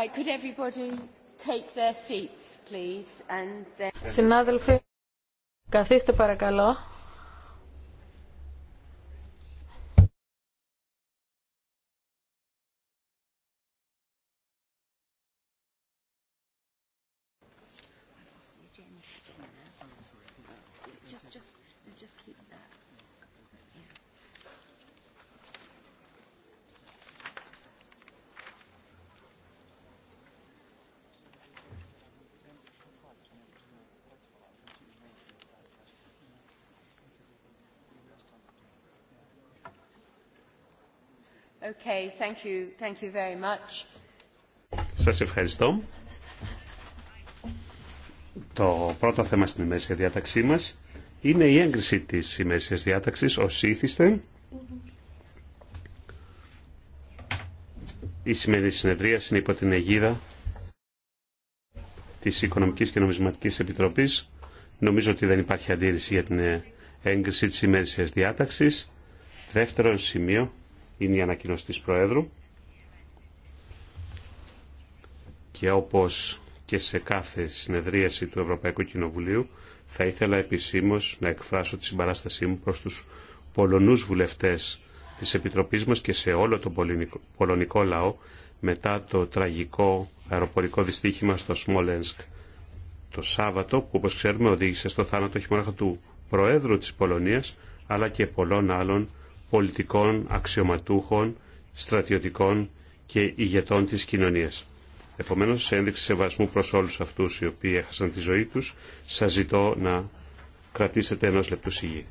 Right, could everybody take their seats, please, and then... Συνάδελφοι, καθίστε παρακαλώ. Okay, Σας ευχαριστώ. Το πρώτο θέμα στην ημέρησια διάταξή μας είναι η έγκριση της ημέρησιας διάταξης ως ήθιστε. Η σημερινή συνεδρία είναι υπό την αιγίδα της Οικονομικής και Νομισματικής Επιτροπής. Νομίζω ότι δεν υπάρχει αντίρρηση για την έγκριση της ημέρησιας διάταξης. Δεύτερο σημείο είναι η ανακοίνωση της Προέδρου και όπως και σε κάθε συνεδρίαση του Ευρωπαϊκού Κοινοβουλίου θα ήθελα επισήμως να εκφράσω τη συμπαράστασή μου προς τους Πολωνούς βουλευτές της Επιτροπής μας και σε όλο τον πολωνικό λαό μετά το τραγικό αεροπορικό δυστύχημα στο Σμόλενσκ το Σάββατο που όπως ξέρουμε οδήγησε στο θάνατο όχι μόνο του Προέδρου της Πολωνίας αλλά και πολλών άλλων πολιτικών, αξιωματούχων, στρατιωτικών και ηγετών της κοινωνίας. Επομένως, σε ένδειξη σεβασμού προς όλους αυτούς οι οποίοι έχασαν τη ζωή τους, σας ζητώ να κρατήσετε ενός λεπτού σιγή.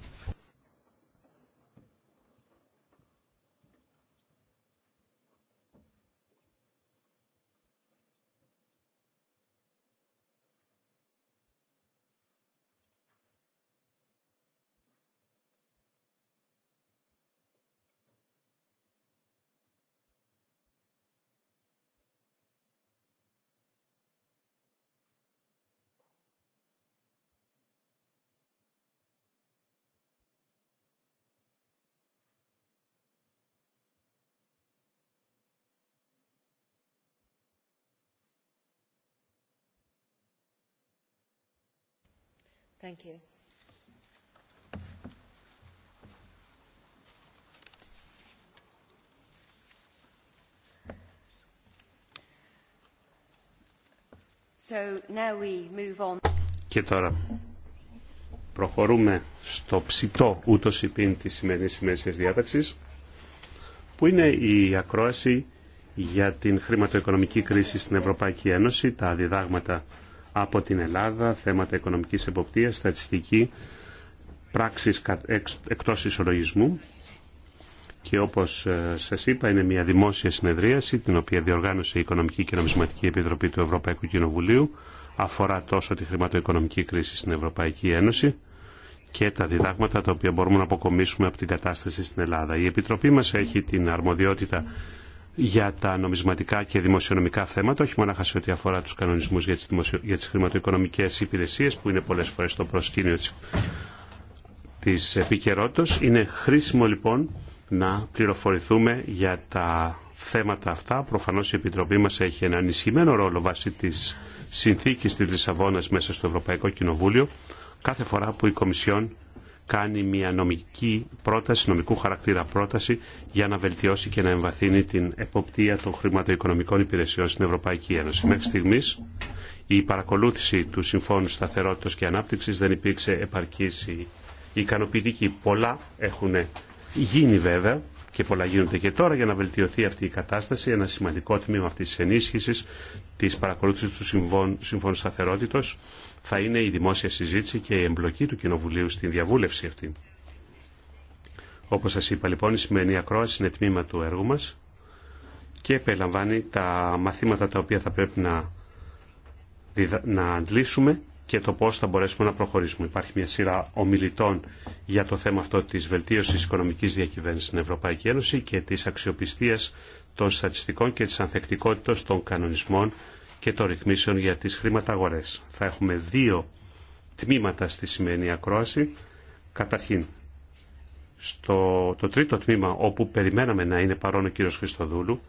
Thank you. Και τώρα προχωρούμε στο ψητό η υπήν τη σημερινη διαταξη που είναι η ακρόαση για την χρηματοοικονομική κρίση στην Ευρωπαϊκή Ένωση, τα διδάγματα από την Ελλάδα, θέματα οικονομικής εποπτείας, στατιστική, πράξεις εκτός ισολογισμού και όπως ε, σας είπα είναι μια δημόσια συνεδρίαση την οποία διοργάνωσε η Οικονομική και Νομισματική Επιτροπή του Ευρωπαϊκού Κοινοβουλίου αφορά τόσο τη χρηματοοικονομική κρίση στην Ευρωπαϊκή Ένωση και τα διδάγματα τα οποία μπορούμε να αποκομίσουμε από την κατάσταση στην Ελλάδα. Η Επιτροπή μας έχει την αρμοδιότητα για τα νομισματικά και δημοσιονομικά θέματα, όχι μόνο σε ό,τι αφορά τους κανονισμούς για τις, δημοσιο... για χρηματοοικονομικές που είναι πολλές φορές το προσκήνιο της, της επικαιρότητα. Είναι χρήσιμο λοιπόν να πληροφορηθούμε για τα θέματα αυτά. Προφανώς η Επιτροπή μας έχει ένα ενισχυμένο ρόλο βάσει της συνθήκης της Λισαβόνας μέσα στο Ευρωπαϊκό Κοινοβούλιο κάθε φορά που η Κομισιόν κάνει μια νομική πρόταση, νομικού χαρακτήρα πρόταση για να βελτιώσει και να εμβαθύνει την εποπτεία των χρηματοοικονομικών υπηρεσιών στην Ευρωπαϊκή Ένωση. Μέχρι στιγμή η παρακολούθηση του Συμφώνου Σταθερότητας και Ανάπτυξης δεν υπήρξε επαρκής ικανοποιητική. Πολλά έχουν γίνει βέβαια και πολλά γίνονται και τώρα για να βελτιωθεί αυτή η κατάσταση. Ένα σημαντικό τμήμα αυτής της ενίσχυσης της παρακολούθησης του Συμφώνου Σταθερότητος θα είναι η δημόσια συζήτηση και η εμπλοκή του Κοινοβουλίου στην διαβούλευση αυτή. Όπως σας είπα λοιπόν η σημερινή ακρόαση είναι τμήμα του έργου μας και περιλαμβάνει τα μαθήματα τα οποία θα πρέπει να, να αντλήσουμε και το πώς θα μπορέσουμε να προχωρήσουμε. Υπάρχει μια σειρά ομιλητών για το θέμα αυτό της βελτίωσης οικονομικής διακυβέρνησης στην Ευρωπαϊκή Ένωση και της αξιοπιστίας των στατιστικών και της ανθεκτικότητας των κανονισμών και των ρυθμίσεων για τις χρηματαγορές. Θα έχουμε δύο τμήματα στη σημερινή ακρόαση. Καταρχήν, στο το τρίτο τμήμα όπου περιμέναμε να είναι παρόν ο κύριος Χριστοδούλου,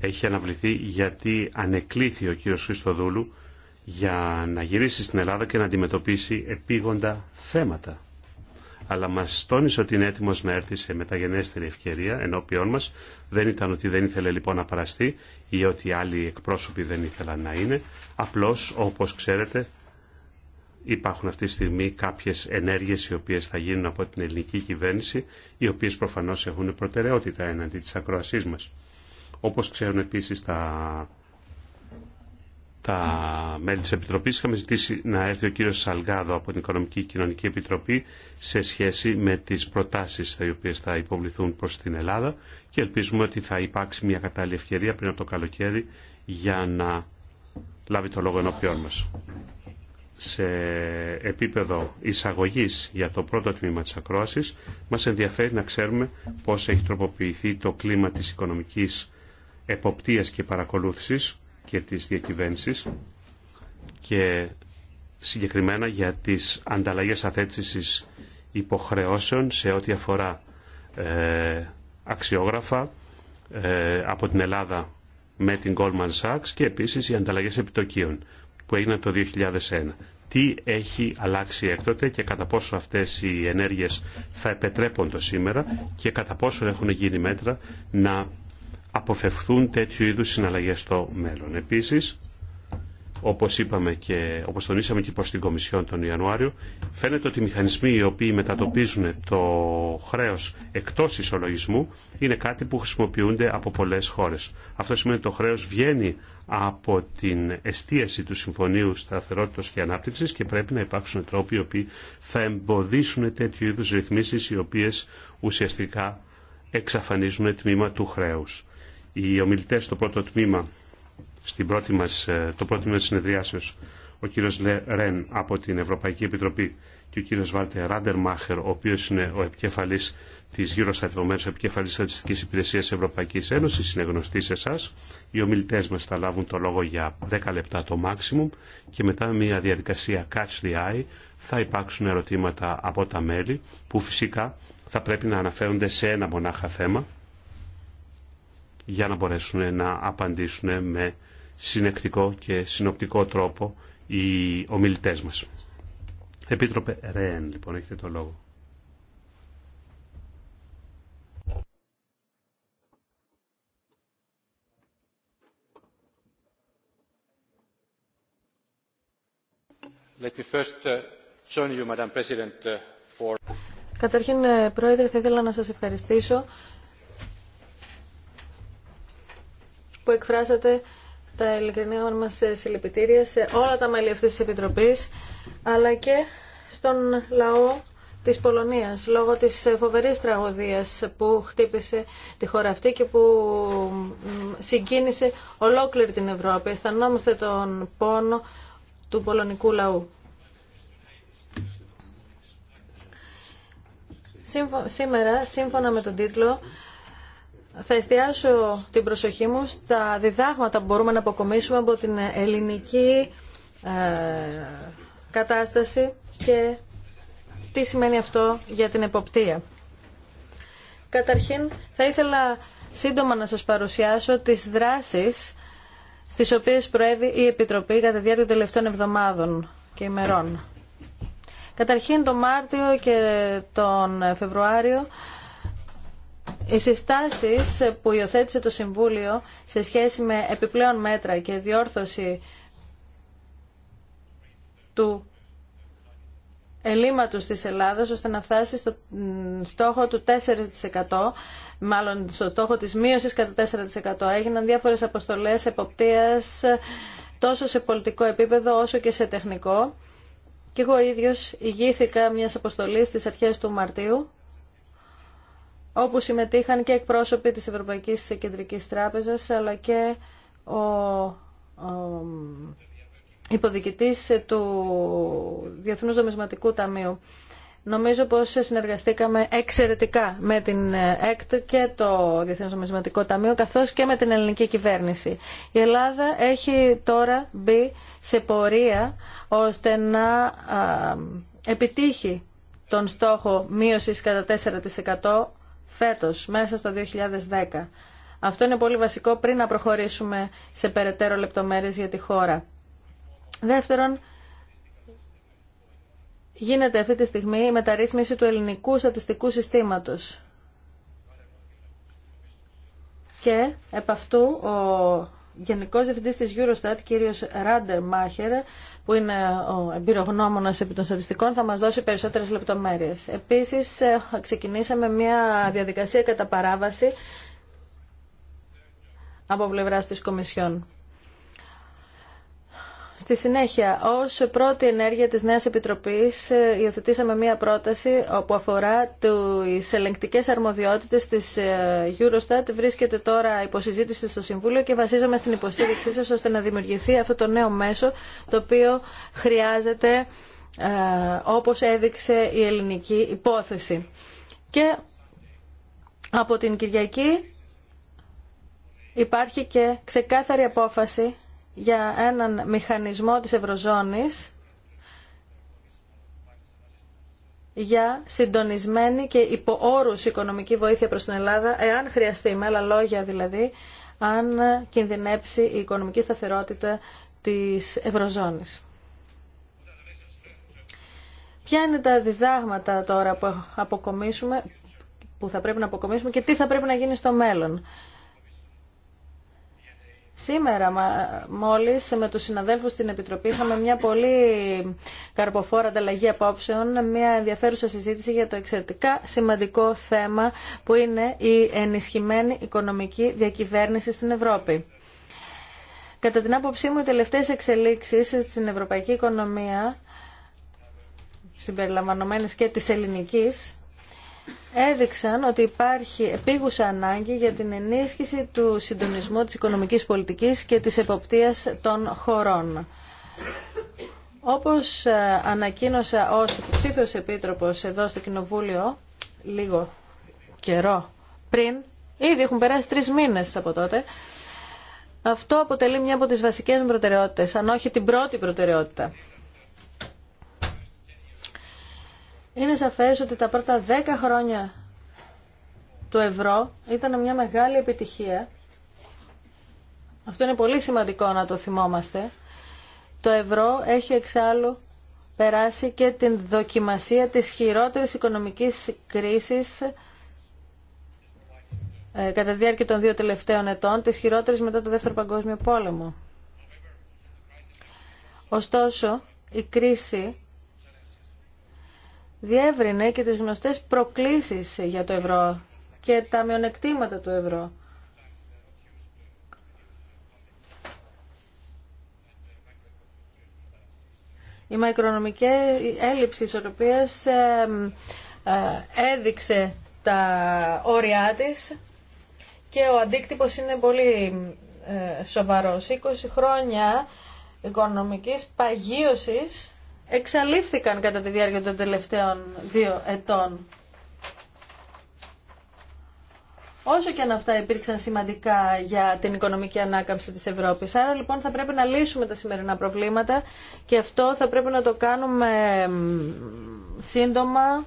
έχει αναβληθεί γιατί ανεκλήθη ο κύριος Χριστοδούλου για να γυρίσει στην Ελλάδα και να αντιμετωπίσει επίγοντα θέματα αλλά μας τόνισε ότι είναι έτοιμο να έρθει σε μεταγενέστερη ευκαιρία ενώπιόν μας. Δεν ήταν ότι δεν ήθελε λοιπόν να παραστεί ή ότι άλλοι εκπρόσωποι δεν ήθελαν να είναι. Απλώς, όπως ξέρετε, υπάρχουν αυτή τη στιγμή κάποιες ενέργειες οι οποίες θα γίνουν από την ελληνική κυβέρνηση, οι οποίε προφανώ έχουν προτεραιότητα έναντι τη ακροασή μα. Όπω ξέρουν επίση τα τα μέλη της Επιτροπής. Είχαμε ζητήσει να έρθει ο κύριος Σαλγάδο από την Οικονομική και Κοινωνική Επιτροπή σε σχέση με τις προτάσεις οι οποίε θα υποβληθούν προς την Ελλάδα και ελπίζουμε ότι θα υπάρξει μια κατάλληλη ευκαιρία πριν από το καλοκαίρι για να λάβει το λόγο ενώπιόν μας. Σε επίπεδο εισαγωγής για το πρώτο τμήμα της ακρόασης μας ενδιαφέρει να ξέρουμε πώς έχει τροποποιηθεί το κλίμα της οικονομικής εποπτείας και παρακολούθησης και της διακυβέρνησης και συγκεκριμένα για τις ανταλλαγές αθέτησης υποχρεώσεων σε ό,τι αφορά ε, αξιόγραφα ε, από την Ελλάδα με την Goldman Sachs και επίσης οι ανταλλαγές επιτοκίων που έγιναν το 2001. Τι έχει αλλάξει έκτοτε και κατά πόσο αυτές οι ενέργειες θα το σήμερα και κατά πόσο έχουν γίνει μέτρα να αποφευχθούν τέτοιου είδου συναλλαγέ στο μέλλον. Επίση, όπω είπαμε και, όπως τονίσαμε και προ την Κομισιόν τον Ιανουάριο, φαίνεται ότι οι μηχανισμοί οι οποίοι μετατοπίζουν το χρέο εκτό ισολογισμού είναι κάτι που χρησιμοποιούνται από πολλέ χώρε. Αυτό σημαίνει ότι το χρέο βγαίνει από την εστίαση του Συμφωνίου σταθερότητα και ανάπτυξη και πρέπει να υπάρξουν τρόποι οι οποίοι θα εμποδίσουν τέτοιου είδου ρυθμίσει, οι οποίε ουσιαστικά εξαφανίζουν τμήμα του χρέους οι ομιλητές στο πρώτο τμήμα, στην πρώτη μας, ε, το πρώτο τμήμα συνεδριάσεως, ο κύριος Ρεν από την Ευρωπαϊκή Επιτροπή και ο κύριος Βάλτε Ράντερμάχερ, ο οποίος είναι ο επικεφαλής της γύρω στα επικεφαλής στατιστικής υπηρεσίας Ευρωπαϊκής Ένωσης, είναι γνωστή σε εσά. Οι ομιλητές μας θα λάβουν το λόγο για 10 λεπτά το maximum και μετά μια διαδικασία catch the eye θα υπάρξουν ερωτήματα από τα μέλη που φυσικά θα πρέπει να αναφέρονται σε ένα μονάχα θέμα για να μπορέσουν να απαντήσουν με συνεκτικό και συνοπτικό τρόπο οι ομιλητές μας. Επίτροπε Ρέεν, λοιπόν, έχετε το λόγο. Let me first uh, join you, Madam President, uh, for... Καταρχήν, ε, Πρόεδρε, θα ήθελα να σας ευχαριστήσω που εκφράσατε τα ειλικρινά μας συλληπιτήρια σε όλα τα μέλη αυτή τη Επιτροπής, αλλά και στον λαό της Πολωνία, λόγω της φοβερή τραγωδίας που χτύπησε τη χώρα αυτή και που συγκίνησε ολόκληρη την Ευρώπη. Αισθανόμαστε τον πόνο του πολωνικού λαού. Σήμερα, σύμφωνα με τον τίτλο, θα εστιάσω την προσοχή μου στα διδάγματα που μπορούμε να αποκομίσουμε από την ελληνική ε, κατάσταση και τι σημαίνει αυτό για την εποπτεία. Καταρχήν, θα ήθελα σύντομα να σας παρουσιάσω τις δράσεις στις οποίες προέβη η Επιτροπή κατά τη διάρκεια των τελευταίων εβδομάδων και ημερών. Καταρχήν, τον Μάρτιο και τον Φεβρουάριο οι συστάσει που υιοθέτησε το Συμβούλιο σε σχέση με επιπλέον μέτρα και διόρθωση του ελλείμματος της Ελλάδας ώστε να φτάσει στο στόχο του 4% μάλλον στο στόχο της μείωσης κατά 4%. Έγιναν διάφορες αποστολές εποπτείας τόσο σε πολιτικό επίπεδο όσο και σε τεχνικό. Και εγώ ίδιος ηγήθηκα μιας αποστολής στις αρχές του Μαρτίου όπου συμμετείχαν και εκπρόσωποι της Ευρωπαϊκής Κεντρικής Τράπεζας, αλλά και ο, ο υποδικητής του Διεθνούς Δομισματικού Ταμείου. Νομίζω πως συνεργαστήκαμε εξαιρετικά με την ΕΚΤ και το Διεθνές Νομισματικό Ταμείο καθώς και με την ελληνική κυβέρνηση. Η Ελλάδα έχει τώρα μπει σε πορεία ώστε να επιτύχει τον στόχο μείωσης κατά 4% φέτος, μέσα στο 2010. Αυτό είναι πολύ βασικό πριν να προχωρήσουμε σε περαιτέρω λεπτομέρειες για τη χώρα. Δεύτερον, γίνεται αυτή τη στιγμή η μεταρρύθμιση του ελληνικού στατιστικού συστήματος. Και επ' αυτού ο Γενικός Διευθυντής της Eurostat, κύριος Ράντερ Μάχερ, που είναι ο εμπειρογνώμονας επί των στατιστικών, θα μας δώσει περισσότερες λεπτομέρειες. Επίσης, ε, ξεκινήσαμε μια διαδικασία κατά παράβαση από πλευράς της Κομισιόν. Στη συνέχεια, ως πρώτη ενέργεια της νέας Επιτροπής ε, υιοθετήσαμε μία πρόταση που αφορά τι ελεγκτικέ αρμοδιότητες τη ε, Eurostat. Βρίσκεται τώρα υποσυζήτηση στο Συμβούλιο και βασίζομαι στην υποστήριξή σα ώστε να δημιουργηθεί αυτό το νέο μέσο το οποίο χρειάζεται ε, όπως έδειξε η ελληνική υπόθεση. Και από την Κυριακή υπάρχει και ξεκάθαρη απόφαση για έναν μηχανισμό της Ευρωζώνης για συντονισμένη και υπό οικονομική βοήθεια προς την Ελλάδα, εάν χρειαστεί, με άλλα λόγια δηλαδή, αν κινδυνέψει η οικονομική σταθερότητα της Ευρωζώνης. Ποια είναι τα διδάγματα τώρα που, που θα πρέπει να αποκομίσουμε και τι θα πρέπει να γίνει στο μέλλον. Σήμερα μόλις με τους συναδέλφους στην Επιτροπή είχαμε μια πολύ καρποφόρα ανταλλαγή απόψεων, μια ενδιαφέρουσα συζήτηση για το εξαιρετικά σημαντικό θέμα που είναι η ενισχυμένη οικονομική διακυβέρνηση στην Ευρώπη. Κατά την άποψή μου, οι τελευταίες εξελίξεις στην ευρωπαϊκή οικονομία, συμπεριλαμβανομένες και της ελληνικής, έδειξαν ότι υπάρχει επίγουσα ανάγκη για την ενίσχυση του συντονισμού της οικονομικής πολιτικής και της εποπτείας των χωρών. Όπως ε, ανακοίνωσα ως υποψήφιος επίτροπος εδώ στο Κοινοβούλιο λίγο καιρό πριν, ήδη έχουν περάσει τρεις μήνες από τότε, αυτό αποτελεί μια από τις βασικές μου προτεραιότητες, αν όχι την πρώτη προτεραιότητα. Είναι σαφές ότι τα πρώτα 10 χρόνια του ευρώ ήταν μια μεγάλη επιτυχία. Αυτό είναι πολύ σημαντικό να το θυμόμαστε. Το ευρώ έχει εξάλλου περάσει και την δοκιμασία της χειρότερης οικονομικής κρίσης ε, κατά τη διάρκεια των δύο τελευταίων ετών, της χειρότερης μετά το Δεύτερο Παγκόσμιο Πόλεμο. Ωστόσο, η κρίση διεύρυνε και τις γνωστές προκλήσεις για το ευρώ και τα μειονεκτήματα του ευρώ. Η μακρονομική έλλειψη ισορροπίας ε, έδειξε τα όρια της και ο αντίκτυπος είναι πολύ ε, σοβαρός. 20 χρόνια οικονομικής παγίωσης εξαλείφθηκαν κατά τη διάρκεια των τελευταίων δύο ετών. Όσο και αν αυτά υπήρξαν σημαντικά για την οικονομική ανάκαμψη της Ευρώπης. Άρα λοιπόν θα πρέπει να λύσουμε τα σημερινά προβλήματα και αυτό θα πρέπει να το κάνουμε σύντομα.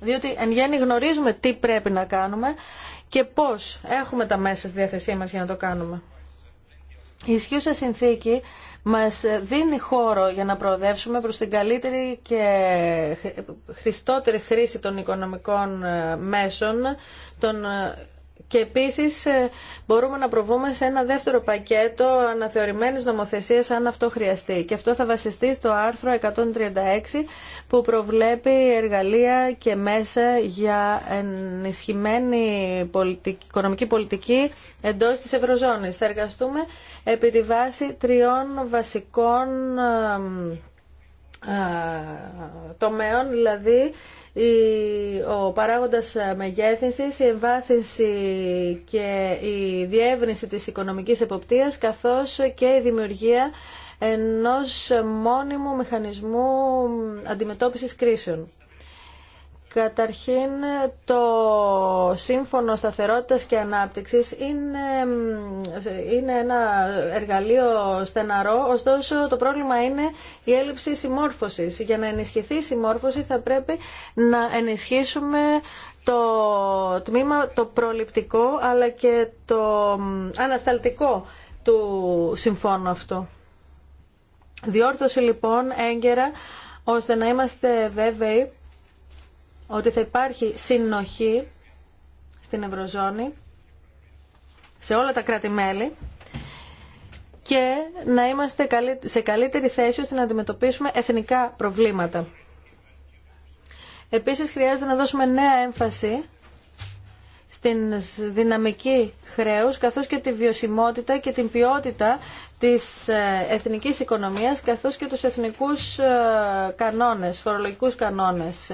Διότι εν γέννη γνωρίζουμε τι πρέπει να κάνουμε και πώς έχουμε τα μέσα στη διάθεσή μας για να το κάνουμε. Η ισχύουσα συνθήκη μας δίνει χώρο για να προοδεύσουμε προς την καλύτερη και χρηστότερη χρήση των οικονομικών μέσων, των και επίσης ε, μπορούμε να προβούμε σε ένα δεύτερο πακέτο αναθεωρημένης νομοθεσίας αν αυτό χρειαστεί. Και αυτό θα βασιστεί στο άρθρο 136 που προβλέπει εργαλεία και μέσα για ενισχυμένη οικονομική πολιτική εντός της Ευρωζώνης. Θα εργαστούμε επί τη βάση τριών βασικών ε, ε, τομέων, δηλαδή ο παράγοντας μεγέθυνσης, η εμβάθυνση και η διεύρυνση της οικονομικής εποπτείας καθώς και η δημιουργία ενός μόνιμου μηχανισμού αντιμετώπισης κρίσεων. Καταρχήν, το Σύμφωνο Σταθερότητας και Ανάπτυξης είναι, είναι ένα εργαλείο στεναρό, ωστόσο το πρόβλημα είναι η έλλειψη συμμόρφωσης. Για να ενισχυθεί η συμμόρφωση θα πρέπει να ενισχύσουμε το τμήμα το προληπτικό αλλά και το ανασταλτικό του συμφώνου αυτού. Διόρθωση λοιπόν έγκαιρα ώστε να είμαστε βέβαιοι ότι θα υπάρχει συνοχή στην Ευρωζώνη, σε όλα τα κράτη-μέλη και να είμαστε σε καλύτερη θέση ώστε να αντιμετωπίσουμε εθνικά προβλήματα. Επίσης χρειάζεται να δώσουμε νέα έμφαση στην δυναμική χρέους καθώς και τη βιωσιμότητα και την ποιότητα της ε, εθνικής οικονομίας καθώς και τους εθνικούς ε, κανόνες, φορολογικούς κανόνες.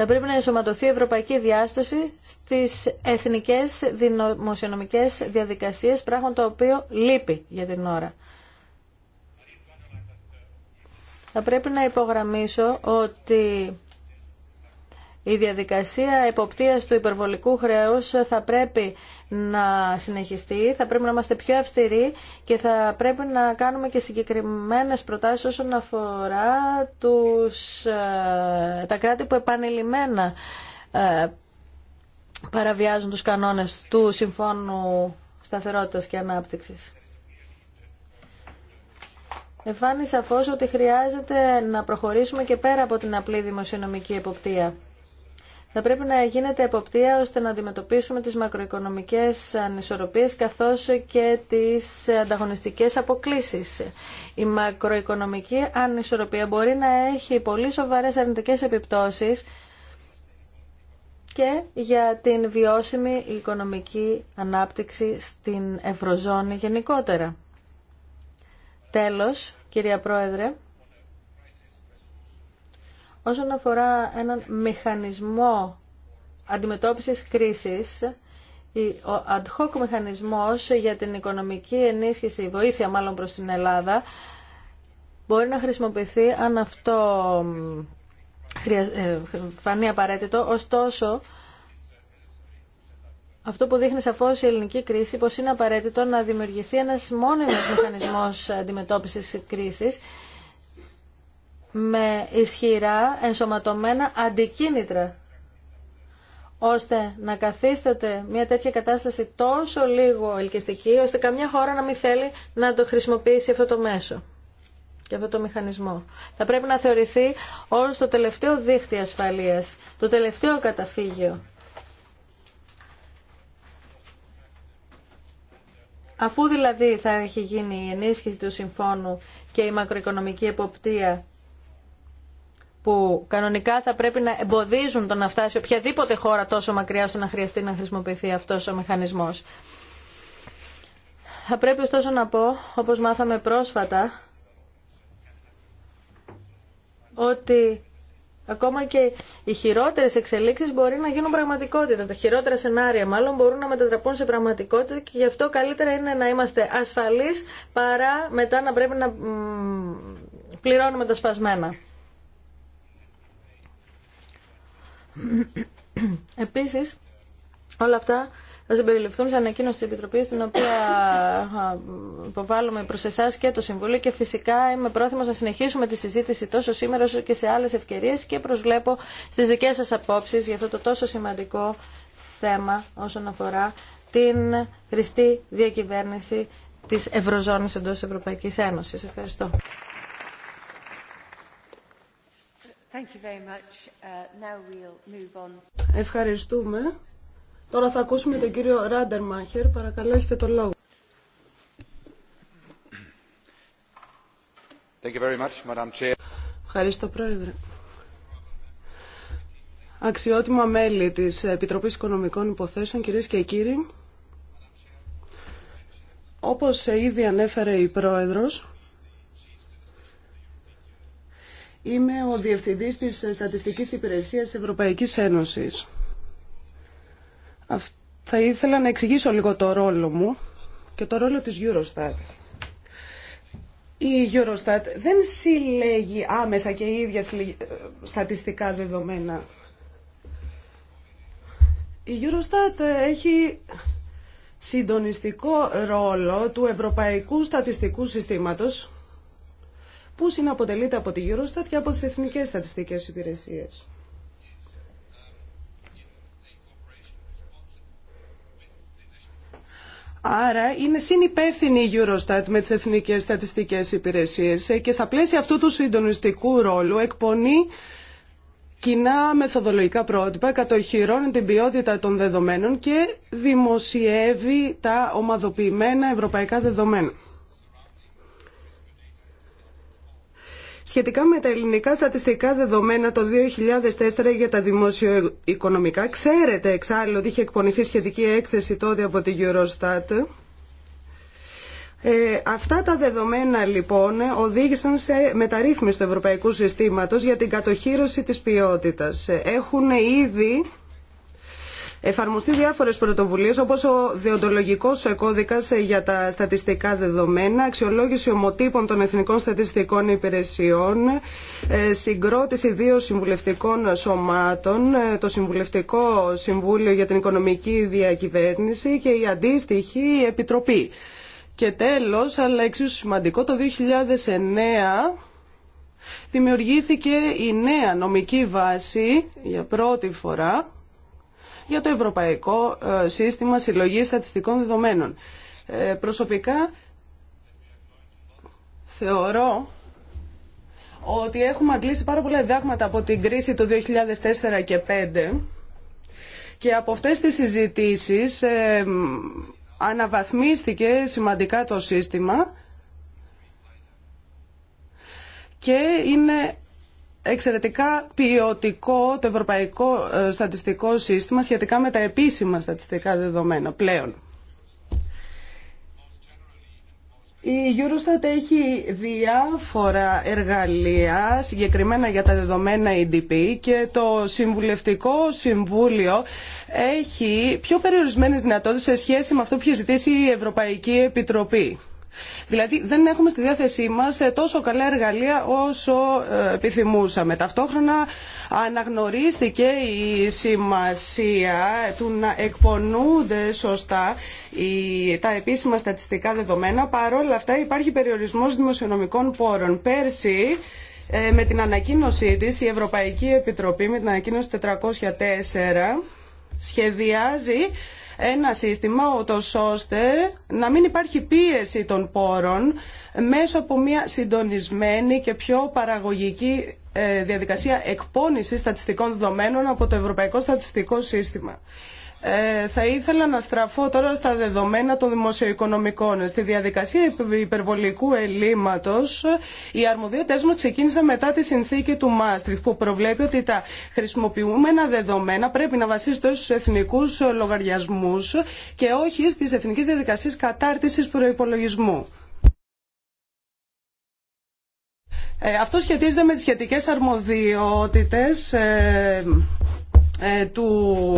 Θα πρέπει να ενσωματωθεί η ευρωπαϊκή διάσταση στις εθνικές δημοσιονομικές διαδικασίες, πράγμα το οποίο λείπει για την ώρα. Θα πρέπει να υπογραμμίσω ότι η διαδικασία εποπτείας του υπερβολικού χρέους θα πρέπει να συνεχιστεί, θα πρέπει να είμαστε πιο αυστηροί και θα πρέπει να κάνουμε και συγκεκριμένες προτάσεις όσον αφορά τους, ε, τα κράτη που επανειλημμένα ε, παραβιάζουν τους κανόνες του Συμφώνου Σταθερότητας και Ανάπτυξης. Εφάνει σαφώ ότι χρειάζεται να προχωρήσουμε και πέρα από την απλή δημοσιονομική εποπτεία. Θα πρέπει να γίνεται εποπτεία ώστε να αντιμετωπίσουμε τις μακροοικονομικές ανισορροπίες καθώς και τις ανταγωνιστικές αποκλίσεις. Η μακροοικονομική ανισορροπία μπορεί να έχει πολύ σοβαρές αρνητικές επιπτώσεις και για την βιώσιμη οικονομική ανάπτυξη στην Ευρωζώνη γενικότερα. Τέλος, κυρία Πρόεδρε, Όσον αφορά έναν μηχανισμό αντιμετώπισης κρίσης, ο ad hoc μηχανισμός για την οικονομική ενίσχυση, βοήθεια μάλλον προς την Ελλάδα, μπορεί να χρησιμοποιηθεί αν αυτό ε, φανεί απαραίτητο. Ωστόσο, αυτό που δείχνει σαφώς η ελληνική κρίση, πως είναι απαραίτητο να δημιουργηθεί ένας μόνιμος μηχανισμός αντιμετώπισης κρίσης, με ισχυρά ενσωματωμένα αντικίνητρα ώστε να καθίσταται μια τέτοια κατάσταση τόσο λίγο ελκυστική, ώστε καμιά χώρα να μην θέλει να το χρησιμοποιήσει αυτό το μέσο και αυτό το μηχανισμό. Θα πρέπει να θεωρηθεί ως το τελευταίο δίχτυ ασφαλείας, το τελευταίο καταφύγιο. Αφού δηλαδή θα έχει γίνει η ενίσχυση του συμφώνου και η μακροοικονομική εποπτεία που κανονικά θα πρέπει να εμποδίζουν το να φτάσει οποιαδήποτε χώρα τόσο μακριά ώστε να χρειαστεί να χρησιμοποιηθεί αυτός ο μηχανισμός. Θα πρέπει ωστόσο να πω, όπως μάθαμε πρόσφατα, ότι ακόμα και οι χειρότερες εξελίξεις μπορεί να γίνουν πραγματικότητα. Τα χειρότερα σενάρια μάλλον μπορούν να μετατραπούν σε πραγματικότητα και γι' αυτό καλύτερα είναι να είμαστε ασφαλείς παρά μετά να πρέπει να πληρώνουμε τα σπασμένα. Επίση, όλα αυτά θα συμπεριληφθούν σε ανακοίνωση τη Επιτροπή, την οποία υποβάλλουμε προ εσά και το Συμβούλιο. Και φυσικά είμαι πρόθυμο να συνεχίσουμε τη συζήτηση τόσο σήμερα όσο και σε άλλε ευκαιρίε και προσβλέπω στι δικέ σα απόψει για αυτό το τόσο σημαντικό θέμα όσον αφορά την χρηστή διακυβέρνηση της Ευρωζώνης εντός Ευρωπαϊκής Ένωσης. Ευχαριστώ. Uh, Ευχαριστούμε. Τώρα θα ακούσουμε τον κύριο Ράντερ Μάχερ. Παρακαλώ, έχετε το λόγο. Thank you very much, Madam Chair. Ευχαριστώ, Πρόεδρε. Αξιότιμα μέλη της Επιτροπής Οικονομικών Υποθέσεων, κυρίες και κύριοι, όπως ήδη ανέφερε η Πρόεδρος, Είμαι ο Διευθυντής της Στατιστικής Υπηρεσίας Ευρωπαϊκής Ένωσης. Θα ήθελα να εξηγήσω λίγο το ρόλο μου και το ρόλο της Eurostat. Η Eurostat δεν συλλέγει άμεσα και η ίδια στατιστικά δεδομένα. Η Eurostat έχει συντονιστικό ρόλο του Ευρωπαϊκού Στατιστικού Συστήματος που συναποτελείται από τη Eurostat και από τις Εθνικές Στατιστικές Υπηρεσίες. Άρα είναι συνυπεύθυνη η Eurostat με τις Εθνικές Στατιστικές Υπηρεσίες ε, και στα πλαίσια αυτού του συντονιστικού ρόλου εκπονεί κοινά μεθοδολογικά πρότυπα, κατοχυρώνει την ποιότητα των δεδομένων και δημοσιεύει τα ομαδοποιημένα ευρωπαϊκά δεδομένα. Σχετικά με τα ελληνικά στατιστικά δεδομένα το 2004 για τα δημοσιοοικονομικά, ξέρετε εξάλλου ότι είχε εκπονηθεί σχετική έκθεση τότε από την Eurostat. Ε, αυτά τα δεδομένα λοιπόν οδήγησαν σε μεταρρύθμιση του ευρωπαϊκού συστήματος για την κατοχήρωση της ποιότητας. Έχουν ήδη εφαρμοστεί διάφορε πρωτοβουλίε όπω ο διοντολογικό κώδικα για τα στατιστικά δεδομένα, αξιολόγηση ομοτύπων των εθνικών στατιστικών υπηρεσιών, ε, συγκρότηση δύο συμβουλευτικών σωμάτων, ε, το Συμβουλευτικό Συμβούλιο για την Οικονομική Διακυβέρνηση και η αντίστοιχη Επιτροπή. Και τέλος, αλλά εξίσου σημαντικό, το 2009 δημιουργήθηκε η νέα νομική βάση για πρώτη φορά για το Ευρωπαϊκό ε, Σύστημα Συλλογής Στατιστικών Δεδομένων. Ε, προσωπικά θεωρώ ότι έχουμε αντλήσει πάρα πολλά διδάγματα από την κρίση του 2004 και 2005 και από αυτές τις συζητήσεις ε, αναβαθμίστηκε σημαντικά το σύστημα και είναι εξαιρετικά ποιοτικό το ευρωπαϊκό ε, στατιστικό σύστημα σχετικά με τα επίσημα στατιστικά δεδομένα πλέον. Η Eurostat έχει διάφορα εργαλεία συγκεκριμένα για τα δεδομένα EDP και το Συμβουλευτικό Συμβούλιο έχει πιο περιορισμένες δυνατότητες σε σχέση με αυτό που έχει ζητήσει η Ευρωπαϊκή Επιτροπή. Δηλαδή δεν έχουμε στη διάθεσή μας ε, τόσο καλά εργαλεία όσο ε, επιθυμούσαμε. Ταυτόχρονα αναγνωρίστηκε η σημασία ε, του να εκπονούνται σωστά τα επίσημα στατιστικά δεδομένα. Παρόλα αυτά υπάρχει περιορισμός δημοσιονομικών πόρων. Πέρσι με την ανακοίνωσή της η Ευρωπαϊκή Επιτροπή με την ανακοίνωση 404 σχεδιάζει ένα σύστημα ούτως ώστε να μην υπάρχει πίεση των πόρων μέσω από μια συντονισμένη και πιο παραγωγική ε, διαδικασία εκπόνησης στατιστικών δεδομένων από το Ευρωπαϊκό Στατιστικό Σύστημα. Ε, θα ήθελα να στραφώ τώρα στα δεδομένα των δημοσιοοικονομικών. Στη διαδικασία υπερβολικού ελλείμματο, οι αρμοδιότητες μα ξεκίνησαν μετά τη συνθήκη του Μάστριχ που προβλέπει ότι τα χρησιμοποιούμενα δεδομένα πρέπει να βασίζονται στους εθνικούς λογαριασμού και όχι στις εθνικές διαδικασίες κατάρτιση προπολογισμού. Ε, αυτό σχετίζεται με τις σχετικές αρμοδιότητες ε, ε, του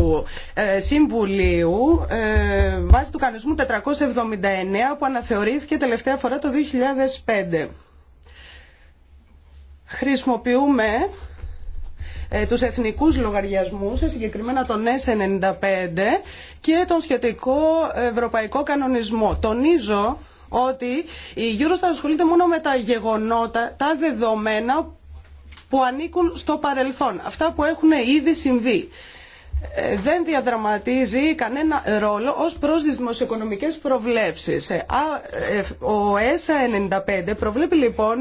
ε, Συμβουλίου ε, βάσει του κανονισμού 479 που αναθεωρήθηκε τελευταία φορά το 2005. Χρησιμοποιούμε τους εθνικούς λογαριασμούς, συγκεκριμένα τον S95 και τον σχετικό ευρωπαϊκό κανονισμό. Τονίζω ότι η Eurostat ασχολείται μόνο με τα γεγονότα, τα δεδομένα που ανήκουν στο παρελθόν, αυτά που έχουν ήδη συμβεί. Ε, δεν διαδραματίζει κανένα ρόλο ως προς τις δημοσιοοικονομικές προβλέψεις. Ε, ε, ο ΕΣΑ 95 προβλέπει λοιπόν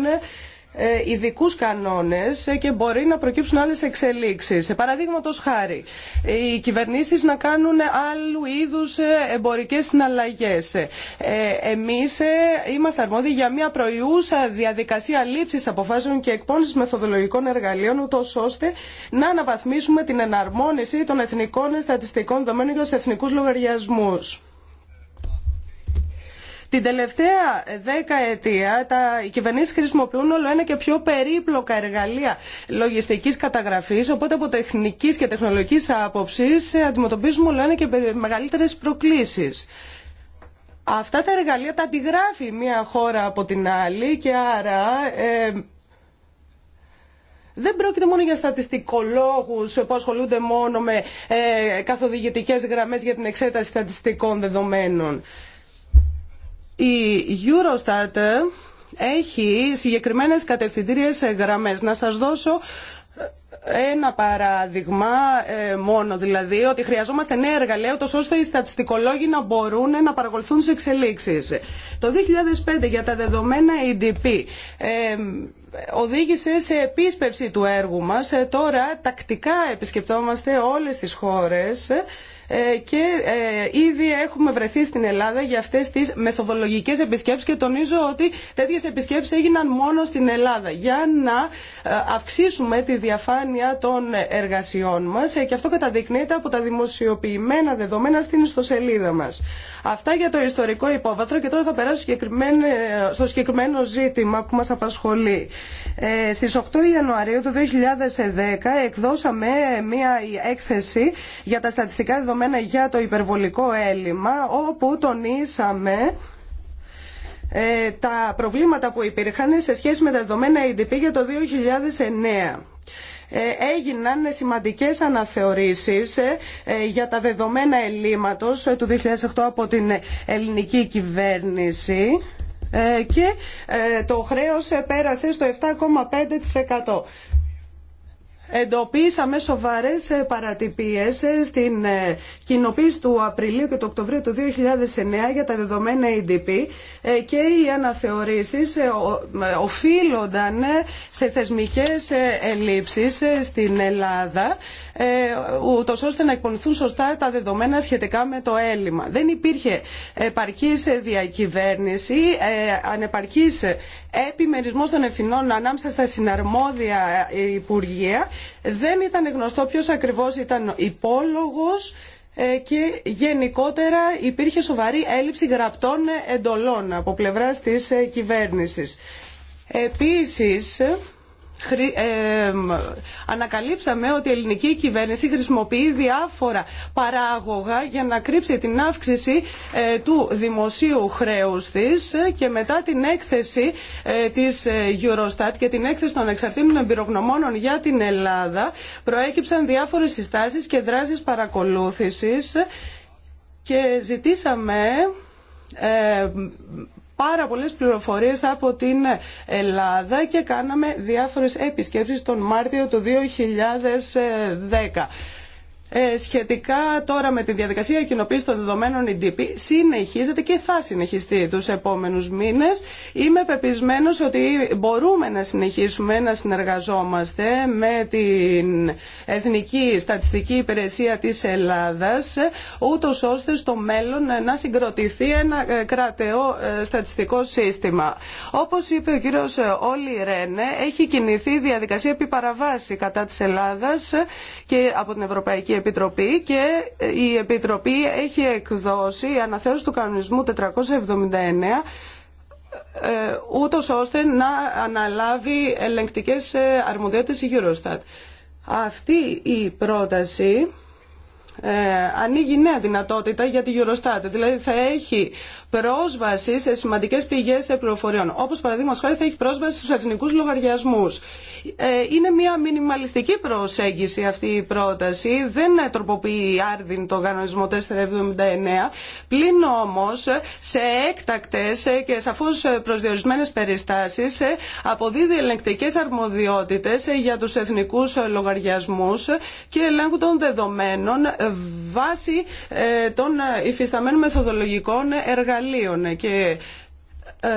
ε, ειδικού κανόνες και μπορεί να προκύψουν άλλες εξελίξεις. Παραδείγματο χάρη, οι κυβερνήσεις να κάνουν άλλου είδους ε, εμπορικές συναλλαγέ. Ε, εμείς είμαστε αρμόδιοι για μια προϊούσα διαδικασία λήψη αποφάσεων και εκπόνησης μεθοδολογικών εργαλείων, ούτω ώστε να αναβαθμίσουμε την εναρμόνιση των εθνικών στατιστικών δομένων για του εθνικού λογαριασμού. Την τελευταία δέκα ετία τα, οι κυβερνήσει χρησιμοποιούν όλο ένα και πιο περίπλοκα εργαλεία λογιστική καταγραφή, οπότε από τεχνική και τεχνολογική άποψη ε, αντιμετωπίζουμε όλο ένα και μεγαλύτερε προκλήσει. Αυτά τα εργαλεία τα αντιγράφει μία χώρα από την άλλη και άρα ε, δεν πρόκειται μόνο για στατιστικολόγους που ασχολούνται μόνο με ε, καθοδηγητικές γραμμές για την εξέταση στατιστικών δεδομένων. Η Eurostat έχει συγκεκριμένες κατευθυντήριες γραμμές. Να σας δώσω ε, ένα παράδειγμα ε, μόνο δηλαδή ότι χρειαζόμαστε νέα εργαλεία ώστε οι στατιστικολόγοι να μπορούν να παρακολουθούν τις εξελίξεις. Το 2005 για τα δεδομένα EDP ε, οδήγησε σε επίσπευση του έργου μας. Τώρα τακτικά επισκεπτόμαστε όλες τις χώρες ε, και ε, ήδη έχουμε βρεθεί στην Ελλάδα για αυτές τις μεθοδολογικές επισκέψεις και τονίζω ότι τέτοιες επισκέψεις έγιναν μόνο στην Ελλάδα για να ε, αυξήσουμε τη διαφάνεια των εργασιών μας και αυτό καταδεικνύεται από τα δημοσιοποιημένα δεδομένα στην ιστοσελίδα μας. Αυτά για το ιστορικό υπόβαθρο και τώρα θα περάσω στο συγκεκριμένο ζήτημα που μας απασχολεί. Στις 8 Ιανουαρίου του 2010 εκδώσαμε μία έκθεση για τα στατιστικά δεδομένα για το υπερβολικό έλλειμμα όπου τονίσαμε ε, τα προβλήματα που υπήρχαν σε σχέση με τα δεδομένα EDP για το 2009 ε, έγιναν σημαντικές αναθεωρήσεις ε, για τα δεδομένα ελλείμματος του 2008 από την ελληνική κυβέρνηση και το χρέος πέρασε στο 7,5% εντοπίσαμε σοβαρές ε, παρατυπίες ε, στην ε, κοινοποίηση του Απριλίου και του Οκτωβρίου του 2009 για τα δεδομένα EDP και οι αναθεωρήσεις οφείλονταν σε θεσμικές ελλείψεις στην Ελλάδα ούτως ώστε να εκπονηθούν σωστά τα δεδομένα σχετικά με το έλλειμμα. Δεν υπήρχε επαρκής διακυβέρνηση, ανεπαρκής επιμερισμός των ευθυνών ανάμεσα στα συναρμόδια υπουργεία δεν ήταν γνωστό ποιος ακριβώς ήταν υπόλογος ε, και γενικότερα υπήρχε σοβαρή έλλειψη γραπτών εντολών από πλευράς της ε, κυβέρνησης. Επίσης, ε, ανακαλύψαμε ότι η ελληνική κυβέρνηση χρησιμοποιεί διάφορα παράγωγα για να κρύψει την αύξηση ε, του δημοσίου χρέους της ε, και μετά την έκθεση της Eurostat και την έκθεση των εξαρτήνων εμπειρογνωμόνων για την Ελλάδα προέκυψαν διάφορες συστάσεις και δράσεις παρακολούθησης και ζητήσαμε πάρα πολλές πληροφορίες από την Ελλάδα και κάναμε διάφορες επισκέψεις τον Μάρτιο του 2010. Ε, σχετικά τώρα με τη διαδικασία κοινοποίηση των δεδομένων EDP συνεχίζεται και θα συνεχιστεί τους επόμενους μήνες. Είμαι πεπισμένος ότι μπορούμε να συνεχίσουμε να συνεργαζόμαστε με την Εθνική Στατιστική Υπηρεσία της Ελλάδας ούτως ώστε στο μέλλον να συγκροτηθεί ένα ε, κρατεό ε, στατιστικό σύστημα. Όπως είπε ο κύριος Όλη Ρένε, έχει κινηθεί διαδικασία επιπαραβάση κατά της Ελλάδας και από την Ευρωπαϊκή Επιτροπή και η Επιτροπή έχει εκδώσει η αναθέωση του κανονισμού 479 ε, ούτως ώστε να αναλάβει ελεγκτικές ε, αρμοδιότητες η Eurostat. Αυτή η πρόταση ε, ανοίγει νέα δυνατότητα για τη Eurostat. Δηλαδή θα έχει πρόσβαση σε σημαντικές πηγές πληροφοριών. Όπως παραδείγμα χάρη θα έχει πρόσβαση στους εθνικούς λογαριασμούς. Ε, είναι μια μινιμαλιστική προσέγγιση αυτή η πρόταση. Δεν τροποποιεί άρδιν το κανονισμό 479. Πλην όμως σε έκτακτες και σαφώς προσδιορισμένες περιστάσεις αποδίδει ελεγκτικές αρμοδιότητες για τους εθνικούς λογαριασμούς και ελέγχου των δεδομένων βάση ε, των ε, υφισταμένων μεθοδολογικών εργαλείων και ε,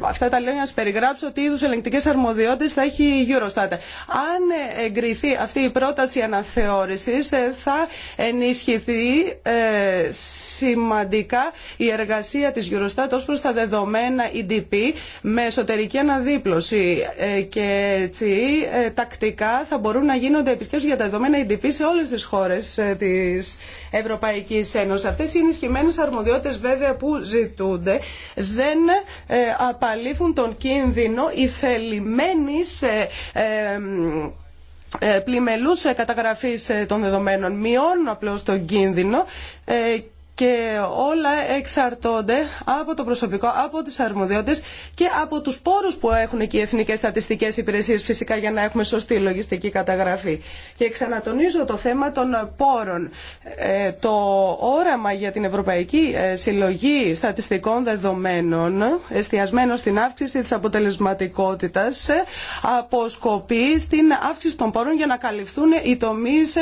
αυτά τα λέω για να σα περιγράψω τι είδου ελεγκτικέ αρμοδιότητε θα έχει η Eurostat. Αν εγκριθεί αυτή η πρόταση αναθεώρηση, ε, θα ενισχυθεί ε, σημαντικά η εργασία τη Eurostat ω προ τα δεδομένα EDP με εσωτερική αναδίπλωση. Και έτσι τακτικά θα μπορούν να γίνονται επισκέψει για τα δεδομένα EDP σε όλε τι χώρε τη Ευρωπαϊκή Ένωση. Αυτέ οι ενισχυμένε αρμοδιότητε βέβαια που ζητούνται δεν ε, απαλήφουν τον κίνδυνο η θελημένης ε, ε, πλημελούς καταγραφής των δεδομένων. Μειώνουν απλώς τον κίνδυνο και όλα εξαρτώνται από το προσωπικό, από τις αρμοδιότητες και από τους πόρους που έχουν και οι εθνικές στατιστικές υπηρεσίες φυσικά για να έχουμε σωστή λογιστική καταγραφή. Και ξανατονίζω το θέμα των πόρων. Ε, το όραμα για την Ευρωπαϊκή ε, Συλλογή Στατιστικών Δεδομένων εστιασμένο στην αύξηση της αποτελεσματικότητας ε, αποσκοπεί στην αύξηση των πόρων για να καλυφθούν οι τομείς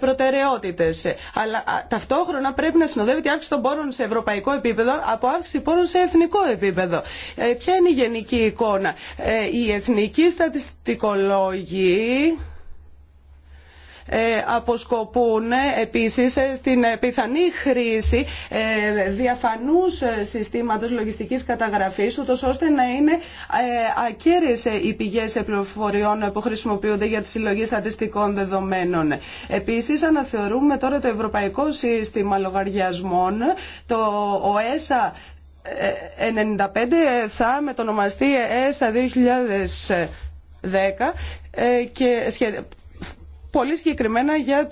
προτεραιότητες. Αλλά ταυτόχρονα πρέπει να συνοδεύει τη αύξηση των πόρων σε ευρωπαϊκό επίπεδο από αύξηση πόρων σε εθνικό επίπεδο. Ε, ποια είναι η γενική εικόνα. Η ε, εθνική στατιστικολόγοι ε, αποσκοπούν επίσης ε, στην ε, πιθανή χρήση διαφανούς συστήματος λογιστικής καταγραφής ούτως ώστε να είναι ακέραιες οι πηγές πληροφοριών που χρησιμοποιούνται για τη συλλογή στατιστικών δεδομένων. Επίσης αναθεωρούμε τώρα το Ευρωπαϊκό Σύστημα Λογαριασμών, το ΟΕΣΑ 95 θα μετονομαστεί ΕΣΑ 2010 και πολύ συγκεκριμένα για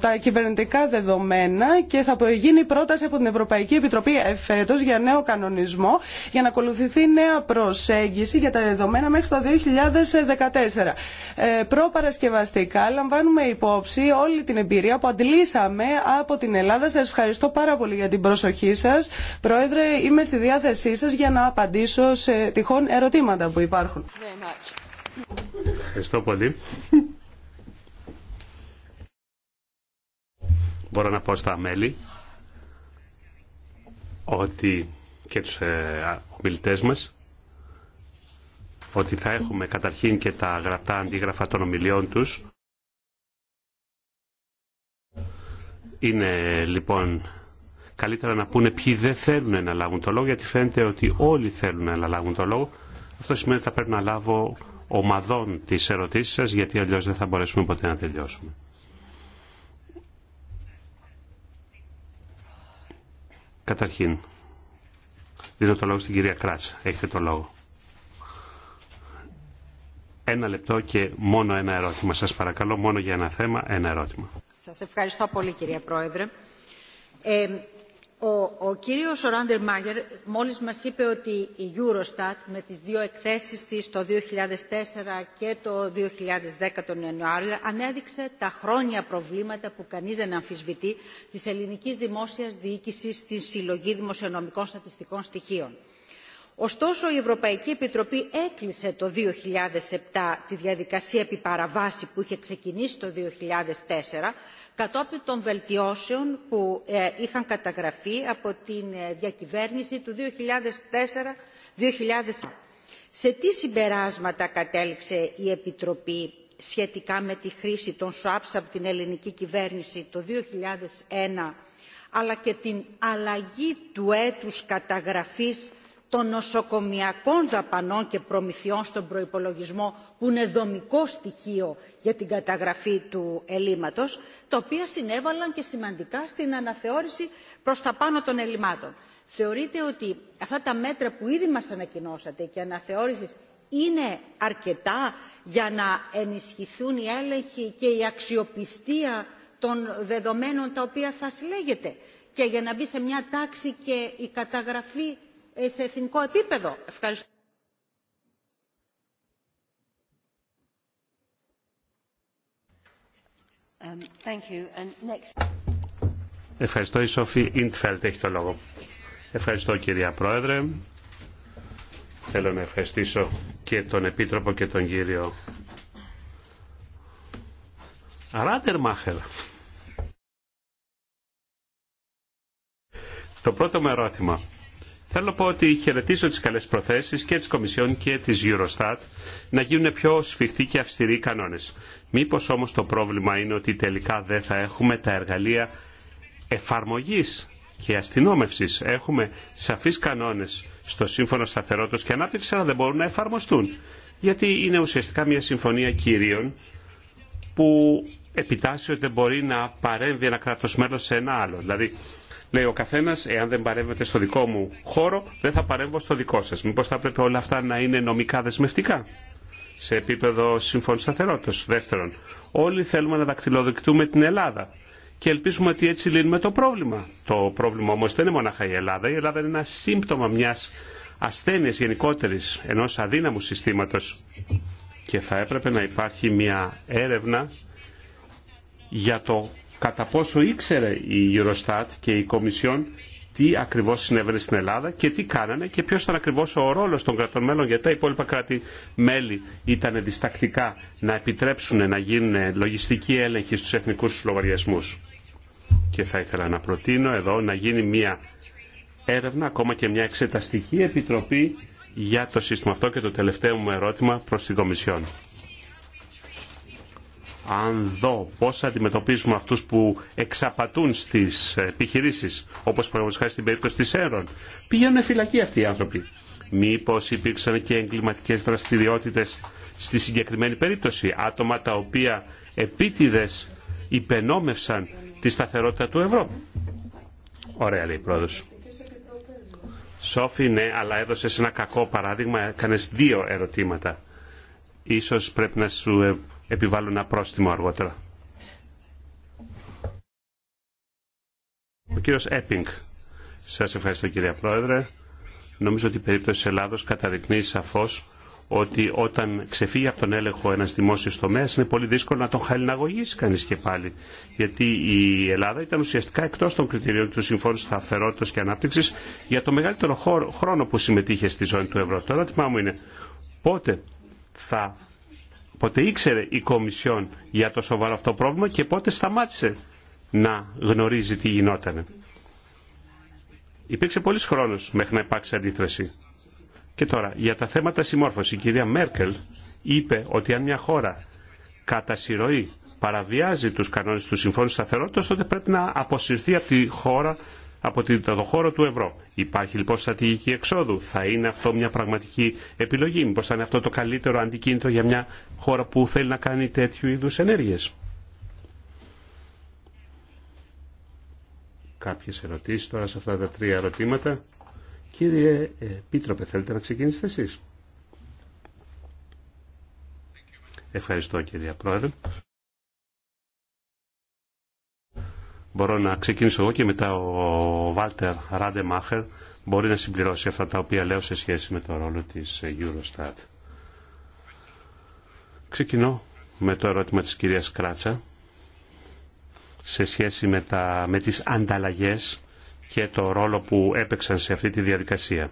τα κυβερνητικά δεδομένα και θα γίνει πρόταση από την Ευρωπαϊκή Επιτροπή εφέτος για νέο κανονισμό για να ακολουθηθεί νέα προσέγγιση για τα δεδομένα μέχρι το 2014. Ε, προπαρασκευαστικά λαμβάνουμε υπόψη όλη την εμπειρία που αντλήσαμε από την Ελλάδα. Σας ευχαριστώ πάρα πολύ για την προσοχή σας. Πρόεδρε, είμαι στη διάθεσή σας για να απαντήσω σε τυχόν ερωτήματα που υπάρχουν. Ευχαριστώ πολύ. μπορώ να πω στα μέλη ότι και τους ε, ομιλητές μας ότι θα έχουμε καταρχήν και τα γραπτά αντίγραφα των ομιλιών τους. Είναι λοιπόν καλύτερα να πούνε ποιοι δεν θέλουν να λάβουν το λόγο γιατί φαίνεται ότι όλοι θέλουν να λάβουν το λόγο. Αυτό σημαίνει ότι θα πρέπει να λάβω ομαδών τις ερωτήσεις σας γιατί αλλιώς δεν θα μπορέσουμε ποτέ να τελειώσουμε. Καταρχήν, δίνω το λόγο στην κυρία Κράτσα. Έχετε το λόγο. Ένα λεπτό και μόνο ένα ερώτημα. Σας παρακαλώ μόνο για ένα θέμα, ένα ερώτημα. Σας ευχαριστώ πολύ κυρία Πρόεδρε. Ε, ο, κύριος Ράντερ Μάγερ μόλις μας είπε ότι η Eurostat με τις δύο εκθέσεις της το 2004 και το 2010 τον Ιανουάριο ανέδειξε τα χρόνια προβλήματα που κανείς δεν αμφισβητεί της ελληνικής δημόσιας διοίκησης στην συλλογή δημοσιονομικών στατιστικών στοιχείων ωστόσο η ευρωπαϊκή επιτροπή έκλεισε το 2007 τη διαδικασία επίπαραβάση που είχε ξεκινήσει το 2004 κατόπιν των βελτιώσεων που ε, είχαν καταγραφεί από την ε, διακυβέρνηση του 2004 2005 Σε τι συμπεράσματα κατέληξε η Επιτροπή σχετικά με τη χρήση των swaps από την ελληνική κυβέρνηση το 2001 αλλά και την αλλαγή του έτους καταγραφής των νοσοκομιακών δαπανών και προμηθειών στον προϋπολογισμό που είναι δομικό στοιχείο για την καταγραφή του ελλείμματος, τα οποία συνέβαλαν και σημαντικά στην αναθεώρηση προς τα πάνω των ελλημάτων. Θεωρείτε ότι αυτά τα μέτρα που ήδη μας ανακοινώσατε και αναθεώρησης είναι αρκετά για να ενισχυθούν οι έλεγχοι και η αξιοπιστία των δεδομένων τα οποία θα συλλέγεται και για να μπει σε μια τάξη και η καταγραφή ε, σε εθνικό επίπεδο. Ευχαριστώ. Um, Ευχαριστώ η Σόφη Ιντφέλτ έχει το λόγο. Ευχαριστώ κυρία Πρόεδρε. Θέλω να ευχαριστήσω και τον Επίτροπο και τον κύριο Ράτερ Μάχερ. Το πρώτο μου ερώτημα Θέλω να πω ότι χαιρετίζω τις καλές προθέσεις και τη Κομισιόν και τη Eurostat να γίνουν πιο σφιχτοί και αυστηροί κανόνες. Μήπως όμως το πρόβλημα είναι ότι τελικά δεν θα έχουμε τα εργαλεία εφαρμογής και αστυνόμευση. Έχουμε σαφεί κανόνε στο Σύμφωνο Σταθερότητα και Ανάπτυξη, αλλά δεν μπορούν να εφαρμοστούν. Γιατί είναι ουσιαστικά μια συμφωνία κυρίων που επιτάσσει ότι δεν μπορεί να παρέμβει ένα κράτο μέλο σε ένα άλλο. Δηλαδή, λέει ο καθένα, εάν δεν παρέμβετε στο δικό μου χώρο, δεν θα παρέμβω στο δικό σα. Μήπω θα πρέπει όλα αυτά να είναι νομικά δεσμευτικά σε επίπεδο συμφώνη σταθερότητα. Δεύτερον, όλοι θέλουμε να δακτυλοδεικτούμε την Ελλάδα. Και ελπίζουμε ότι έτσι λύνουμε το πρόβλημα. Το πρόβλημα όμω δεν είναι μονάχα η Ελλάδα. Η Ελλάδα είναι ένα σύμπτωμα μια ασθένεια γενικότερη, ενό αδύναμου συστήματο. Και θα έπρεπε να υπάρχει μια έρευνα για το κατά πόσο ήξερε η Eurostat και η Κομισιόν τι ακριβώς συνέβαινε στην Ελλάδα και τι κάνανε και ποιος ήταν ακριβώς ο ρόλος των κρατών μέλων γιατί τα υπόλοιπα κράτη-μέλη ήταν διστακτικά να επιτρέψουν να γίνουν λογιστική έλεγχοι στους εθνικούς λογαριασμούς. Και θα ήθελα να προτείνω εδώ να γίνει μια έρευνα, ακόμα και μια εξεταστική επιτροπή για το σύστημα αυτό και το τελευταίο μου ερώτημα προς την Κομισιόν αν δω πώς αντιμετωπίζουμε αυτούς που εξαπατούν στις επιχειρήσεις, όπως παραγωγικά στην περίπτωση της ΕΡΟΝ, πηγαίνουν φυλακή αυτοί οι άνθρωποι. Μήπως υπήρξαν και εγκληματικές δραστηριότητες στη συγκεκριμένη περίπτωση, άτομα τα οποία επίτηδες υπενόμευσαν τη σταθερότητα του ευρώ. Ωραία λέει η πρόεδρος. Σόφι, ναι, αλλά έδωσε ένα κακό παράδειγμα, έκανε δύο ερωτήματα. Ίσως πρέπει να σου ε, επιβάλλουν ένα πρόστιμο αργότερα. Ο κύριος Έπινγκ. Σας ευχαριστώ κύριε Πρόεδρε. Νομίζω ότι η περίπτωση της Ελλάδος καταδεικνύει σαφώς ότι όταν ξεφύγει από τον έλεγχο ένας δημόσιος τομέας είναι πολύ δύσκολο να τον χαλιναγωγήσει κανείς και πάλι. Γιατί η Ελλάδα ήταν ουσιαστικά εκτός των κριτηρίων του Συμφώνου Σταθερότητας και Ανάπτυξης για το μεγαλύτερο χρόνο που συμμετείχε στη ζώνη του ευρώ. Το ερώτημά μου είναι πότε θα Πότε ήξερε η Κομισιόν για το σοβαρό αυτό πρόβλημα και πότε σταμάτησε να γνωρίζει τι γινόταν. Υπήρξε πολλή χρόνος μέχρι να υπάρξει αντίθεση. Και τώρα, για τα θέματα συμμόρφωση, η κυρία Μέρκελ είπε ότι αν μια χώρα κατά συρροή παραβιάζει τους κανόνες του Συμφώνου Σταθερότητας, τότε πρέπει να αποσυρθεί από τη χώρα από το χώρο του ευρώ. Υπάρχει λοιπόν στρατηγική εξόδου. Θα είναι αυτό μια πραγματική επιλογή. Μήπω θα είναι αυτό το καλύτερο αντικίνητο για μια χώρα που θέλει να κάνει τέτοιου είδους ενέργειες. Κάποιες ερωτήσει τώρα σε αυτά τα τρία ερωτήματα. Κύριε Πίτροπε, θέλετε να ξεκινήσετε εσείς. Ευχαριστώ κύριε Πρόεδρε. Μπορώ να ξεκινήσω εγώ και μετά ο Βάλτερ Ράντεμάχερ μπορεί να συμπληρώσει αυτά τα οποία λέω σε σχέση με το ρόλο της Eurostat. Ξεκινώ με το ερώτημα της κυρίας Κράτσα σε σχέση με, τα, με τις ανταλλαγές και το ρόλο που έπαιξαν σε αυτή τη διαδικασία.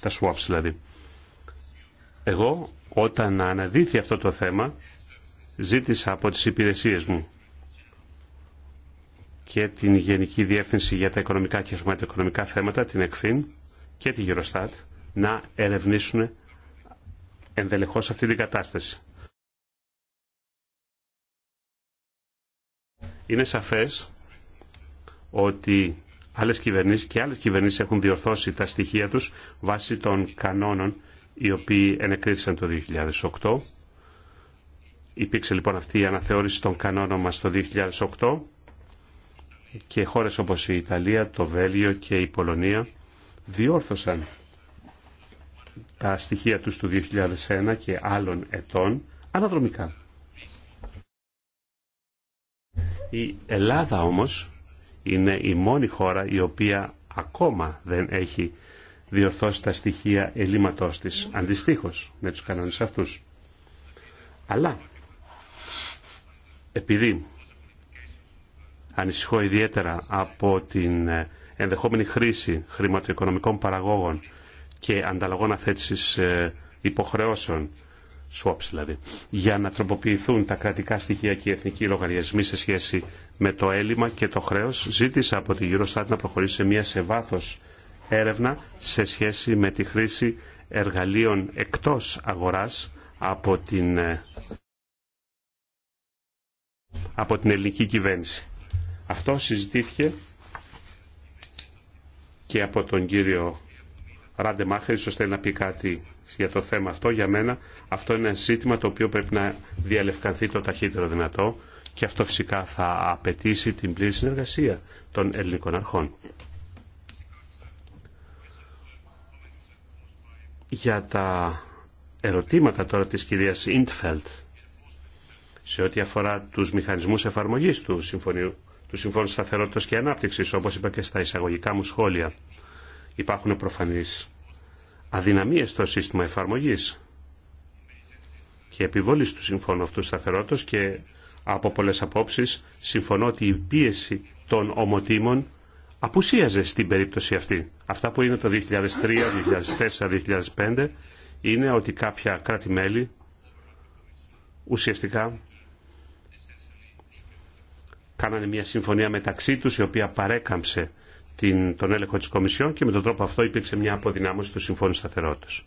Τα swaps δηλαδή. Εγώ όταν αναδύθη αυτό το θέμα ζήτησα από τις υπηρεσίες μου και την Γενική Διεύθυνση για τα Οικονομικά και Χρηματοοικονομικά Θέματα, την ΕΚΦΗΝ και τη Γεροστάτ να ερευνήσουν ενδελεχώς αυτή την κατάσταση. Είναι σαφές ότι άλλες κυβερνήσεις και άλλες κυβερνήσεις έχουν διορθώσει τα στοιχεία τους βάσει των κανόνων οι οποίοι ενεκρίθησαν το 2008 Υπήρξε λοιπόν αυτή η αναθεώρηση των κανόνων μας το 2008 και χώρες όπως η Ιταλία, το Βέλγιο και η Πολωνία διόρθωσαν τα στοιχεία τους του 2001 και άλλων ετών αναδρομικά. Η Ελλάδα όμως είναι η μόνη χώρα η οποία ακόμα δεν έχει διορθώσει τα στοιχεία ελλείμματός της, αντιστοίχως με τους κανόνες αυτούς. Αλλά επειδή ανησυχώ ιδιαίτερα από την ε, ενδεχόμενη χρήση χρηματοοικονομικών παραγόγων και ανταλλαγών αθέτησης ε, υποχρεώσεων swaps δηλαδή, για να τροποποιηθούν τα κρατικά στοιχεία και οι εθνικοί λογαριασμοί σε σχέση με το έλλειμμα και το χρέος, ζήτησα από την Eurostat να προχωρήσει σε μια σε βάθος έρευνα σε σχέση με τη χρήση εργαλείων εκτός αγοράς από την ε, από την ελληνική κυβέρνηση. Αυτό συζητήθηκε και από τον κύριο Ράντε Μάχερ, ίσως να πει κάτι για το θέμα αυτό. Για μένα αυτό είναι ένα ζήτημα το οποίο πρέπει να διαλευκανθεί το ταχύτερο δυνατό και αυτό φυσικά θα απαιτήσει την πλήρη συνεργασία των ελληνικών αρχών. Για τα ερωτήματα τώρα της κυρίας Ιντφελτ σε ό,τι αφορά τους μηχανισμούς εφαρμογής του Συμφωνίου του Συμφώνου Σταθερότητας και Ανάπτυξης, όπως είπα και στα εισαγωγικά μου σχόλια. Υπάρχουν προφανείς αδυναμίες στο σύστημα εφαρμογής και επιβολής του Συμφώνου αυτού Σταθερότητας και από πολλές απόψεις συμφωνώ ότι η πίεση των ομοτήμων απουσίαζε στην περίπτωση αυτή. Αυτά που είναι το 2003, 2004, 2005 είναι ότι κάποια κράτη-μέλη ουσιαστικά κάνανε μια συμφωνία μεταξύ τους η οποία παρέκαμψε την, τον έλεγχο της Κομισιόν και με τον τρόπο αυτό υπήρξε μια αποδυνάμωση του Συμφώνου Σταθερότητας.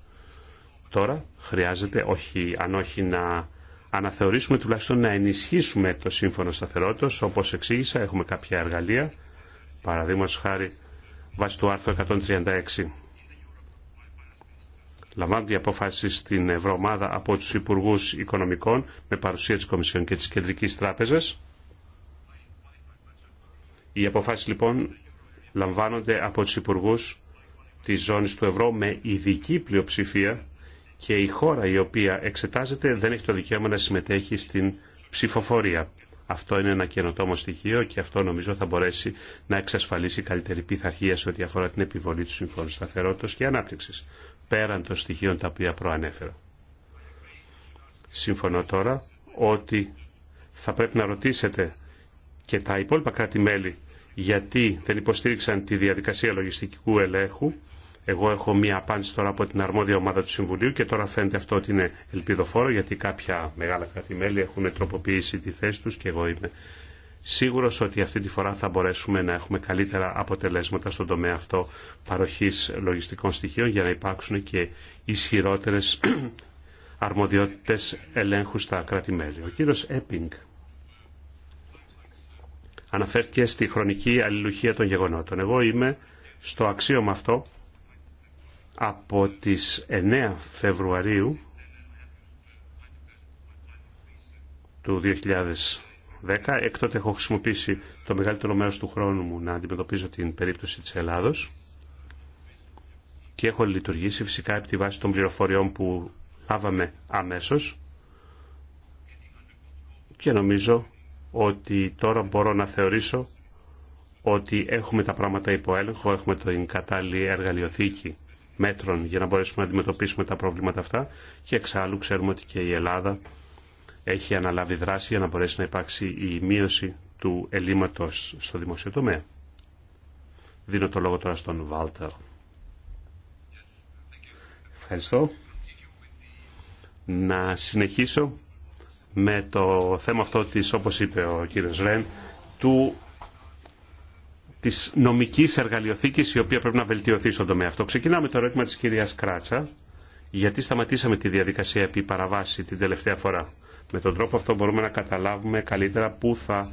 Τώρα χρειάζεται, όχι, αν όχι να αναθεωρήσουμε, τουλάχιστον να ενισχύσουμε το Σύμφωνο Σταθερότητας. Όπως εξήγησα, έχουμε κάποια εργαλεία, Παραδείγματο χάρη βάσει του άρθρου 136 λαμβάνονται οι αποφάσει στην Ευρωομάδα από του Υπουργού Οικονομικών με παρουσία τη Κομισιόν και τη Κεντρική Τράπεζα. Οι αποφάσεις λοιπόν λαμβάνονται από τους υπουργού της ζώνης του ευρώ με ειδική πλειοψηφία και η χώρα η οποία εξετάζεται δεν έχει το δικαίωμα να συμμετέχει στην ψηφοφορία. Αυτό είναι ένα καινοτόμο στοιχείο και αυτό νομίζω θα μπορέσει να εξασφαλίσει καλύτερη πειθαρχία σε ό,τι αφορά την επιβολή του Συμφώνου Σταθερότητα και Ανάπτυξη, πέραν των στοιχείων τα οποία προανέφερα. Συμφωνώ τώρα ότι θα πρέπει να ρωτήσετε και τα υπόλοιπα κράτη-μέλη γιατί δεν υποστήριξαν τη διαδικασία λογιστικού ελέγχου. Εγώ έχω μία απάντηση τώρα από την αρμόδια ομάδα του Συμβουλίου και τώρα φαίνεται αυτό ότι είναι ελπιδοφόρο γιατί κάποια μεγάλα κρατημέλη έχουν τροποποιήσει τη θέση τους και εγώ είμαι σίγουρος ότι αυτή τη φορά θα μπορέσουμε να έχουμε καλύτερα αποτελέσματα στον τομέα αυτό παροχής λογιστικών στοιχείων για να υπάρξουν και ισχυρότερες αρμοδιότητες ελέγχου στα κρατημέλη. Ο κύριος Έπινγκ αναφέρθηκε στη χρονική αλληλουχία των γεγονότων. Εγώ είμαι στο αξίωμα αυτό από τις 9 Φεβρουαρίου του 2010. Έκτοτε έχω χρησιμοποιήσει το μεγαλύτερο μέρος του χρόνου μου να αντιμετωπίζω την περίπτωση της Ελλάδος και έχω λειτουργήσει φυσικά επί τη βάση των πληροφοριών που λάβαμε αμέσως και νομίζω ότι τώρα μπορώ να θεωρήσω ότι έχουμε τα πράγματα υπό έλεγχο, έχουμε την κατάλληλη εργαλειοθήκη μέτρων για να μπορέσουμε να αντιμετωπίσουμε τα προβλήματα αυτά και εξάλλου ξέρουμε ότι και η Ελλάδα έχει αναλάβει δράση για να μπορέσει να υπάρξει η μείωση του ελλείμματος στο δημοσιο τομέα. Δίνω το λόγο τώρα στον Βάλτερ. Ευχαριστώ. Να συνεχίσω με το θέμα αυτό της, όπως είπε ο κύριος Ρεν, του της νομικής εργαλειοθήκης η οποία πρέπει να βελτιωθεί στον τομέα αυτό. Ξεκινάμε το ερώτημα της κυρίας Κράτσα. Γιατί σταματήσαμε τη διαδικασία επί παραβάση την τελευταία φορά. Με τον τρόπο αυτό μπορούμε να καταλάβουμε καλύτερα πού θα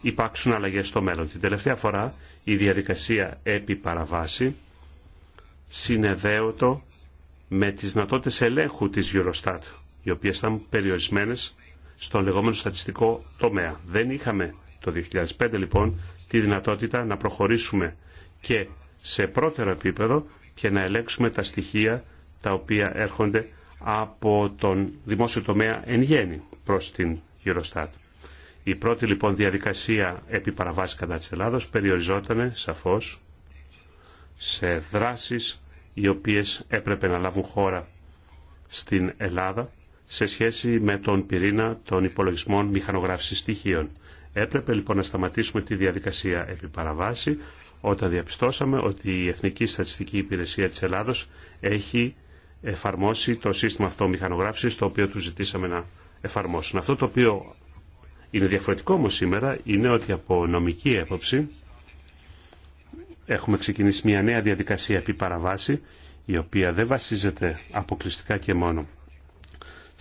υπάρξουν αλλαγές στο μέλλον. Την τελευταία φορά η διαδικασία επί παραβάση συνεδέωτο με τις δυνατότητε ελέγχου της Eurostat, οι οποίες ήταν περιορισμένες στον λεγόμενο στατιστικό τομέα. Δεν είχαμε το 2005 λοιπόν τη δυνατότητα να προχωρήσουμε και σε πρώτερο επίπεδο και να ελέγξουμε τα στοιχεία τα οποία έρχονται από τον δημόσιο τομέα εν γέννη προς την Eurostat. Η πρώτη λοιπόν διαδικασία επί παραβάση κατά της Ελλάδος περιοριζόταν σαφώς σε δράσεις οι οποίες έπρεπε να λάβουν χώρα στην Ελλάδα σε σχέση με τον πυρήνα των υπολογισμών μηχανογράφηση στοιχείων. Έπρεπε λοιπόν να σταματήσουμε τη διαδικασία επί παραβάση όταν διαπιστώσαμε ότι η Εθνική Στατιστική Υπηρεσία της Ελλάδος έχει εφαρμόσει το σύστημα αυτό μηχανογράφησης το οποίο του ζητήσαμε να εφαρμόσουν. Αυτό το οποίο είναι διαφορετικό όμως σήμερα είναι ότι από νομική έποψη έχουμε ξεκινήσει μια νέα διαδικασία επί παραβάση η οποία δεν βασίζεται αποκλειστικά και μόνο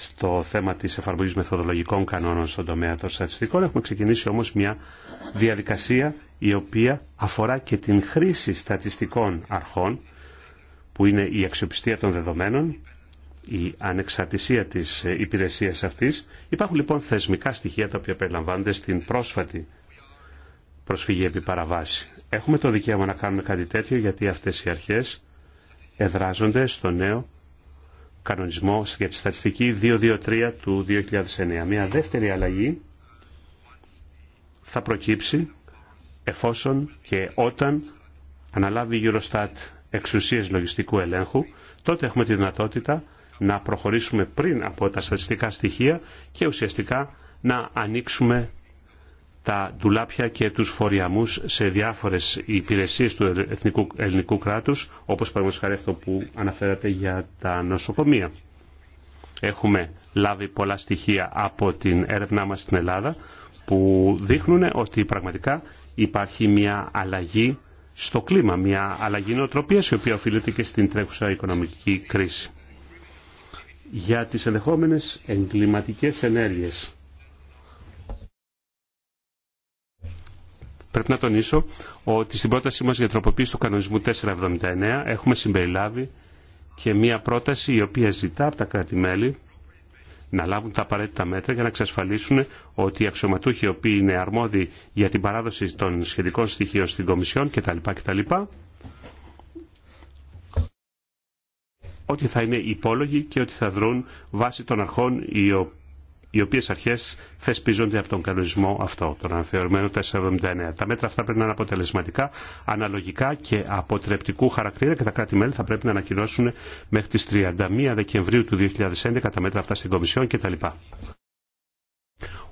στο θέμα της εφαρμογής μεθοδολογικών κανόνων στον τομέα των στατιστικών. Έχουμε ξεκινήσει όμως μια διαδικασία η οποία αφορά και την χρήση στατιστικών αρχών που είναι η αξιοπιστία των δεδομένων, η ανεξαρτησία της υπηρεσίας αυτής. Υπάρχουν λοιπόν θεσμικά στοιχεία τα οποία περιλαμβάνονται στην πρόσφατη προσφυγή επί παραβάση. Έχουμε το δικαίωμα να κάνουμε κάτι τέτοιο γιατί αυτές οι αρχές εδράζονται στο νέο κανονισμό για τη στατιστική 223 του 2009. Μια δεύτερη αλλαγή θα προκύψει εφόσον και όταν αναλάβει η Eurostat εξουσίες λογιστικού ελέγχου, τότε έχουμε τη δυνατότητα να προχωρήσουμε πριν από τα στατιστικά στοιχεία και ουσιαστικά να ανοίξουμε τα ντουλάπια και τους φοριαμούς σε διάφορες υπηρεσίες του εθνικού, ελληνικού κράτους, όπως παραδείγματος αυτό που αναφέρατε για τα νοσοκομεία. Έχουμε λάβει πολλά στοιχεία από την έρευνά μας στην Ελλάδα που δείχνουν ότι πραγματικά υπάρχει μια αλλαγή στο κλίμα, μια αλλαγή νοοτροπίας η οποία οφείλεται και στην τρέχουσα οικονομική κρίση. Για τις ενδεχόμενες εγκληματικές ενέργειες πρέπει να τονίσω ότι στην πρότασή μας για τροποποίηση του κανονισμού 479 έχουμε συμπεριλάβει και μία πρόταση η οποία ζητά από τα κράτη-μέλη να λάβουν τα απαραίτητα μέτρα για να εξασφαλίσουν ότι οι αξιωματούχοι οι οποίοι είναι αρμόδιοι για την παράδοση των σχετικών στοιχείων στην Κομισιόν κτλ. κτλ ότι θα είναι υπόλογοι και ότι θα δρουν βάσει των αρχών οι οι οποίες αρχές θεσπίζονται από τον κανονισμό αυτό, τον αναθεωρημένο 479. Τα μέτρα αυτά πρέπει να είναι αποτελεσματικά, αναλογικά και αποτρεπτικού χαρακτήρα και τα κράτη-μέλη θα πρέπει να ανακοινώσουν μέχρι τις 31 Δεκεμβρίου του 2011 τα μέτρα αυτά στην Κομισιόν κτλ.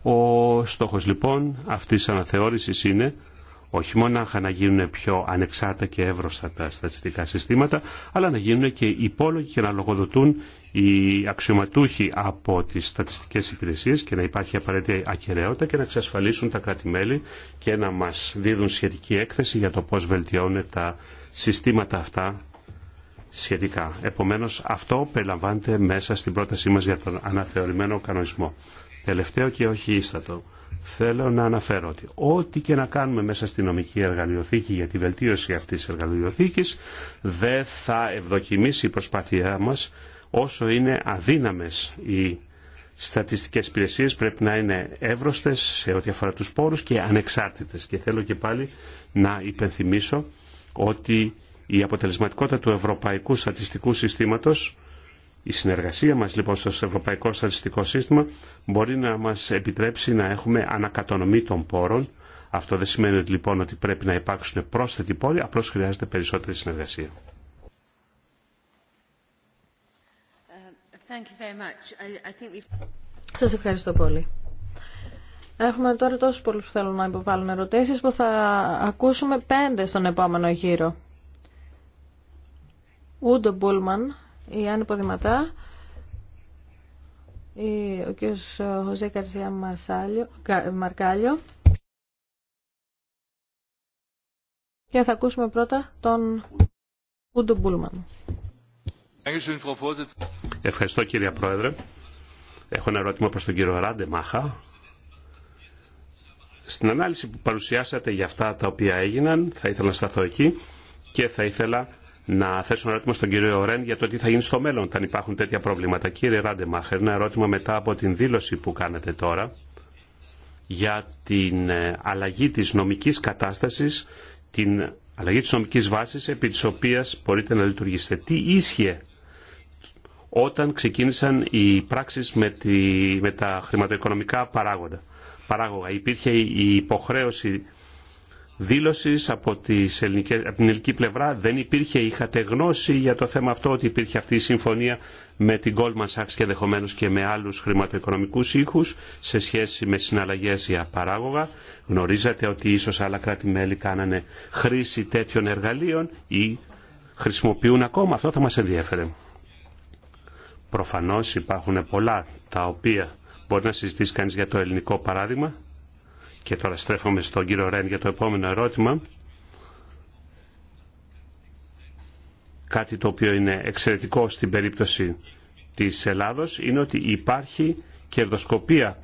Ο στόχος λοιπόν αυτής της αναθεώρησης είναι όχι μόνο να γίνουν πιο ανεξάρτητα και εύρωστα τα στατιστικά συστήματα, αλλά να γίνουν και υπόλογοι και να λογοδοτούν οι αξιωματούχοι από τις στατιστικές υπηρεσίες και να υπάρχει απαραίτητη ακεραιότητα και να εξασφαλίσουν τα κράτη-μέλη και να μας δίδουν σχετική έκθεση για το πώς βελτιώνουν τα συστήματα αυτά σχετικά. Επομένως, αυτό περιλαμβάνεται μέσα στην πρότασή μας για τον αναθεωρημένο κανονισμό. Τελευταίο και όχι ίστατο θέλω να αναφέρω ότι ό,τι και να κάνουμε μέσα στη νομική εργαλειοθήκη για τη βελτίωση αυτής της εργαλειοθήκης δεν θα ευδοκιμήσει η προσπάθειά μας όσο είναι αδύναμες οι στατιστικές υπηρεσίες πρέπει να είναι εύρωστες σε ό,τι αφορά τους πόρους και ανεξάρτητες. Και θέλω και πάλι να υπενθυμίσω ότι η αποτελεσματικότητα του Ευρωπαϊκού Στατιστικού Συστήματος η συνεργασία μας λοιπόν στο Ευρωπαϊκό Στατιστικό Σύστημα μπορεί να μας επιτρέψει να έχουμε ανακατονομή των πόρων. Αυτό δεν σημαίνει λοιπόν ότι πρέπει να υπάρξουν πρόσθετοι πόροι, απλώς χρειάζεται περισσότερη συνεργασία. Σας ευχαριστώ πολύ. Έχουμε τώρα τόσους πολλούς που θέλουν να υποβάλουν ερωτήσεις που θα ακούσουμε πέντε στον επόμενο γύρο. Ούντο Μπούλμαν η Άννη Ποδηματά, ο κ. Ε, Χωζέ Καρσία Μαρκάλιο. Και θα ακούσουμε πρώτα τον Ούντο Μπούλμαν. Ευχαριστώ κύριε Πρόεδρε. Έχω ένα ερώτημα προς τον κύριο Ράντε Μάχα. Στην ανάλυση που παρουσιάσατε για αυτά τα οποία έγιναν, θα ήθελα να σταθώ εκεί και θα ήθελα να θέσω ένα ερώτημα στον κύριο Ρεν για το τι θα γίνει στο μέλλον όταν υπάρχουν τέτοια προβλήματα. Κύριε Ράντεμαχερ, ένα ερώτημα μετά από την δήλωση που κάνετε τώρα για την ε, αλλαγή της νομικής κατάστασης, την αλλαγή της νομικής βάσης επί της οποίας μπορείτε να λειτουργήσετε. Τι ίσχυε όταν ξεκίνησαν οι πράξεις με, με τα χρηματοοικονομικά παράγοντα. Παράγωγα. Υπήρχε η υποχρέωση Δήλωση από, την ελληνική πλευρά δεν υπήρχε, είχατε γνώση για το θέμα αυτό ότι υπήρχε αυτή η συμφωνία με την Goldman Sachs και δεχομένως και με άλλους χρηματοοικονομικούς ήχου σε σχέση με συναλλαγέ για παράγωγα. Γνωρίζατε ότι ίσως άλλα κράτη-μέλη κάνανε χρήση τέτοιων εργαλείων ή χρησιμοποιούν ακόμα. Αυτό θα μας ενδιέφερε. Προφανώ υπάρχουν πολλά τα οποία μπορεί να συζητήσει κανεί για το ελληνικό παράδειγμα και τώρα στρέφομαι στον κύριο Ρέν για το επόμενο ερώτημα. Κάτι το οποίο είναι εξαιρετικό στην περίπτωση της Ελλάδος είναι ότι υπάρχει κερδοσκοπία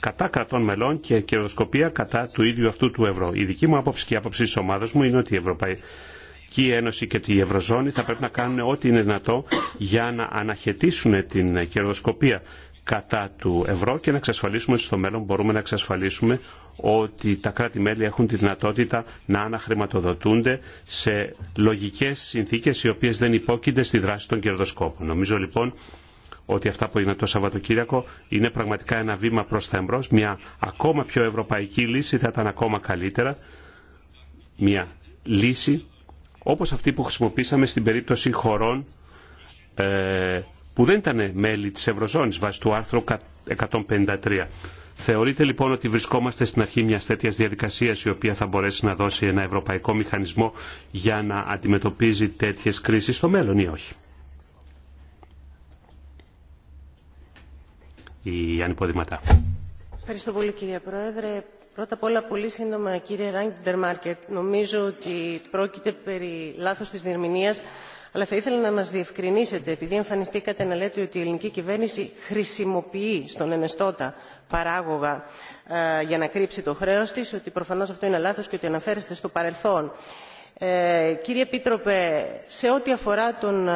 κατά κρατών μελών και κερδοσκοπία κατά του ίδιου αυτού του ευρώ. Η δική μου άποψη και η άποψη της ομάδας μου είναι ότι η Ευρωπαϊκή Ένωση και η Ευρωζώνη θα πρέπει να κάνουν ό,τι είναι δυνατό για να αναχαιτήσουν την κερδοσκοπία κατά του ευρώ και να εξασφαλίσουμε στο μέλλον μπορούμε να εξασφαλίσουμε ότι τα κράτη-μέλη έχουν τη δυνατότητα να αναχρηματοδοτούνται σε λογικές συνθήκες οι οποίες δεν υπόκεινται στη δράση των κερδοσκόπων. Νομίζω λοιπόν ότι αυτά που έγινε το Σαββατοκύριακο είναι πραγματικά ένα βήμα προς τα εμπρός. Μια ακόμα πιο ευρωπαϊκή λύση θα ήταν ακόμα καλύτερα. Μια λύση όπως αυτή που χρησιμοποίησαμε στην περίπτωση χωρών ε, που δεν ήταν μέλη της Ευρωζώνης βάσει του άρθρου 153. Θεωρείτε λοιπόν ότι βρισκόμαστε στην αρχή μιας τέτοια διαδικασίας η οποία θα μπορέσει να δώσει ένα ευρωπαϊκό μηχανισμό για να αντιμετωπίζει τέτοιες κρίσεις στο μέλλον ή όχι. Η Ανυποδηματά. Ευχαριστώ πολύ κύριε Πρόεδρε. Πρώτα απ' όλα πολύ σύντομα κύριε Ράγκεντερ Μάρκετ. Νομίζω ότι πρόκειται περί λάθος της διερμηνίας αλλά θα ήθελα να μα διευκρινίσετε, επειδή εμφανιστήκατε να λέτε ότι η ελληνική κυβέρνηση χρησιμοποιεί στον Ενεστώτα παράγωγα ε, για να κρύψει το χρέο τη, ότι προφανώ αυτό είναι λάθο και ότι αναφέρεστε στο παρελθόν. Ε, κύριε Επίτροπε, σε ό,τι αφορά τον ε,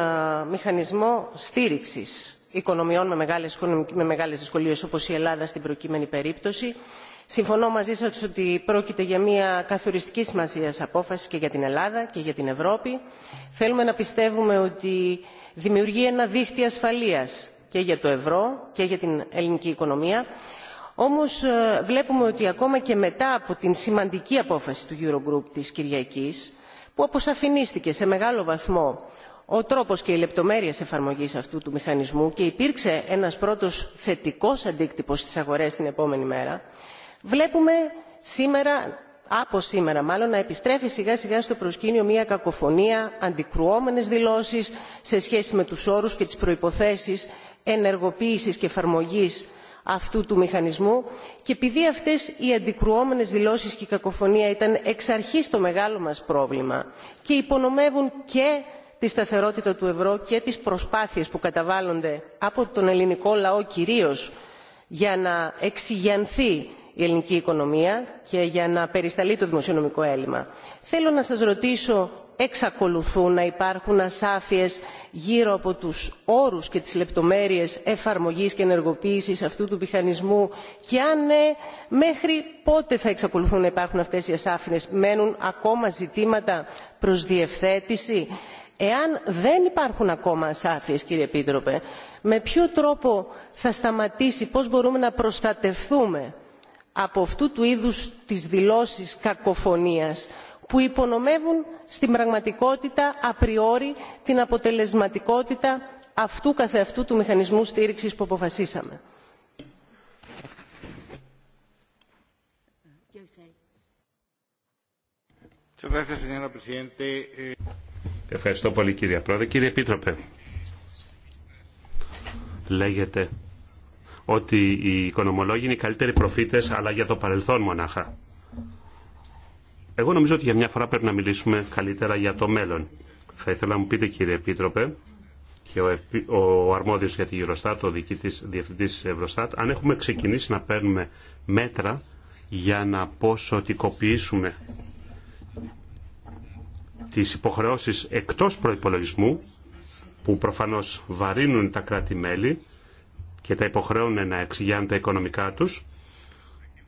μηχανισμό στήριξη οικονομιών με μεγάλε με μεγάλες δυσκολίε όπω η Ελλάδα στην προκείμενη περίπτωση, συμφωνώ μαζί σας ότι πρόκειται για μια καθοριστική σημασία απόφαση και για την ελλάδα και για την ευρώπη. θέλουμε να πιστεύουμε ότι δημιουργεί ένα δίχτυ ασφαλείας και για το ευρώ και για την ελληνική οικονομία όμως ε, βλέπουμε ότι ακόμα και μετά από την σημαντική απόφαση του eurogroup της κυριακής που αποσαφηνίστηκε σε μεγάλο βαθμό ο τρόπος και οι λεπτομέρειες εφαρμογής αυτού του μηχανισμού και υπήρξε ένας πρώτος θετικός αντίκτυπος στις αγορές την επόμενη μέρα βλέπουμε σήμερα από σήμερα μάλλον να επιστρέφει σιγά σιγά στο προσκήνιο μια κακοφωνία αντικρουόμενες δηλώσεις σε σχέση με τους όρους και τις προϋποθέσεις ενεργοποίησης και εφαρμογής αυτού του μηχανισμού και επειδή αυτές οι αντικρουόμενες δηλώσεις και η κακοφωνία ήταν εξ αρχής το μεγάλο μας πρόβλημα και υπονομεύουν και τη σταθερότητα του ευρώ και τις προσπάθειες που καταβάλλονται από τον ελληνικό λαό κυρίως για να εξηγιανθεί η ελληνική οικονομία και για να περισταλεί το δημοσιονομικό έλλειμμα. Θέλω να σας ρωτήσω, εξακολουθούν να υπάρχουν ασάφειες γύρω από τους όρους και τις λεπτομέρειες εφαρμογής και ενεργοποίησης αυτού του μηχανισμού και αν ναι, μέχρι πότε θα εξακολουθούν να υπάρχουν αυτές οι ασάφειες. Μένουν ακόμα ζητήματα προς διευθέτηση. Εάν δεν υπάρχουν ακόμα ασάφειες, κύριε Επίτροπε, με ποιο τρόπο θα σταματήσει, πώς μπορούμε να προστατευτούμε από αυτού του είδους τις δηλώσεις κακοφωνίας που υπονομεύουν στην πραγματικότητα απριόρι την αποτελεσματικότητα αυτού καθεαυτού του μηχανισμού στήριξης που αποφασίσαμε. Ευχαριστώ πολύ κύριε Πρόεδρε. Κύριε Επίτροπε, λέγεται ότι οι οικονομολόγοι είναι οι καλύτεροι προφήτες, αλλά για το παρελθόν μονάχα. Εγώ νομίζω ότι για μια φορά πρέπει να μιλήσουμε καλύτερα για το μέλλον. Θα ήθελα να μου πείτε κύριε Επίτροπε και ο, αρμόδιος για τη Eurostat, ο διοικητής διευθυντής Ευρωστάτ, αν έχουμε ξεκινήσει να παίρνουμε μέτρα για να ποσοτικοποιήσουμε τις υποχρεώσεις εκτός προϋπολογισμού που προφανώς βαρύνουν τα κράτη-μέλη και τα υποχρεώνουν να εξηγιάνουν τα οικονομικά τους,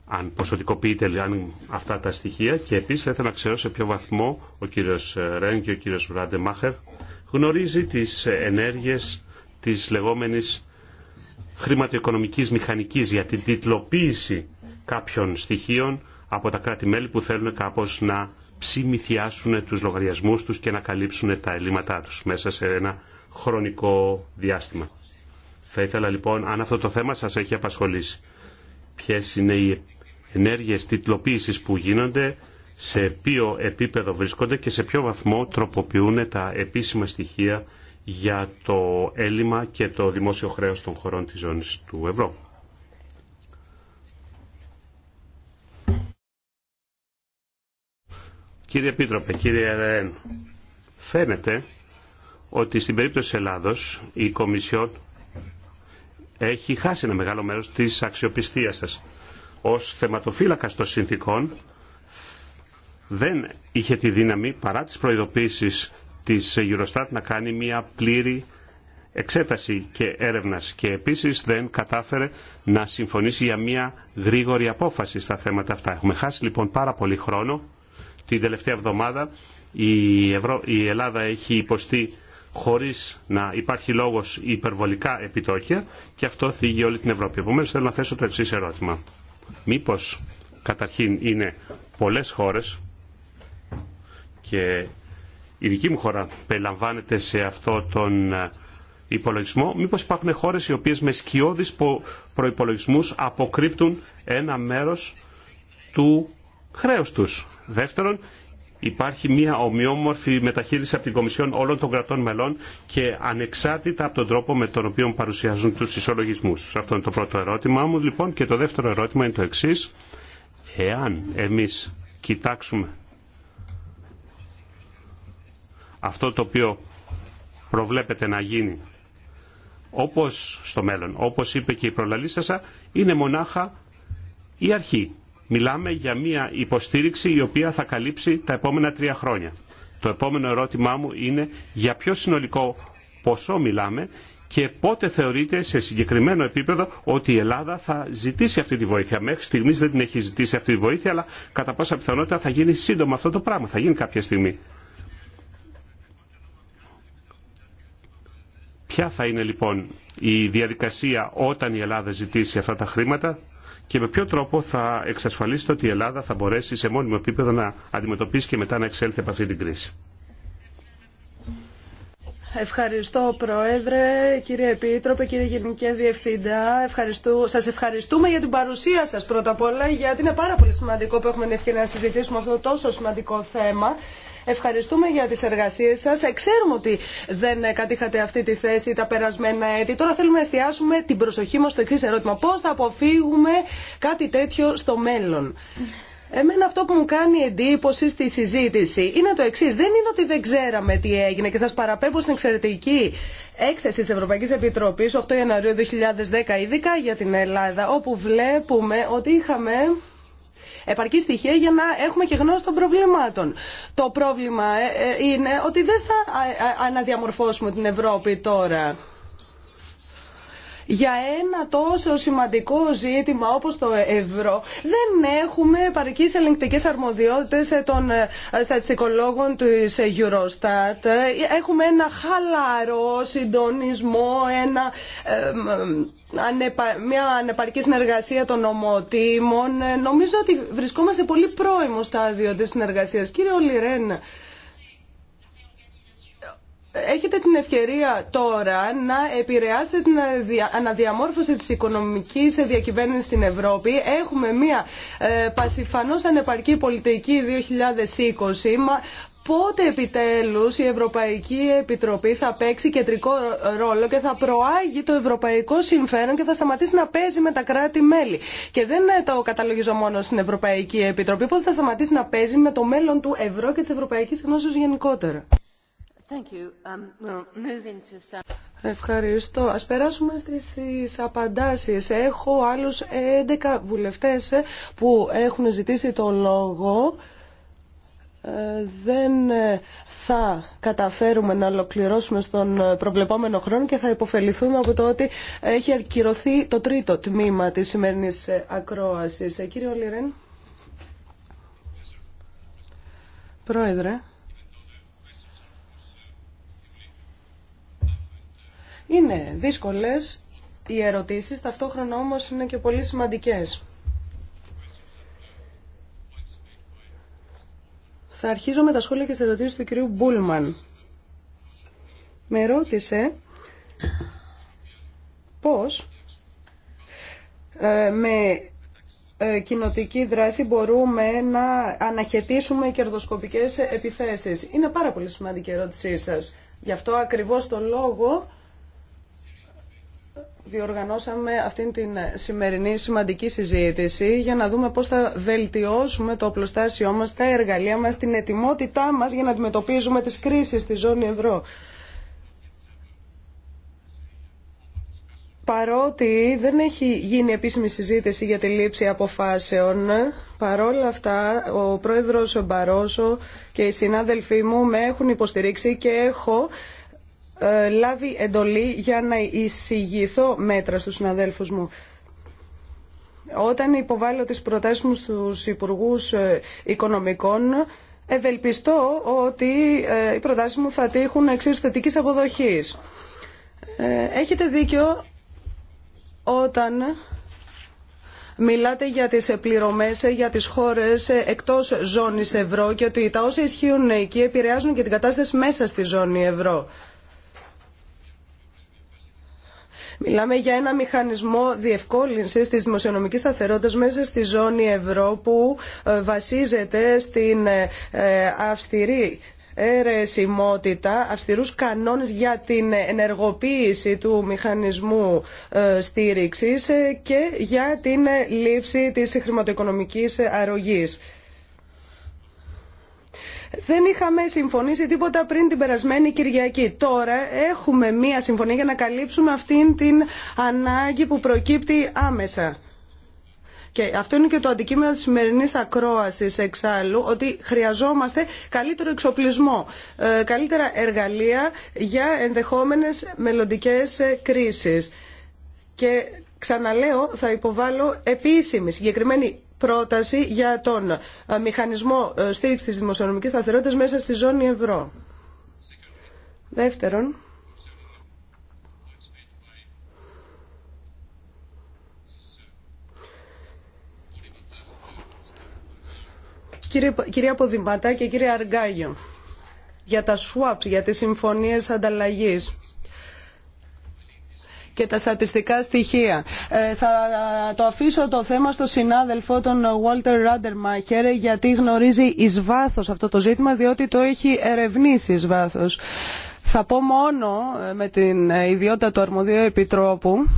αν ποσοτικοποιείται αν αυτά τα στοιχεία. Και επίσης θα ήθελα να ξέρω σε ποιο βαθμό ο κύριος Ρέν και ο κύριος Βράντεμάχερ γνωρίζει τις ενέργειες της λεγόμενης χρηματοοικονομικής μηχανικής για την τιτλοποίηση κάποιων στοιχείων από τα κράτη-μέλη που θέλουν κάπως να ψημιθιάσουν τους λογαριασμούς τους και να καλύψουν τα ελλείμματά τους μέσα σε ένα χρονικό διάστημα. Θα ήθελα λοιπόν αν αυτό το θέμα σας έχει απασχολήσει. Ποιες είναι οι ενέργειες τιτλοποίησης που γίνονται, σε ποιο επίπεδο βρίσκονται και σε ποιο βαθμό τροποποιούν τα επίσημα στοιχεία για το έλλειμμα και το δημόσιο χρέος των χωρών της ζώνης του ευρώ. Κύριε Επίτροπε, κύριε Ρέν, φαίνεται ότι στην περίπτωση της Ελλάδος η Κομισιόν έχει χάσει ένα μεγάλο μέρος της αξιοπιστίας σας. Ως θεματοφύλακας των συνθήκων δεν είχε τη δύναμη παρά τις προειδοποίησεις της Eurostat να κάνει μια πλήρη εξέταση και έρευνας και επίσης δεν κατάφερε να συμφωνήσει για μια γρήγορη απόφαση στα θέματα αυτά. Έχουμε χάσει λοιπόν πάρα πολύ χρόνο. Την τελευταία εβδομάδα η, Ευρω... η Ελλάδα έχει υποστεί χωρίς να υπάρχει λόγος υπερβολικά επιτόκια και αυτό θίγει όλη την Ευρώπη. Επομένως θέλω να θέσω το εξής ερώτημα. Μήπως καταρχήν είναι πολλές χώρες και η δική μου χώρα περιλαμβάνεται σε αυτό τον ε, υπολογισμό, μήπως υπάρχουν χώρες οι οποίες με σκιώδεις προϋπολογισμούς αποκρύπτουν ένα μέρος του χρέους τους. Δεύτερον, υπάρχει μια ομοιόμορφη μεταχείριση από την Κομισιόν όλων των κρατών μελών και ανεξάρτητα από τον τρόπο με τον οποίο παρουσιάζουν τους ισολογισμούς τους. Αυτό είναι το πρώτο ερώτημά μου λοιπόν και το δεύτερο ερώτημα είναι το εξής. Εάν εμείς κοιτάξουμε αυτό το οποίο προβλέπεται να γίνει όπως στο μέλλον, όπως είπε και η προλαλήσασα, είναι μονάχα η αρχή. Μιλάμε για μια υποστήριξη η οποία θα καλύψει τα επόμενα τρία χρόνια. Το επόμενο ερώτημά μου είναι για ποιο συνολικό ποσό μιλάμε και πότε θεωρείται σε συγκεκριμένο επίπεδο ότι η Ελλάδα θα ζητήσει αυτή τη βοήθεια. Μέχρι στιγμή δεν την έχει ζητήσει αυτή τη βοήθεια, αλλά κατά πάσα πιθανότητα θα γίνει σύντομα αυτό το πράγμα. Θα γίνει κάποια στιγμή. Ποια θα είναι λοιπόν η διαδικασία όταν η Ελλάδα ζητήσει αυτά τα χρήματα και με ποιο τρόπο θα εξασφαλίσετε ότι η Ελλάδα θα μπορέσει σε μόνιμο επίπεδο να αντιμετωπίσει και μετά να εξέλθει από αυτή την κρίση. Ευχαριστώ Πρόεδρε, κύριε Επίτροπε, κύριε Γενική Διευθυντά. Σας ευχαριστούμε για την παρουσία σας πρώτα απ' όλα γιατί είναι πάρα πολύ σημαντικό που έχουμε την ευκαιρία να συζητήσουμε αυτό το τόσο σημαντικό θέμα. Ευχαριστούμε για τις εργασίες σας. Ε, ξέρουμε ότι δεν κατήχατε αυτή τη θέση τα περασμένα έτη. Τώρα θέλουμε να εστιάσουμε την προσοχή μας στο εξή ερώτημα. Πώς θα αποφύγουμε κάτι τέτοιο στο μέλλον. Εμένα αυτό που μου κάνει εντύπωση στη συζήτηση είναι το εξή. Δεν είναι ότι δεν ξέραμε τι έγινε και σα παραπέμπω στην εξαιρετική έκθεση τη Ευρωπαϊκή Επιτροπή 8 Ιανουαρίου 2010, ειδικά για την Ελλάδα, όπου βλέπουμε ότι είχαμε επαρκή στοιχεία για να έχουμε και γνώση των προβλημάτων. Το πρόβλημα ε, ε, είναι ότι δεν θα ε, αναδιαμορφώσουμε την Ευρώπη τώρα για ένα τόσο σημαντικό ζήτημα όπως το ευρώ δεν έχουμε παρικείς ελεγκτικές αρμοδιότητες ε, των ε, στατιστικολόγων της Eurostat. Έχουμε ένα χαλαρό συντονισμό, ένα, μια ανεπαρκή συνεργασία των ομοτήμων. Ε, νομίζω ότι βρισκόμαστε σε πολύ πρώιμο στάδιο της συνεργασίας. Κύριε Ολυρένα έχετε την ευκαιρία τώρα να επηρεάσετε την αναδιαμόρφωση της οικονομικής διακυβέρνησης στην Ευρώπη. Έχουμε μία ε, πασιφανώς ανεπαρκή πολιτική 2020, μα πότε επιτέλους η Ευρωπαϊκή Επιτροπή θα παίξει κεντρικό ρόλο και θα προάγει το ευρωπαϊκό συμφέρον και θα σταματήσει να παίζει με τα κράτη-μέλη. Και δεν ε, το καταλογίζω μόνο στην Ευρωπαϊκή Επιτροπή, πότε θα σταματήσει να παίζει με το μέλλον του ευρώ και της Ευρωπαϊκής Γνώσης γενικότερα. Um, Ευχαριστώ. Ας περάσουμε στις απαντάσεις. Έχω άλλους 11 βουλευτές ε, που έχουν ζητήσει το λόγο. Ε, δεν ε, θα καταφέρουμε να ολοκληρώσουμε στον προβλεπόμενο χρόνο και θα υποφεληθούμε από το ότι έχει ακυρωθεί το τρίτο τμήμα της σημερινής ακρόασης. Κύριε Λιρέν, Πρόεδρε. Είναι δύσκολες οι ερωτήσεις, ταυτόχρονα όμως είναι και πολύ σημαντικές. Θα αρχίζω με τα σχόλια και τις ερωτήσεις του κυρίου Μπούλμαν. Με ρώτησε πώς ε, με ε, κοινοτική δράση μπορούμε να αναχαιτήσουμε κερδοσκοπικές επιθέσεις. Είναι πάρα πολύ σημαντική η ερώτησή σας. Γι' αυτό ακριβώς το λόγο διοργανώσαμε αυτήν την σημερινή σημαντική συζήτηση για να δούμε πώς θα βελτιώσουμε το οπλοστάσιό μας, τα εργαλεία μας, την ετοιμότητά μας για να αντιμετωπίζουμε τις κρίσεις στη ζώνη ευρώ. Παρότι δεν έχει γίνει επίσημη συζήτηση για τη λήψη αποφάσεων, παρόλα αυτά ο πρόεδρος Μπαρόσο και οι συνάδελφοί μου με έχουν υποστηρίξει και έχω ε, λάβει εντολή για να εισηγηθώ μέτρα στους συναδέλφους μου. Όταν υποβάλλω τις προτάσεις μου στους Υπουργούς ε, Οικονομικών, ευελπιστώ ότι ε, οι προτάσεις μου θα τύχουν εξίσου θετικής αποδοχής. Έχετε δίκιο όταν μιλάτε για τις πληρωμές για τις χώρες εκτός ζώνης ευρώ και ότι τα όσα ισχύουν εκεί επηρεάζουν και την κατάσταση μέσα στη ζώνη ευρώ. Μιλάμε για ένα μηχανισμό διευκόλυνση τη δημοσιονομική σταθερότητα μέσα στη ζώνη ευρώ που ε, βασίζεται στην ε, ε, αυστηρή αιρεσιμότητα, αυστηρούς κανόνες για την ενεργοποίηση του μηχανισμού στήριξης και για την λήψη της χρηματοοικονομικής αρρωγής. Δεν είχαμε συμφωνήσει τίποτα πριν την περασμένη Κυριακή. Τώρα έχουμε μία συμφωνία για να καλύψουμε αυτήν την ανάγκη που προκύπτει άμεσα. Και αυτό είναι και το αντικείμενο της σημερινής ακρόασης εξάλλου, ότι χρειαζόμαστε καλύτερο εξοπλισμό, ε, καλύτερα εργαλεία για ενδεχόμενες μελλοντικές ε, κρίσεις. Και ξαναλέω, θα υποβάλω επίσημη συγκεκριμένη πρόταση για τον ε, μηχανισμό ε, στήριξης της δημοσιονομικής σταθερότητας μέσα στη ζώνη ευρώ. Δεύτερον, κυρία Ποδηματά και κύριε Αργάγιο, για τα swaps, για τις συμφωνίες ανταλλαγής και τα στατιστικά στοιχεία. Ε, θα το αφήσω το θέμα στο συνάδελφο τον Walter Rademacher γιατί γνωρίζει εις βάθος αυτό το ζήτημα διότι το έχει ερευνήσει εις βάθος. Θα πω μόνο ε, με την ε, ιδιότητα του αρμοδίου επιτρόπου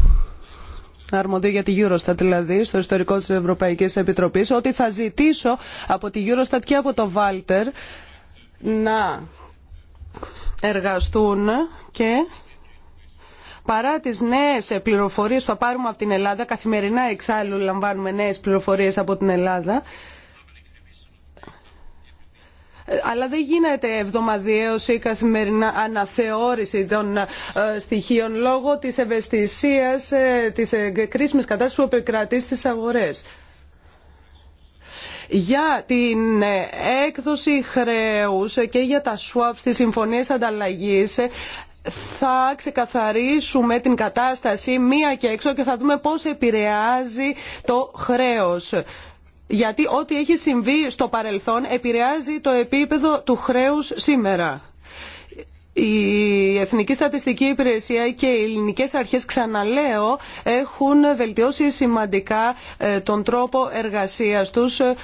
αρμοδίου για τη Eurostat δηλαδή, στο ιστορικό της Ευρωπαϊκής Επιτροπής, ότι θα ζητήσω από τη Eurostat και από το Βάλτερ να εργαστούν και παρά τις νέες πληροφορίε που θα πάρουμε από την Ελλάδα, καθημερινά εξάλλου λαμβάνουμε νέες πληροφορίε από την Ελλάδα, αλλά δεν γίνεται εβδομαδιαίως ή καθημερινά αναθεώρηση των ε, στοιχείων λόγω της ευαισθησίας ε, της ε, κρίσιμης κατάστασης που επικρατεί στις αγορές για την έκδοση χρέους και για τα swap στις συμφωνίες ανταλλαγής θα ξεκαθαρίσουμε την κατάσταση μία και έξω και θα δούμε πώς επηρεάζει το χρέος. Γιατί ό,τι έχει συμβεί στο παρελθόν επηρεάζει το επίπεδο του χρέους σήμερα. Η Εθνική Στατιστική Υπηρεσία και οι ελληνικές αρχές, ξαναλέω, έχουν βελτιώσει σημαντικά ε, τον τρόπο εργασίας τους. Ε,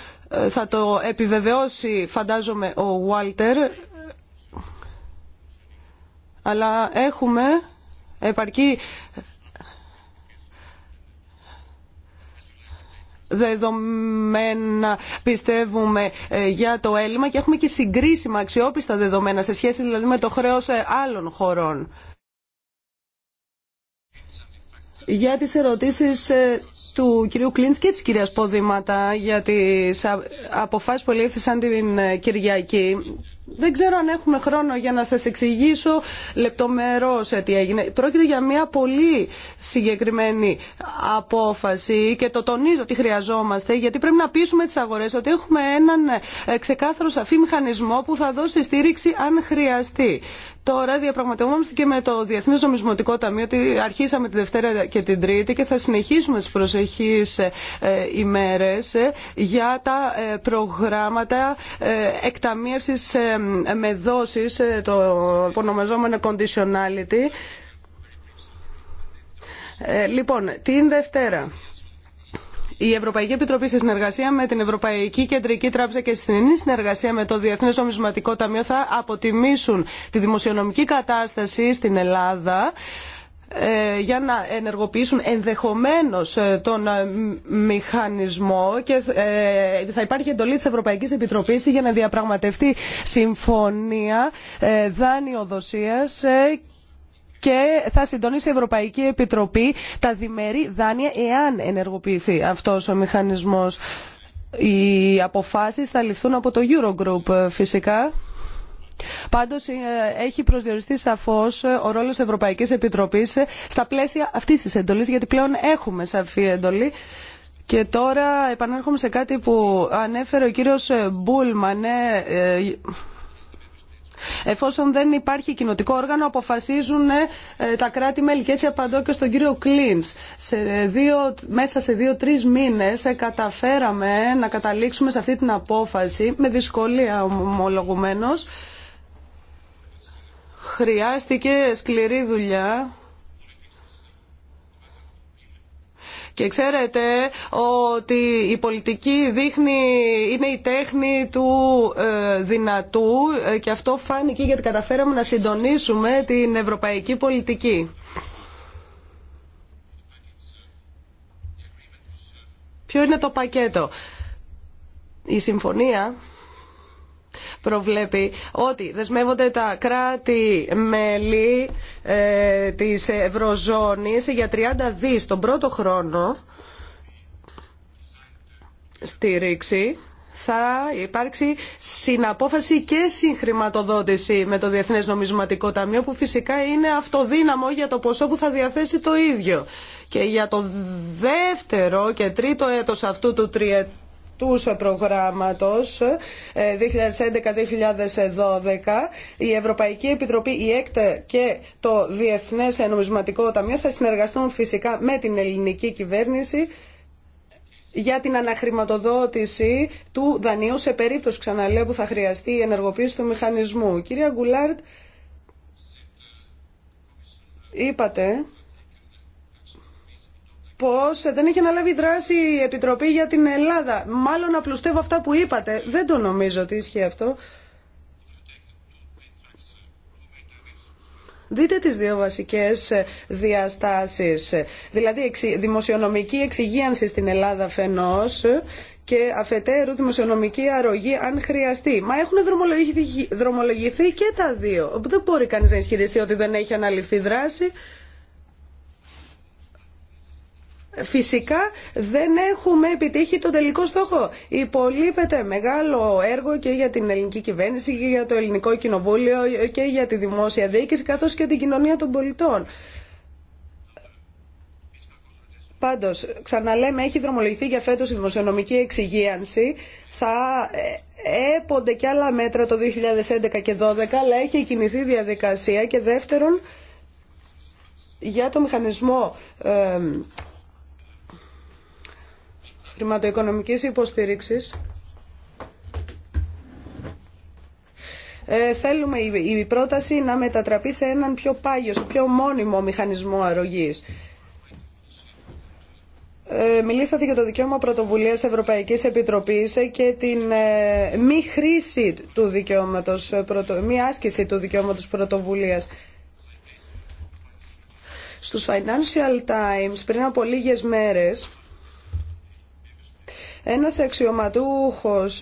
θα το επιβεβαιώσει, φαντάζομαι, ο Βάλτερ, αλλά έχουμε επαρκή δεδομένα πιστεύουμε ε, για το έλλειμμα και έχουμε και συγκρίσιμα αξιόπιστα δεδομένα σε σχέση δηλαδή με το χρέος ε, άλλων χωρών. Για τις ερωτήσεις ε, του κυρίου Κλίντς και της κυρίας Ποδήματα για τις αποφάσεις που ελήφθησαν την Κυριακή δεν ξέρω αν έχουμε χρόνο για να σας εξηγήσω λεπτομερώς τι έγινε. Πρόκειται για μια πολύ συγκεκριμένη απόφαση και το τονίζω ότι χρειαζόμαστε γιατί πρέπει να πείσουμε τις αγορές ότι έχουμε έναν ε, ξεκάθαρο σαφή μηχανισμό που θα δώσει στήριξη αν χρειαστεί. Τώρα διαπραγματευόμαστε και με το Διεθνές Νομισματικό Ταμείο ότι αρχίσαμε τη Δευτέρα και την Τρίτη και θα συνεχίσουμε τις προσεχείς ε, ημέρες ε, για τα ε, προγράμματα εκταμίευσης με δόσεις, το υπονομεζόμενο conditionality. Λοιπόν, την Δευτέρα η Ευρωπαϊκή Επιτροπή σε συνεργασία με την Ευρωπαϊκή Κεντρική Τράπεζα και στην συνεργασία με το Διεθνέ Νομισματικό Ταμείο θα αποτιμήσουν τη δημοσιονομική κατάσταση στην Ελλάδα ε, για να ενεργοποιήσουν ενδεχομένως ε, τον ε, μηχανισμό και θα υπάρχει εντολή της Ευρωπαϊκής Επιτροπής για να διαπραγματευτεί συμφωνία δάνειοδοσίας και θα συντονίσει η Ευρωπαϊκή Επιτροπή τα διμερεί δάνεια εάν ενεργοποιηθεί αυτός ο μηχανισμός. Οι αποφάσεις θα ληφθούν από το Eurogroup ε, φυσικά. Πάντως ε, έχει προσδιοριστεί σαφώς ε, ο ρόλος Ευρωπαϊκής Επιτροπής στα πλαίσια αυτής της εντολής γιατί πλέον έχουμε σαφή εντολή. Και τώρα επανέρχομαι σε κάτι που ανέφερε ο κύριος Μπούλμαν Εφόσον δεν υπάρχει κοινοτικό όργανο, αποφασίζουν ε, τα κράτη-μέλη. Και έτσι απαντώ και στον κύριο Κλίντ. Μέσα σε δύο-τρει μήνε ε, καταφέραμε να καταλήξουμε σε αυτή την απόφαση, με δυσκολία ομολογουμένω. Χρειάστηκε σκληρή δουλειά Και ξέρετε ότι η πολιτική δείχνει, είναι η τέχνη του ε, δυνατού ε, και αυτό φάνηκε γιατί καταφέραμε να συντονίσουμε την ευρωπαϊκή πολιτική. Ποιο είναι το πακέτο. Η συμφωνία προβλέπει ότι δεσμεύονται τα κράτη-μέλη ε, της Ευρωζώνης για 30 δις τον πρώτο χρόνο ρήξη θα υπάρξει συναπόφαση και συγχρηματοδότηση με το Διεθνές Νομισματικό Ταμείο που φυσικά είναι αυτοδύναμο για το ποσό που θα διαθέσει το ίδιο. Και για το δεύτερο και τρίτο έτος αυτού του τριετού σε προγραμματος προγράμματος 2011-2012 ε, η Ευρωπαϊκή Επιτροπή, η ΕΚΤΕ και το Διεθνέ Ενομισματικό Ταμείο θα συνεργαστούν φυσικά με την ελληνική κυβέρνηση για την αναχρηματοδότηση του δανείου σε περίπτωση ξαναλέω που θα χρειαστεί η ενεργοποίηση του μηχανισμού. Κυρία Γκουλάρτ, είπατε πώ δεν έχει αναλάβει δράση η Επιτροπή για την Ελλάδα. Μάλλον απλουστεύω αυτά που είπατε. Δεν το νομίζω ότι ισχύει αυτό. Δείτε τις δύο βασικές διαστάσεις, δηλαδή δημοσιονομική εξυγίανση στην Ελλάδα φαινός και αφετέρου δημοσιονομική αρρωγή αν χρειαστεί. Μα έχουν δρομολογηθεί, δρομολογηθεί και τα δύο. Δεν μπορεί κανείς να ισχυριστεί ότι δεν έχει αναλυφθεί δράση. Φυσικά δεν έχουμε επιτύχει τον τελικό στόχο. Υπολείπεται μεγάλο έργο και για την ελληνική κυβέρνηση και για το ελληνικό κοινοβούλιο και για τη δημόσια διοίκηση καθώς και την κοινωνία των πολιτών. Πάντως, ξαναλέμε, έχει δρομολογηθεί για φέτος η δημοσιονομική εξυγίανση. Θα ε, έπονται και άλλα μέτρα το 2011 και 2012, αλλά έχει κινηθεί διαδικασία. Και δεύτερον, για το μηχανισμό... Ε, χρηματοοικονομικής υποστήριξης ε, θέλουμε η, πρόταση να μετατραπεί σε έναν πιο πάγιο, πιο μόνιμο μηχανισμό αρρωγής. Ε, μιλήσατε για το δικαίωμα πρωτοβουλίας Ευρωπαϊκής Επιτροπής και την ε, μη χρήση του δικαιώματος, ε, πρωτο, μη άσκηση του δικαιώματος πρωτοβουλίας. Στους Financial Times πριν από λίγες μέρες ένας αξιωματούχος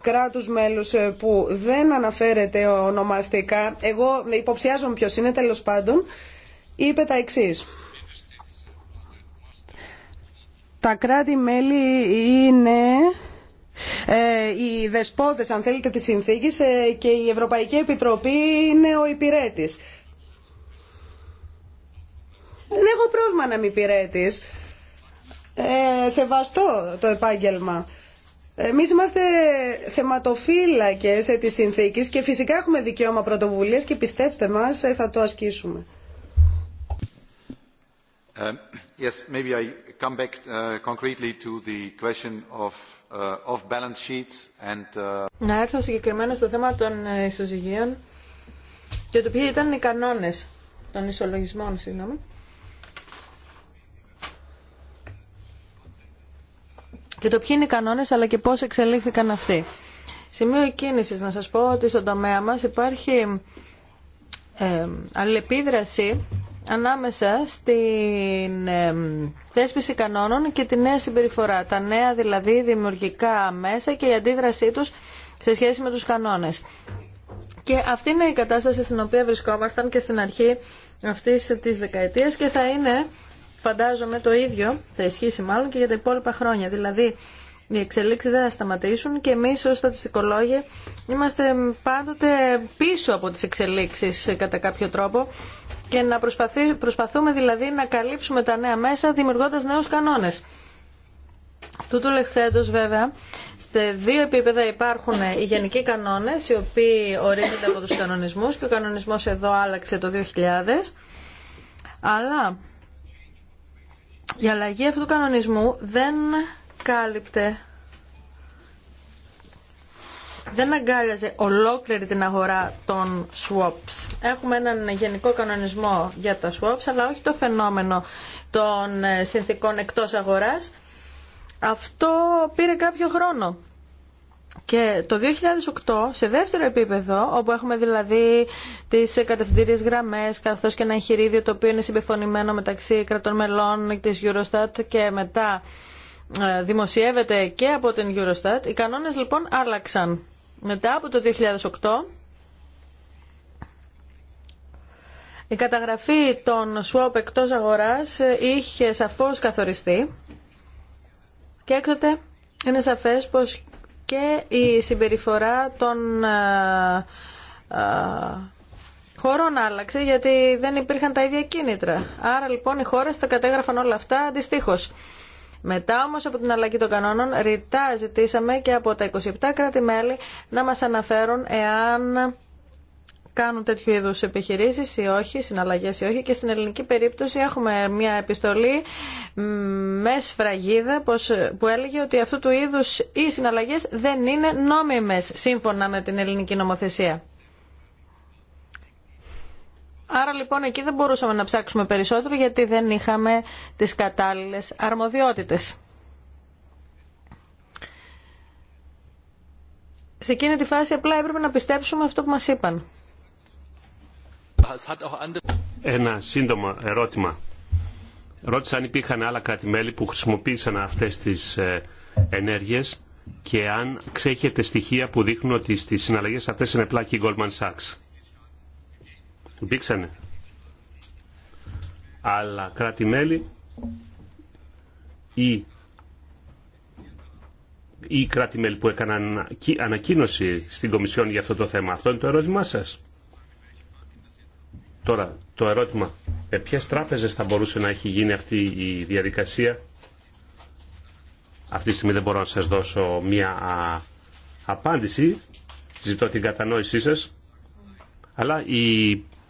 κράτους μέλους που δεν αναφέρεται ονομαστικά, εγώ υποψιάζομαι ποιος είναι τέλος πάντων, είπε τα εξής. Τα κράτη-μέλη είναι ε, οι δεσπότες, αν θέλετε, της συνθήκης ε, και η Ευρωπαϊκή Επιτροπή είναι ο υπηρέτης. Δεν έχω πρόβλημα να είμαι υπηρέτης ε, σεβαστό το επάγγελμα. Εμεί είμαστε θεματοφύλακες ε, τη συνθήκη και φυσικά έχουμε δικαίωμα πρωτοβουλία και πιστέψτε μας ε, θα το ασκήσουμε. Um, yes, maybe I come uh, to the of uh, of uh, Να έρθω συγκεκριμένα στο θέμα των ε, ισοζυγίων και το ποιοι ήταν οι κανόνες των ισολογισμών, συγγνώμη. και το ποιοι είναι οι κανόνες αλλά και πώς εξελίχθηκαν αυτοί. Σημείο κίνηση να σας πω ότι στον τομέα μας υπάρχει ε, αλληλεπίδραση ανάμεσα στην θέσπιση κανόνων και τη νέα συμπεριφορά. Τα νέα δηλαδή δημιουργικά μέσα και η αντίδρασή τους σε σχέση με τους κανόνες. Και αυτή είναι η κατάσταση στην οποία βρισκόμασταν και στην αρχή αυτής της δεκαετίας και θα είναι φαντάζομαι το ίδιο θα ισχύσει μάλλον και για τα υπόλοιπα χρόνια. Δηλαδή, οι εξελίξεις δεν θα σταματήσουν και εμείς ως στατιστικολόγοι είμαστε πάντοτε πίσω από τις εξελίξεις κατά κάποιο τρόπο και να προσπαθούμε δηλαδή να καλύψουμε τα νέα μέσα δημιουργώντας νέους κανόνες. Τούτου λεχθέντος βέβαια, σε δύο επίπεδα υπάρχουν οι γενικοί κανόνες οι οποίοι ορίζονται από τους κανονισμούς και ο κανονισμός εδώ άλλαξε το 2000 αλλά η αλλαγή αυτού του κανονισμού δεν κάλυπτε δεν αγκάλιαζε ολόκληρη την αγορά των swaps. Έχουμε έναν γενικό κανονισμό για τα swaps, αλλά όχι το φαινόμενο των συνθήκων εκτός αγοράς. Αυτό πήρε κάποιο χρόνο. Και το 2008, σε δεύτερο επίπεδο, όπου έχουμε δηλαδή τι κατευθυντήριε γραμμέ, καθώ και ένα εγχειρίδιο το οποίο είναι συμπεφωνημένο μεταξύ κρατών μελών τη Eurostat και μετά ε, δημοσιεύεται και από την Eurostat. Οι κανόνες λοιπόν άλλαξαν. Μετά από το 2008, η καταγραφή των swap εκτός αγοράς ε, είχε σαφώς καθοριστεί και έκτοτε είναι σαφές πως και η συμπεριφορά των ε, ε, χωρών άλλαξε γιατί δεν υπήρχαν τα ίδια κίνητρα. Άρα λοιπόν οι χώρες τα κατέγραφαν όλα αυτά αντιστοίχω. Μετά όμως από την αλλαγή των κανόνων, ρητά ζητήσαμε και από τα 27 κράτη-μέλη να μας αναφέρουν εάν κάνουν τέτοιου είδου επιχειρήσει ή όχι, συναλλαγέ ή όχι. Και στην ελληνική περίπτωση έχουμε μια επιστολή με σφραγίδα που έλεγε ότι αυτού του είδου οι συναλλαγέ δεν είναι νόμιμε σύμφωνα με την ελληνική νομοθεσία. Άρα λοιπόν εκεί δεν μπορούσαμε να ψάξουμε περισσότερο γιατί δεν είχαμε τις κατάλληλες αρμοδιότητες. Σε εκείνη τη φάση απλά έπρεπε να πιστέψουμε αυτό που μας είπαν. Ένα σύντομο ερώτημα. Ρώτησα αν υπήρχαν άλλα κράτη-μέλη που χρησιμοποίησαν αυτές τις ε, ενέργειες και αν ξέχετε στοιχεία που δείχνουν ότι στις συναλλαγές αυτές είναι πλάκι η Goldman Sachs. Υπήρξαν άλλα κράτη-μέλη ή, ή κράτη-μέλη που έκαναν ανακοίνωση στην Κομισιόν για αυτό το θέμα. Αυτό είναι το ερώτημά σας. Τώρα, το ερώτημα, ε, ποιες τράπεζες θα μπορούσε να έχει γίνει αυτή η διαδικασία. Αυτή τη στιγμή δεν μπορώ να σας δώσω μία απάντηση. Ζητώ την κατανόησή σας. Αλλά η,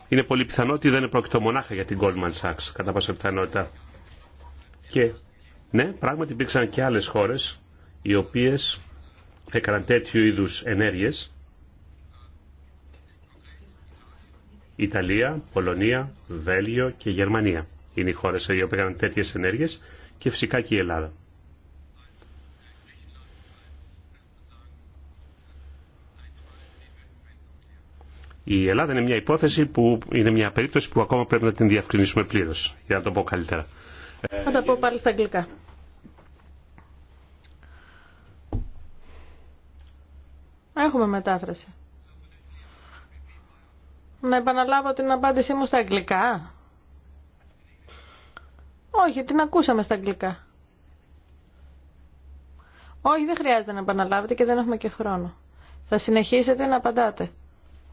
είναι πολύ πιθανό ότι δεν πρόκειται μονάχα για την Goldman Sachs, κατά πάσα πιθανότητα. Και ναι, πράγματι υπήρξαν και άλλες χώρες οι οποίες έκαναν τέτοιου είδους ενέργειες Ιταλία, Πολωνία, Βέλγιο και Γερμανία. Είναι οι χώρες οι οποίες έκαναν τέτοιες ενέργειες και φυσικά και η Ελλάδα. Η Ελλάδα είναι μια υπόθεση που είναι μια περίπτωση που ακόμα πρέπει να την διευκρινίσουμε πλήρω, για να το πω καλύτερα. Θα τα πω πάλι στα αγγλικά. Έχουμε μετάφραση. Να επαναλάβω την απάντησή μου στα αγγλικά. Όχι, την ακούσαμε στα αγγλικά. Όχι, δεν χρειάζεται να επαναλάβετε και δεν έχουμε και χρόνο. Θα συνεχίσετε να απαντάτε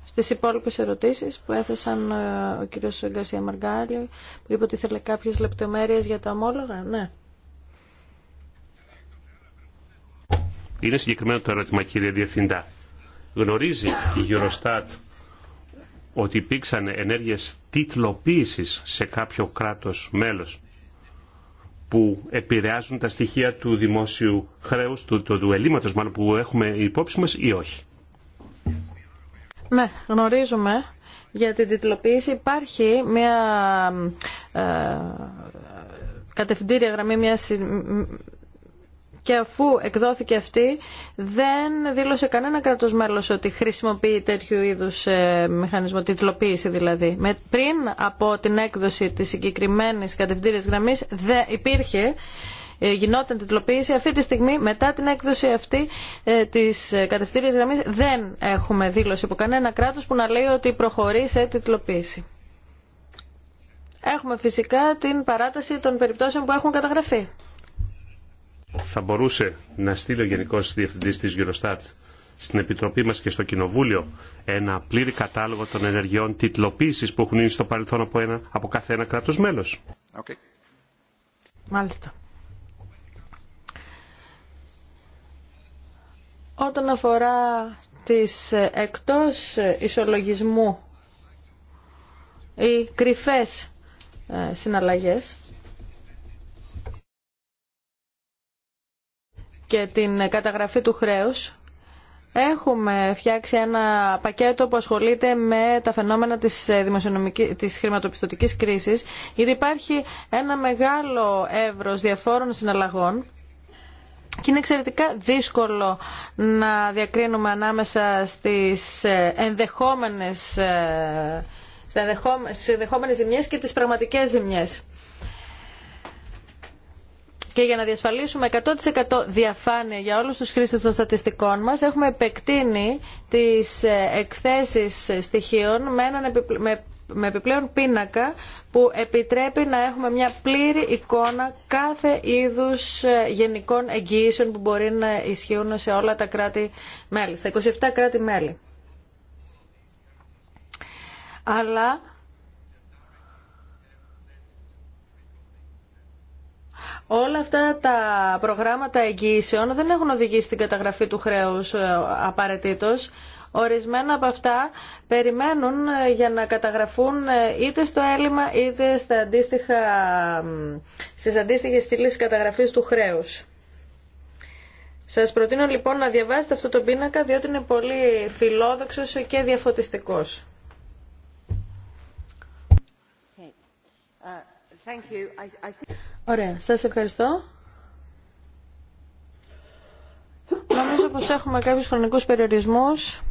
στις υπόλοιπες ερωτήσεις που έθεσαν ε, ο κύριος Γκαρσία Μαργκάλη, που είπε ότι ήθελε κάποιες λεπτομέρειες για τα ομόλογα. Ναι. Είναι συγκεκριμένο το ερώτημα, κύριε Διευθυντά. Γνωρίζει η Eurostat ότι υπήρξαν ενέργειες τίτλοποίησης σε κάποιο κράτος μέλος που επηρεάζουν τα στοιχεία του δημόσιου χρέους, του, του, του ελλείμματος μάλλον που έχουμε υπόψη μας ή όχι. Ναι, γνωρίζουμε για την τιτλοποίηση υπάρχει μια ε, κατευθυντήρια γραμμή, μια και αφού εκδόθηκε αυτή δεν δήλωσε κανένα κράτος μέλος ότι χρησιμοποιεί τέτοιου είδους ε, μηχανισμό, τιτλοποίηση δηλαδή. Με, πριν από την έκδοση της συγκεκριμένης κατευθύνης γραμμής υπήρχε ε, γινόταν τιτλοποίηση. Αυτή τη στιγμή, μετά την έκδοση αυτή ε, τη κατευθύνια γραμμή, δεν έχουμε δήλωση από κανένα κράτο που να λέει ότι προχωρεί σε τιτλοποίηση. Έχουμε φυσικά την παράταση των περιπτώσεων που έχουν καταγραφεί θα μπορούσε να στείλει ο Γενικό Διευθυντή τη Eurostat στην Επιτροπή μα και στο Κοινοβούλιο ένα πλήρη κατάλογο των ενεργειών τιτλοποίηση που έχουν γίνει στο παρελθόν από, ένα, από κάθε ένα κράτο μέλο. Okay. Μάλιστα. Όταν αφορά τις ε, εκτός ισολογισμού ή κρυφές ε, συναλλαγές, και την καταγραφή του χρέους, Έχουμε φτιάξει ένα πακέτο που ασχολείται με τα φαινόμενα της, ε, δημοσιονομικής, της χρηματοπιστωτικής κρίσης, γιατί υπάρχει ένα μεγάλο εύρος διαφόρων συναλλαγών και είναι εξαιρετικά δύσκολο να διακρίνουμε ανάμεσα στις ε, ενδεχόμενες, ε, στις ενδεχόμενες ζημιές και τις πραγματικές ζημιές. Και για να διασφαλίσουμε 100% διαφάνεια για όλους τους χρήστες των στατιστικών μας, έχουμε επεκτείνει τις ε, εκθέσεις στοιχείων με, έναν, με επιπλέον πίνακα που επιτρέπει να έχουμε μια πλήρη εικόνα κάθε είδους ε, γενικών εγγυήσεων που μπορεί να ισχύουν σε όλα τα κράτη-μέλη, στα 27 κράτη-μέλη. Αλλά Όλα αυτά τα προγράμματα εγγύησεων δεν έχουν οδηγήσει στην καταγραφή του χρέους ε, απαραίτητο. Ορισμένα από αυτά περιμένουν ε, για να καταγραφούν ε, είτε στο έλλειμμα είτε στα αντίστοιχα, στις αντίστοιχες στήλες καταγραφής του χρέους. Σας προτείνω λοιπόν να διαβάσετε αυτό το πίνακα διότι είναι πολύ φιλόδοξος και διαφωτιστικός. Uh, Ωραία, σας ευχαριστώ. Νομίζω πως έχουμε κάποιους χρονικούς περιορισμούς.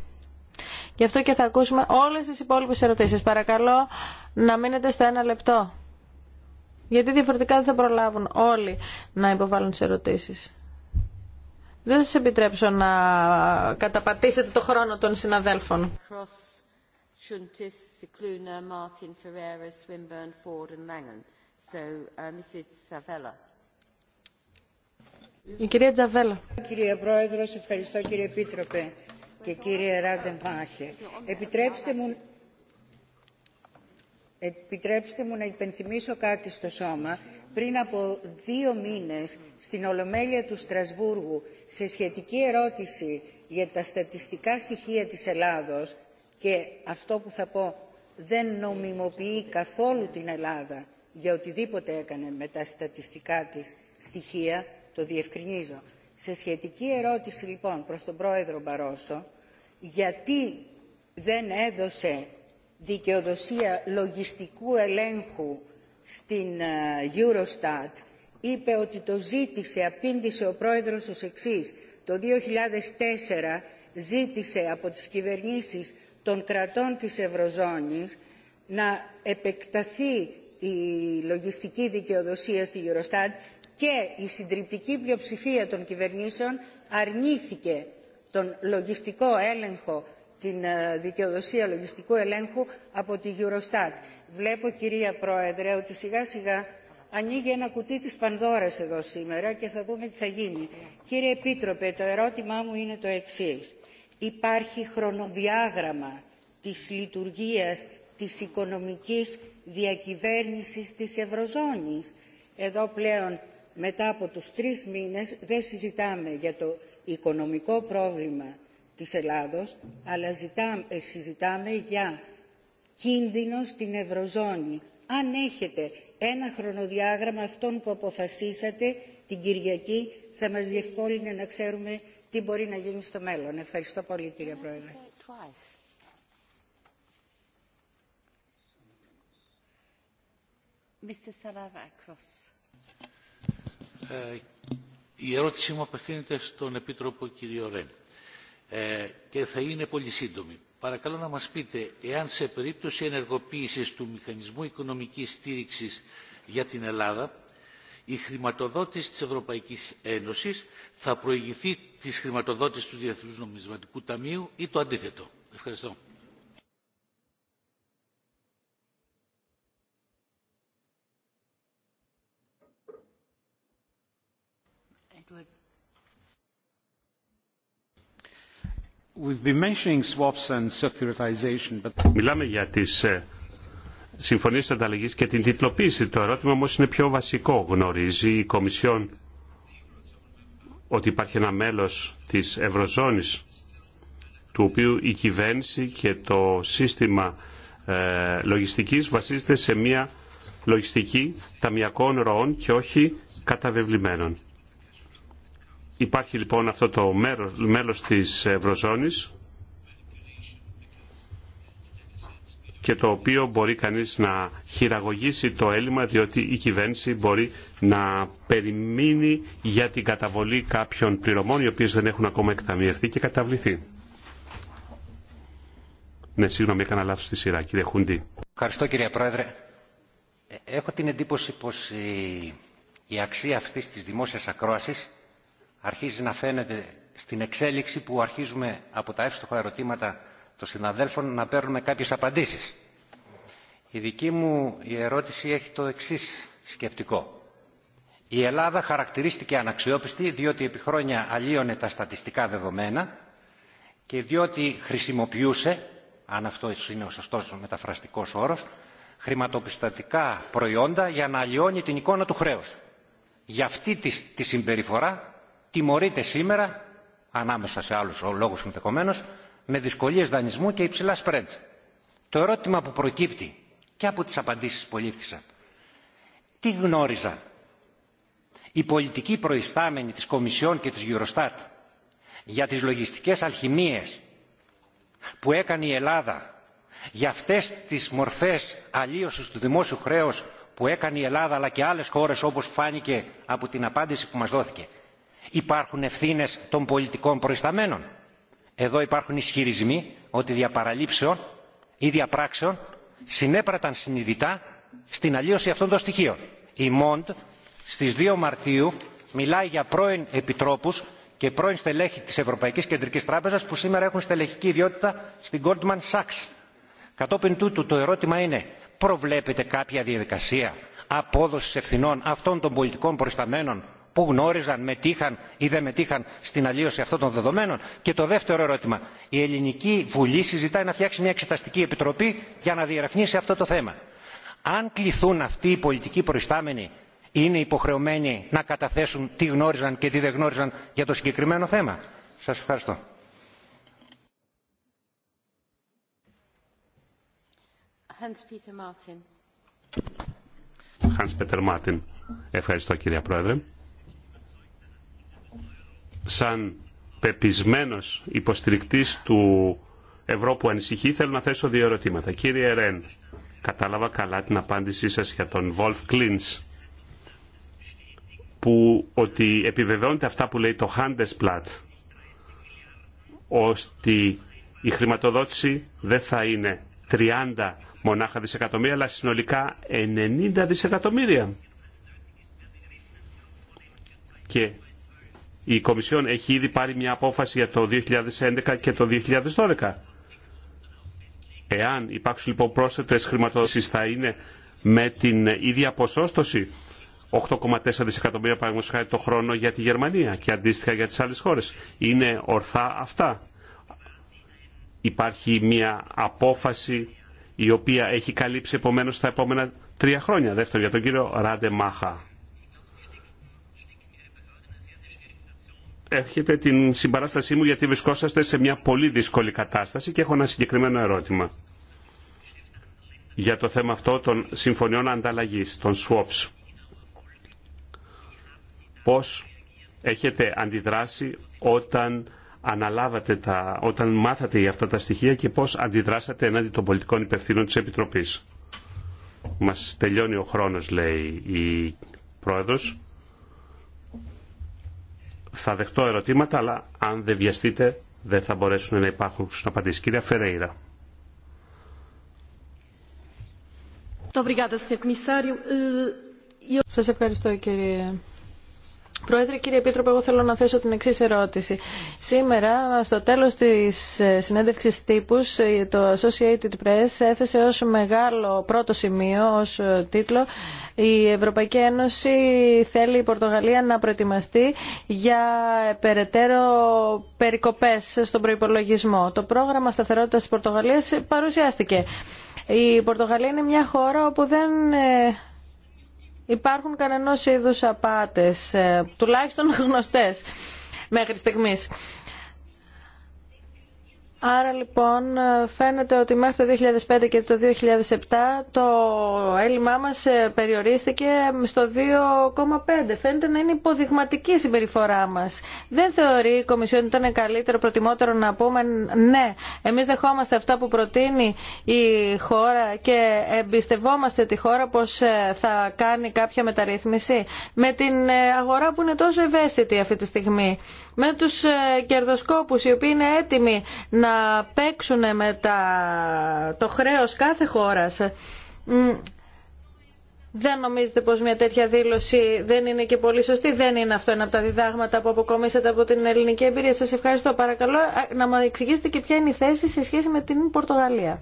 Γι' αυτό και θα ακούσουμε όλες τις υπόλοιπες ερωτήσεις. Παρακαλώ να μείνετε στο ένα λεπτό. Γιατί διαφορετικά δεν θα προλάβουν όλοι να υποβάλουν τις ερωτήσεις. Δεν σας επιτρέψω να καταπατήσετε το χρόνο των συναδέλφων. Uh, ευχαριστώ κύριε Επίτροπε και κύριε Επιτρέψτε μου... Επιτρέψτε μου να υπενθυμίσω κάτι στο σώμα. Πριν από δύο μήνες, στην Ολομέλεια του Στρασβούργου, σε σχετική ερώτηση για τα στατιστικά στοιχεία της Ελλάδος, και αυτό που θα πω δεν νομιμοποιεί καθόλου την Ελλάδα, για οτιδήποτε έκανε με τα στατιστικά της στοιχεία, το διευκρινίζω. Σε σχετική ερώτηση λοιπόν προς τον πρόεδρο Μπαρόσο, γιατί δεν έδωσε δικαιοδοσία λογιστικού ελέγχου στην ε, Eurostat, είπε ότι το ζήτησε, απήντησε ο πρόεδρος ως εξής. Το 2004 ζήτησε από τις κυβερνήσεις των κρατών της Ευρωζώνης να επεκταθεί η λογιστική δικαιοδοσία στη Eurostat και η συντριπτική πλειοψηφία των κυβερνήσεων αρνήθηκε τον λογιστικό έλεγχο, την ε, δικαιοδοσία λογιστικού ελέγχου από τη Eurostat. Βλέπω, κυρία Πρόεδρε, ότι σιγά σιγά ανοίγει ένα κουτί της Πανδώρας εδώ σήμερα και θα δούμε τι θα γίνει. Κύριε Επίτροπε, το ερώτημά μου είναι το εξής. Υπάρχει χρονοδιάγραμμα της λειτουργίας της οικονομικής διακυβέρνησης της Ευρωζώνης. Εδώ πλέον μετά από τους τρεις μήνες δεν συζητάμε για το οικονομικό πρόβλημα της Ελλάδος, αλλά ε, συζητάμε για κίνδυνο στην Ευρωζώνη. Αν έχετε ένα χρονοδιάγραμμα αυτών που αποφασίσατε την Κυριακή, θα μας διευκόλυνε να ξέρουμε τι μπορεί να γίνει στο μέλλον. Ευχαριστώ πολύ κύριε Πρόεδρε. Ε, η ερώτησή μου απευθύνεται στον Επίτροπο κύριο Ρέν ε, και θα είναι πολύ σύντομη. Παρακαλώ να μας πείτε εάν σε περίπτωση ενεργοποίησης του Μηχανισμού Οικονομικής Στήριξης για την Ελλάδα η χρηματοδότηση της Ευρωπαϊκής Ένωσης θα προηγηθεί της χρηματοδότησης του Διεθνούς Νομισματικού Ταμείου ή το αντίθετο. Ευχαριστώ. Μιλάμε για τις ε, συμφωνίες ανταλλαγής και την τιτλοποίηση. Το ερώτημα όμως είναι πιο βασικό. Γνωρίζει η Κομισιόν ότι υπάρχει ένα μέλος της Ευρωζώνης του οποίου η κυβέρνηση και το σύστημα ε, λογιστικής βασίζεται σε μια λογιστική ταμιακών ροών και όχι καταβεβλημένων. Υπάρχει λοιπόν αυτό το μέρος, μέλος της Ευρωζώνης και το οποίο μπορεί κανείς να χειραγωγήσει το έλλειμμα διότι η κυβέρνηση μπορεί να περιμείνει για την καταβολή κάποιων πληρωμών οι οποίες δεν έχουν ακόμα εκταμιευθεί και καταβληθεί. Ναι, συγγνώμη, έκανα λάθος στη σειρά, κύριε Χουντί. Ευχαριστώ κύριε Πρόεδρε. Ε, έχω την εντύπωση πως η, η αξία αυτής της δημόσιας ακρόασης αρχίζει να φαίνεται στην εξέλιξη που αρχίζουμε από τα εύστοχα ερωτήματα των συναδέλφων να παίρνουμε κάποιες απαντήσεις. Η δική μου η ερώτηση έχει το εξής σκεπτικό. Η Ελλάδα χαρακτηρίστηκε αναξιόπιστη διότι επί χρόνια αλλίωνε τα στατιστικά δεδομένα και διότι χρησιμοποιούσε, αν αυτό είναι ο σωστός μεταφραστικός όρος, χρηματοπιστωτικά προϊόντα για να αλλοιώνει την εικόνα του χρέους. Για αυτή τη συμπεριφορά τιμωρείται σήμερα, ανάμεσα σε άλλους λόγους ενδεχομένω, με δυσκολίες δανεισμού και υψηλά σπρέτζ. Το ερώτημα που προκύπτει και από τις απαντήσεις που λήφθησαν, τι γνώριζαν οι πολιτικοί προϊστάμενοι της Κομισιόν και της Eurostat για τις λογιστικές αλχημίες που έκανε η Ελλάδα για αυτές τις μορφές αλλίωσης του δημόσιου χρέους που έκανε η Ελλάδα αλλά και άλλες χώρες όπως φάνηκε από την απάντηση που μας δόθηκε. Υπάρχουν ευθύνε των πολιτικών προϊσταμένων. Εδώ υπάρχουν ισχυρισμοί ότι δια παραλήψεων ή διαπράξεων συνέπραταν συνειδητά στην αλλίωση αυτών των στοιχείων. Η Μοντ στις 2 Μαρτίου μιλάει για πρώην επιτρόπους και πρώην στελέχη της Ευρωπαϊκής Κεντρικής Τράπεζας που σήμερα έχουν στελεχική ιδιότητα στην Goldman Sachs. Κατόπιν τούτου το ερώτημα είναι προβλέπετε κάποια διαδικασία απόδοσης ευθυνών αυτών των πολιτικών προϊσταμένων που γνώριζαν, μετήχαν ή δεν μετήχαν στην αλλίωση αυτών των δεδομένων. Και το δεύτερο ερώτημα. Η Ελληνική Βουλή συζητάει να φτιάξει μια εξεταστική επιτροπή για να διερευνήσει αυτό το θέμα. Αν κληθούν αυτοί οι πολιτικοί προϊστάμενοι, είναι υποχρεωμένοι να καταθέσουν τι γνώριζαν και τι δεν γνώριζαν για το συγκεκριμένο θέμα. Σας ευχαριστώ. Hans Peter Martin. Hans Peter Martin. Ευχαριστώ κυρία Πρόεδρε σαν πεπισμένος υποστηρικτής του Ευρώπου ανησυχεί, θέλω να θέσω δύο ερωτήματα. Κύριε Ρεν, κατάλαβα καλά την απάντησή σας για τον Βολφ Κλίντς, που ότι επιβεβαιώνεται αυτά που λέει το Handelsblatt, ότι η χρηματοδότηση δεν θα είναι 30 μονάχα δισεκατομμύρια, αλλά συνολικά 90 δισεκατομμύρια η Κομισιόν έχει ήδη πάρει μια απόφαση για το 2011 και το 2012. Εάν υπάρξουν λοιπόν πρόσθετες χρηματοδοτήσεις θα είναι με την ίδια ποσόστοση 8,4 δισεκατομμύρια παραγωγικά το χρόνο για τη Γερμανία και αντίστοιχα για τις άλλες χώρες. Είναι ορθά αυτά. Υπάρχει μια απόφαση η οποία έχει καλύψει επομένως τα επόμενα τρία χρόνια. δεύτερο για τον κύριο Ράντε Μάχα έχετε την συμπαράστασή μου γιατί βρισκόσαστε σε μια πολύ δύσκολη κατάσταση και έχω ένα συγκεκριμένο ερώτημα για το θέμα αυτό των συμφωνιών ανταλλαγής, των swaps. Πώς έχετε αντιδράσει όταν αναλάβατε τα, όταν μάθατε για αυτά τα στοιχεία και πώς αντιδράσατε ενάντια των πολιτικών υπευθύνων της Επιτροπής. Μας τελειώνει ο χρόνος, λέει η Πρόεδρος θα δεχτώ ερωτήματα, αλλά αν δεν βιαστείτε δεν θα μπορέσουν να υπάρχουν να απαντήσει. Κυρία Φερέιρα. ευχαριστώ κύριε Πρόεδρε, κύριε Επίτροπε, εγώ θέλω να θέσω την εξή ερώτηση. Σήμερα, στο τέλο τη ε, συνέντευξη τύπου, ε, το Associated Press έθεσε ω μεγάλο πρώτο σημείο, ω ε, τίτλο, η Ευρωπαϊκή Ένωση θέλει η Πορτογαλία να προετοιμαστεί για περαιτέρω περικοπέ στον προπολογισμό. Το πρόγραμμα σταθερότητα τη Πορτογαλία παρουσιάστηκε. Η Πορτογαλία είναι μια χώρα όπου δεν υπάρχουν κανένα είδους απάτες, ε, τουλάχιστον γνωστές μέχρι στιγμής. Άρα λοιπόν φαίνεται ότι μέχρι το 2005 και το 2007 το έλλειμμά μας ε, περιορίστηκε στο 2,5. Φαίνεται να είναι υποδειγματική η συμπεριφορά μας. Δεν θεωρεί η Κομισιόν ότι ήταν καλύτερο, προτιμότερο να πούμε ναι, εμείς δεχόμαστε αυτά που προτείνει η χώρα και εμπιστευόμαστε τη χώρα πως ε, θα κάνει κάποια μεταρρύθμιση με την ε, αγορά που είναι τόσο ευαίσθητη αυτή τη στιγμή με τους ε, κερδοσκόπους οι οποίοι είναι έτοιμοι να παίξουν με τα... το χρέος κάθε χώρας. Ε, δεν νομίζετε πως μια τέτοια δήλωση δεν είναι και πολύ σωστή. Δεν είναι αυτό ένα από τα διδάγματα που αποκομίσατε από την ελληνική εμπειρία. Σας ευχαριστώ. Παρακαλώ να μου εξηγήσετε και ποια είναι η θέση σε σχέση με την Πορτογαλία.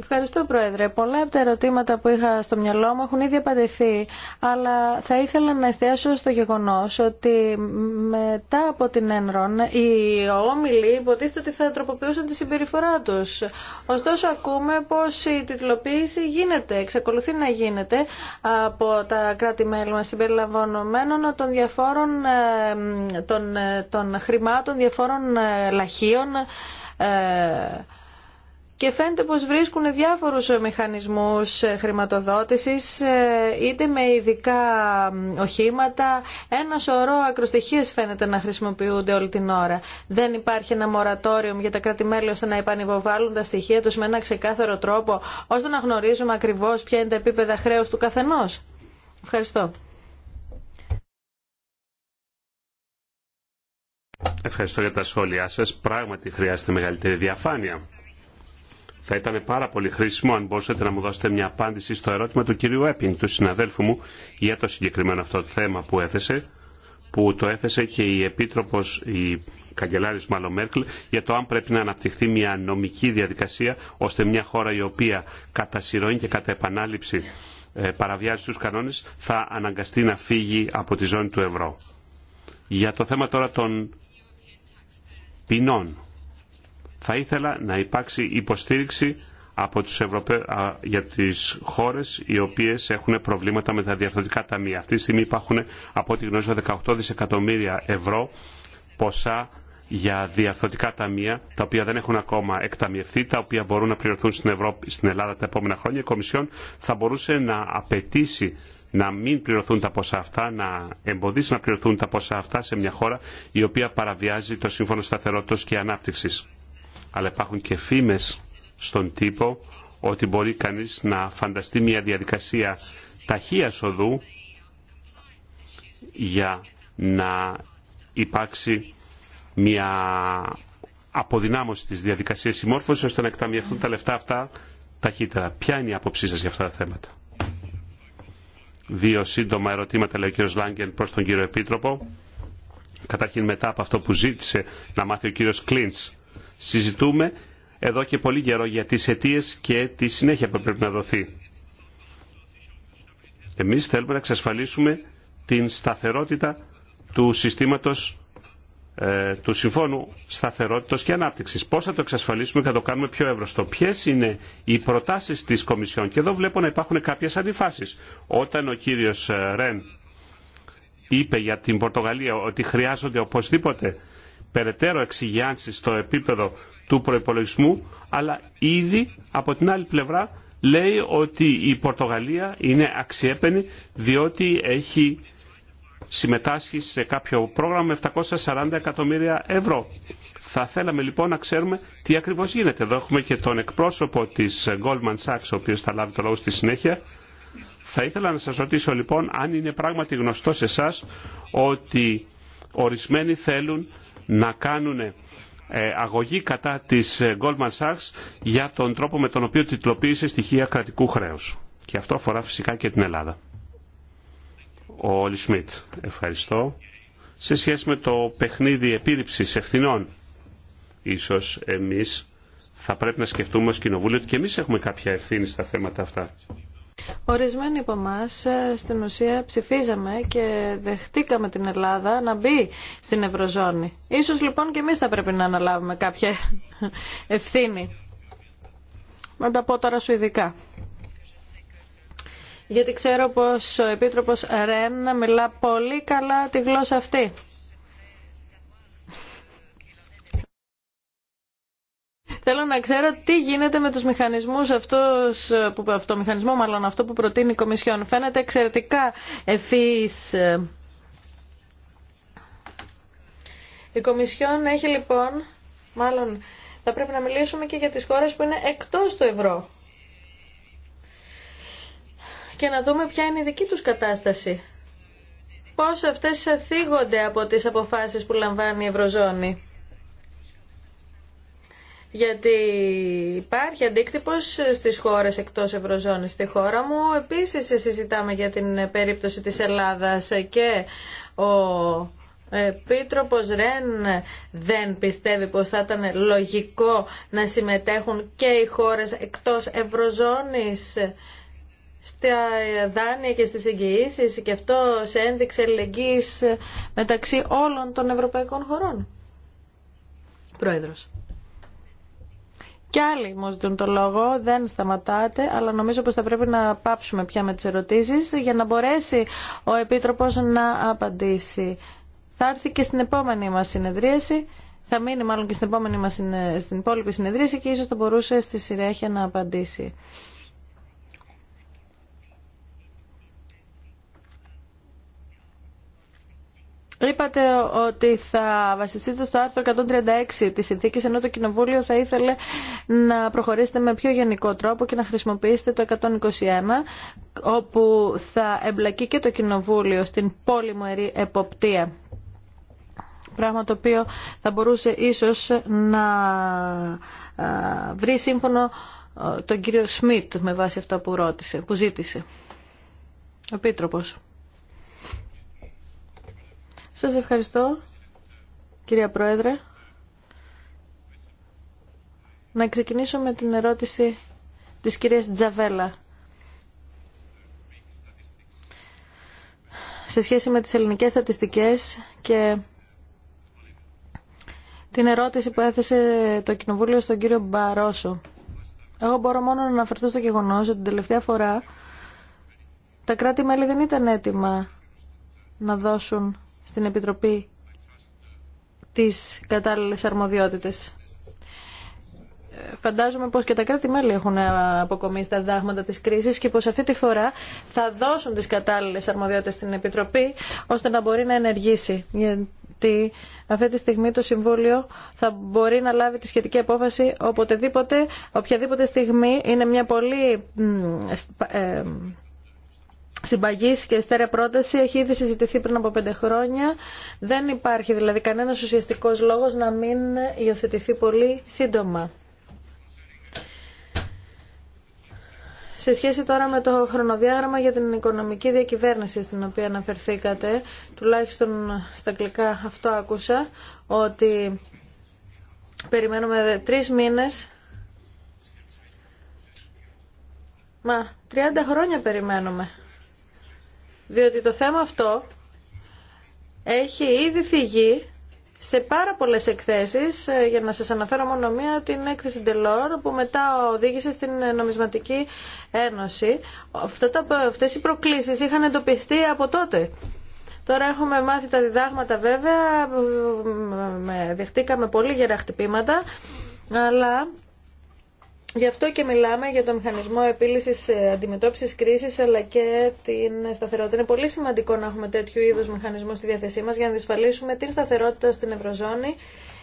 Ευχαριστώ, Πρόεδρε. Πολλά από τα ερωτήματα που είχα στο μυαλό μου έχουν ήδη απαντηθεί, αλλά θα ήθελα να εστιάσω στο γεγονός ότι μετά από την Ένρον οι όμιλοι υποτίθεται ότι θα τροποποιούσαν τη συμπεριφορά τους. Ωστόσο, ακούμε πως η τιτλοποίηση γίνεται, εξακολουθεί να γίνεται από τα κράτη-μέλη μας συμπεριλαμβανωμένων των διαφόρων ε, των, ε, των χρημάτων, διαφόρων ε, λαχείων, και φαίνεται πως βρίσκουν διάφορους μηχανισμούς ε, χρηματοδότησης ε, είτε με ειδικά οχήματα. Ένα σωρό ακροστοιχίες φαίνεται να χρησιμοποιούνται όλη την ώρα. Δεν υπάρχει ένα μορατόριο για τα κράτη-μέλη ώστε να επανυποβάλλουν τα στοιχεία τους με ένα ξεκάθαρο τρόπο ώστε να γνωρίζουμε ακριβώς ποια είναι τα επίπεδα χρέους του καθενός. Ευχαριστώ. Ευχαριστώ για τα σχόλιά σας. Πράγματι χρειάζεται μεγαλύτερη διαφάνεια θα ήταν πάρα πολύ χρήσιμο αν μπορούσατε να μου δώσετε μια απάντηση στο ερώτημα του κυρίου Έπινγκ, του συναδέλφου μου, για το συγκεκριμένο αυτό το θέμα που έθεσε, που το έθεσε και η Επίτροπος, η Καγκελάριος Μάλλον για το αν πρέπει να αναπτυχθεί μια νομική διαδικασία, ώστε μια χώρα η οποία κατά συρροή και κατά επανάληψη ε, παραβιάζει τους κανόνες, θα αναγκαστεί να φύγει από τη ζώνη του ευρώ. Για το θέμα τώρα των ποινών θα ήθελα να υπάρξει υποστήριξη από τους για τις χώρες οι οποίες έχουν προβλήματα με τα διαφθορτικά ταμεία. Αυτή τη στιγμή υπάρχουν από ό,τι γνωρίζω 18 δισεκατομμύρια ευρώ ποσά για διαρθρωτικά ταμεία, τα οποία δεν έχουν ακόμα εκταμιευθεί, τα οποία μπορούν να πληρωθούν στην, Ευρώπη, στην Ελλάδα τα επόμενα χρόνια. Η Κομισιόν θα μπορούσε να απαιτήσει να μην πληρωθούν τα ποσά αυτά, να εμποδίσει να πληρωθούν τα ποσά αυτά σε μια χώρα η οποία παραβιάζει το Σύμφωνο Σταθερότητας και Ανάπτυξης αλλά υπάρχουν και φήμες στον τύπο ότι μπορεί κανείς να φανταστεί μια διαδικασία ταχεία οδού για να υπάρξει μια αποδυνάμωση της διαδικασίας συμμόρφωσης ώστε να εκταμιευτούν τα λεφτά αυτά ταχύτερα. Ποια είναι η άποψή σας για αυτά τα θέματα. Δύο σύντομα ερωτήματα λέει ο κύριος Λάγκεν προς τον κύριο Επίτροπο. Καταρχήν μετά από αυτό που ζήτησε να μάθει ο κύριος Κλίντς συζητούμε εδώ και πολύ καιρό για τις αιτίε και τη συνέχεια που πρέπει να δοθεί. Εμείς θέλουμε να εξασφαλίσουμε την σταθερότητα του συστήματος ε, του Συμφώνου Σταθερότητας και Ανάπτυξης. Πώς θα το εξασφαλίσουμε και θα το κάνουμε πιο εύρωστο. Ποιες είναι οι προτάσεις της Κομισιόν. Και εδώ βλέπω να υπάρχουν κάποιες αντιφάσεις. Όταν ο κύριος ε, Ρεν είπε για την Πορτογαλία ότι χρειάζονται οπωσδήποτε περαιτέρω εξηγιάνσει στο επίπεδο του προπολογισμού, αλλά ήδη από την άλλη πλευρά λέει ότι η Πορτογαλία είναι αξιέπαινη διότι έχει συμμετάσχει σε κάποιο πρόγραμμα με 740 εκατομμύρια ευρώ. Θα θέλαμε λοιπόν να ξέρουμε τι ακριβώς γίνεται. Εδώ έχουμε και τον εκπρόσωπο της Goldman Sachs, ο οποίος θα λάβει το λόγο στη συνέχεια. Θα ήθελα να σας ρωτήσω λοιπόν αν είναι πράγματι γνωστό σε εσά ότι ορισμένοι θέλουν να κάνουν ε, αγωγή κατά της ε, Goldman Sachs για τον τρόπο με τον οποίο τιτλοποίησε στοιχεία κρατικού χρέους. Και αυτό αφορά φυσικά και την Ελλάδα. Ο Όλι Σμιτ, ευχαριστώ. Σε σχέση με το παιχνίδι επίρρηψης ευθυνών, ίσως εμείς θα πρέπει να σκεφτούμε ως κοινοβούλιο ότι και εμείς έχουμε κάποια ευθύνη στα θέματα αυτά. Ορισμένοι από εμά ε, στην ουσία ψηφίζαμε και δεχτήκαμε την Ελλάδα να μπει στην Ευρωζώνη. Ίσως λοιπόν και εμείς θα πρέπει να αναλάβουμε κάποια ευθύνη. Με τα πω τώρα σου ειδικά. Γιατί ξέρω πως ο Επίτροπος Ρεν μιλά πολύ καλά τη γλώσσα αυτή. Θέλω να ξέρω τι γίνεται με τους μηχανισμούς αυτούς, που, αυτό, μηχανισμό μάλλον αυτό που προτείνει η Κομισιόν. Φαίνεται εξαιρετικά εφισ η Κομισιόν έχει λοιπόν, μάλλον θα πρέπει να μιλήσουμε και για τις χώρες που είναι εκτός του ευρώ. Και να δούμε ποια είναι η δική τους κατάσταση. Πώς αυτές θίγονται από τις αποφάσεις που λαμβάνει η Ευρωζώνη γιατί υπάρχει αντίκτυπος στις χώρες εκτός Ευρωζώνης. Στη χώρα μου επίσης συζητάμε για την περίπτωση της Ελλάδας και ο Επίτροπος Ρεν δεν πιστεύει πως θα ήταν λογικό να συμμετέχουν και οι χώρες εκτός Ευρωζώνης στα δάνεια και στις εγγυήσεις και αυτό σε ένδειξη ελεγγύης μεταξύ όλων των ευρωπαϊκών χωρών. Πρόεδρος. Κι άλλοι μου ζητούν το λόγο, δεν σταματάτε, αλλά νομίζω πως θα πρέπει να πάψουμε πια με τις ερωτήσεις για να μπορέσει ο Επίτροπος να απαντήσει. Θα έρθει και στην επόμενη μας συνεδρίαση, θα μείνει μάλλον και στην επόμενη μας στην υπόλοιπη συνεδρίαση και ίσως θα μπορούσε στη συνέχεια να απαντήσει. Είπατε ότι θα βασιστείτε στο άρθρο 136 της συνθήκης, ενώ το Κοινοβούλιο θα ήθελε να προχωρήσετε με πιο γενικό τρόπο και να χρησιμοποιήσετε το 121, όπου θα εμπλακεί και το Κοινοβούλιο στην πόλημερη εποπτεία. Πράγμα το οποίο θα μπορούσε ίσως να βρει σύμφωνο τον κύριο Σμιτ με βάση αυτά που, ρώτησε, που ζήτησε. Ο Επίτροπος. Σας ευχαριστώ, κυρία Πρόεδρε. Να ξεκινήσω με την ερώτηση της κυρίας Τζαβέλα. Σε σχέση με τις ελληνικές στατιστικές και την ερώτηση που έθεσε το Κοινοβούλιο στον κύριο Μπαρόσο. Εγώ μπορώ μόνο να αναφερθώ στο γεγονός ότι την τελευταία φορά τα κράτη-μέλη δεν ήταν έτοιμα να δώσουν στην Επιτροπή τις κατάλληλες αρμοδιότητες. Φαντάζομαι πως και τα κράτη-μέλη έχουν αποκομίσει τα δάγματα της κρίσης και πως αυτή τη φορά θα δώσουν τις κατάλληλες αρμοδιότητες στην Επιτροπή ώστε να μπορεί να ενεργήσει. Γιατί αυτή τη στιγμή το Συμβούλιο θα μπορεί να λάβει τη σχετική απόφαση οποτεδήποτε, οποιαδήποτε στιγμή είναι μια πολύ ε, Συμπαγή και στέρεα πρόταση έχει ήδη συζητηθεί πριν από πέντε χρόνια. Δεν υπάρχει δηλαδή κανένας ουσιαστικό λόγος να μην υιοθετηθεί πολύ σύντομα. Σε σχέση τώρα με το χρονοδιάγραμμα για την οικονομική διακυβέρνηση στην οποία αναφερθήκατε, τουλάχιστον στα αγγλικά αυτό άκουσα, ότι περιμένουμε τρεις μήνες, μα 30 χρόνια περιμένουμε διότι το θέμα αυτό έχει ήδη θυγεί σε πάρα πολλές εκθέσεις, ε, για να σας αναφέρω μόνο μία, την έκθεση Delors που μετά οδήγησε στην Νομισματική Ένωση. Αυτά αυτές οι προκλήσεις είχαν εντοπιστεί από τότε. Τώρα έχουμε μάθει τα διδάγματα βέβαια, δεχτήκαμε πολύ γερά χτυπήματα, αλλά Γι' αυτό και μιλάμε για το μηχανισμό επίλυση ε, αντιμετώπιση κρίσης αλλά και την σταθερότητα. Είναι πολύ σημαντικό να έχουμε τέτοιου είδου μηχανισμού στη διάθεσή μα για να δυσφαλίσουμε την σταθερότητα στην Ευρωζώνη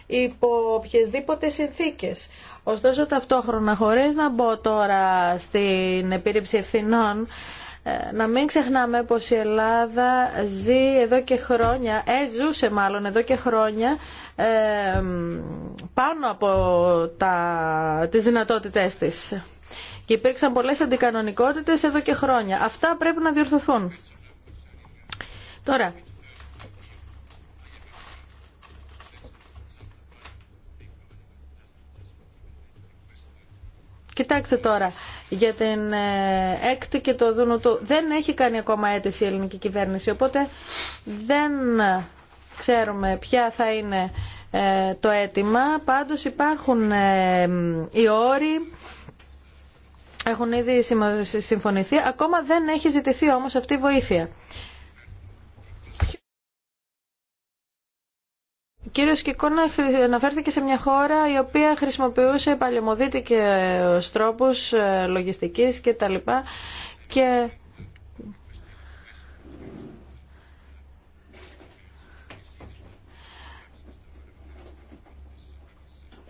υπό οποιασδήποτε συνθήκες. Ωστόσο ταυτόχρονα χωρί να μπω τώρα στην επίρρηψη ευθυνών ε, να μην ξεχνάμε πως η Ελλάδα ζει εδώ και χρόνια, έζουσε ε, μάλλον εδώ και χρόνια πάνω από τα, τις δυνατότητές της. Και υπήρξαν πολλές αντικανονικότητες εδώ και χρόνια. Αυτά πρέπει να διορθωθούν. Τώρα, Κοιτάξτε τώρα, για την ε, έκτη και το δούνο του δεν έχει κάνει ακόμα αίτηση η ελληνική κυβέρνηση, οπότε δεν ξέρουμε ποια θα είναι ε, το αίτημα. Πάντως υπάρχουν ε, οι όροι, έχουν ήδη συμφωνηθεί. Ακόμα δεν έχει ζητηθεί όμως αυτή η βοήθεια. Ο κύριος Κικόνα αναφέρθηκε σε μια χώρα η οποία χρησιμοποιούσε παλαιομοδίτικες τρόπους ε, λογιστικής και τα λοιπά και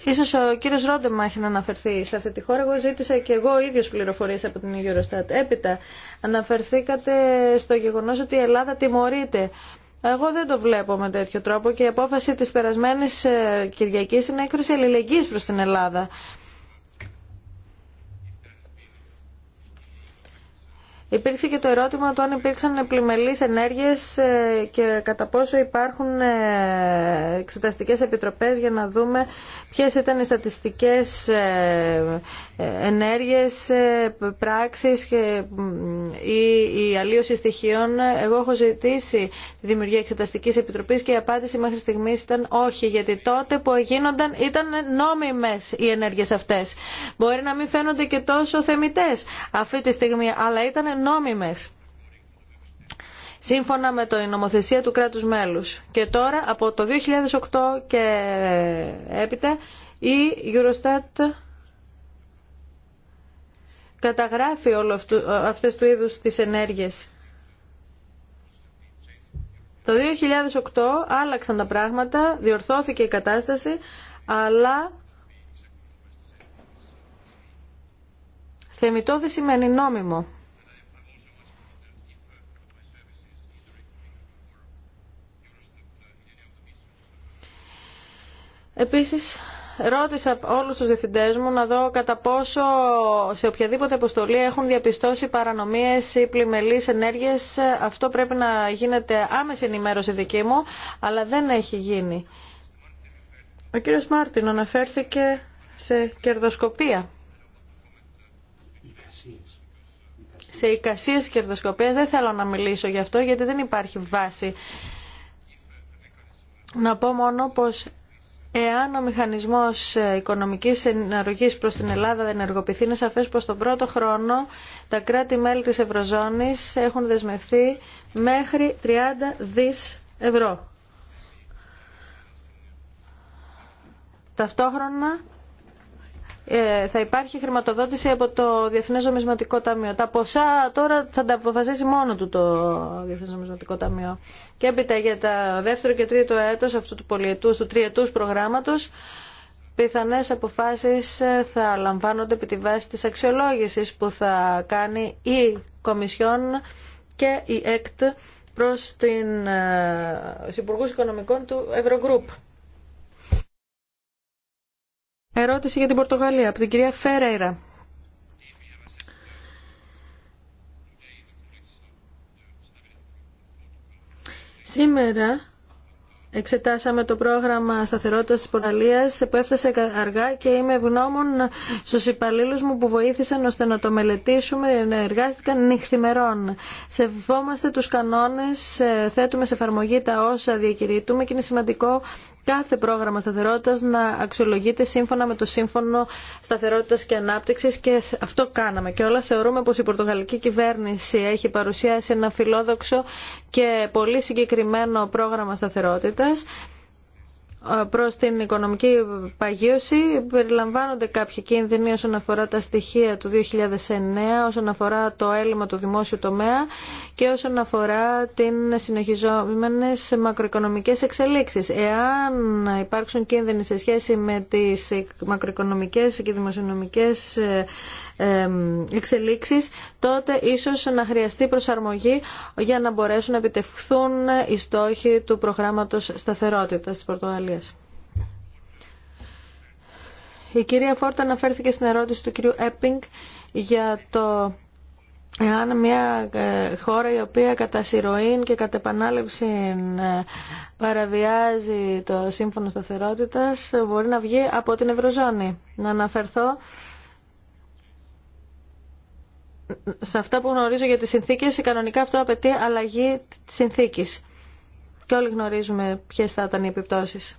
Ίσως ο κύριος Ρόντεμα έχει να αναφερθεί σε αυτή τη χώρα. Εγώ ζήτησα και εγώ ίδιος πληροφορίες από την Eurostat. Έπειτα αναφερθήκατε στο γεγονός ότι η Ελλάδα τιμωρείται. Εγώ δεν το βλέπω με τέτοιο τρόπο και η απόφαση της περασμένης ε, Κυριακής είναι έκφραση αλληλεγγύης προς την Ελλάδα. Υπήρξε και το ερώτημα του αν υπήρξαν πλημελείς ενέργειες ε, και κατά πόσο υπάρχουν ε, εξεταστικές επιτροπές για να δούμε ποιες ήταν οι στατιστικές ε, ενέργειες, πράξεις και η αλλίωση στοιχείων. Εγώ έχω ζητήσει τη δημιουργία εξεταστικής επιτροπής και η απάντηση μέχρι στιγμής ήταν όχι, γιατί τότε που γίνονταν ήταν νόμιμες οι ενέργειες αυτές. Μπορεί να μην φαίνονται και τόσο θεμητές αυτή τη στιγμή, αλλά ήταν νόμιμες σύμφωνα με την νομοθεσία του κράτους μέλους. Και τώρα από το 2008 και έπειτα η Eurostat καταγράφει όλο αυτού, αυτές του είδους τις ενέργειες. Το 2008 άλλαξαν τα πράγματα, διορθώθηκε η κατάσταση, αλλά θεμητό δεν σημαίνει νόμιμο. Επίσης, ρώτησα όλους τους διευθυντές μου να δω κατά πόσο σε οποιαδήποτε αποστολή έχουν διαπιστώσει παρανομίες ή πλημελείς ενέργειες. Αυτό πρέπει να γίνεται άμεση ενημέρωση δική μου, αλλά δεν έχει γίνει. Ο κύριος Μάρτιν αναφέρθηκε σε κερδοσκοπία. Σε εικασίες κερδοσκοπίας δεν θέλω να μιλήσω γι' αυτό γιατί δεν υπάρχει βάση. Να πω μόνο πως Εάν ο μηχανισμός οικονομικής συναρρογή προς την Ελλάδα δεν ενεργοποιηθεί, είναι σαφές πως τον πρώτο χρόνο τα κράτη-μέλη της Ευρωζώνης έχουν δεσμευθεί μέχρι 30 δις ευρώ. Ταυτόχρονα ε, θα υπάρχει χρηματοδότηση από το Διεθνές Νομισματικό Ταμείο. Τα ποσά τώρα θα τα αποφασίσει μόνο του το Διεθνές Νομισματικό Ταμείο. Και έπειτα για τα δεύτερο και τρίτο έτος αυτού του πολιετούς, του τριετούς προγράμματος, πιθανές αποφάσεις ε, θα λαμβάνονται επί τη βάση της αξιολόγησης που θα κάνει η Κομισιόν και η ΕΚΤ προς την ε, Υπουργούς Οικονομικών του Ευρωγκρουπ. Ερώτηση για την Πορτογαλία από την κυρία Φέρειρα. Σήμερα εξετάσαμε το πρόγραμμα σταθερότητας της Πορτογαλίας που έφτασε αργά και είμαι ευγνώμων στους υπαλλήλους μου που βοήθησαν ώστε να το μελετήσουμε, εργάστηκαν νυχθημερών. Σεβόμαστε τους κανόνες, ε, θέτουμε σε εφαρμογή τα όσα διακηρύττουμε και είναι σημαντικό κάθε πρόγραμμα σταθερότητας να αξιολογείται σύμφωνα με το Σύμφωνο Σταθερότητας και ανάπτυξη, και αυτό κάναμε. Και όλα θεωρούμε πως η Πορτογαλική κυβέρνηση έχει παρουσιάσει ένα φιλόδοξο και πολύ συγκεκριμένο πρόγραμμα σταθερότητας προς την οικονομική παγίωση περιλαμβάνονται κάποιοι κίνδυνοι όσον αφορά τα στοιχεία του 2009, όσον αφορά το έλλειμμα του δημόσιου τομέα και όσον αφορά την συνεχιζόμενες μακροοικονομικές εξελίξεις. Εάν υπάρξουν κίνδυνοι σε σχέση με τις μακροοικονομικές και δημοσιονομικές ε, εξελίξεις, τότε ίσως να χρειαστεί προσαρμογή για να μπορέσουν να επιτευχθούν οι στόχοι του προγράμματος σταθερότητας της Πορτογαλίας. Η κυρία Φόρτα αναφέρθηκε στην ερώτηση του κυρίου Έπινγκ για το αν μια ε, χώρα η οποία κατά συρροή και κατά επανάληψη ε, παραβιάζει το σύμφωνο σταθερότητας μπορεί να βγει από την Ευρωζώνη. Να αναφερθώ σε αυτά που γνωρίζω για τις συνθήκες, κανονικά αυτό απαιτεί αλλαγή της συνθήκης. Και όλοι γνωρίζουμε ποιες θα ήταν οι επιπτώσεις.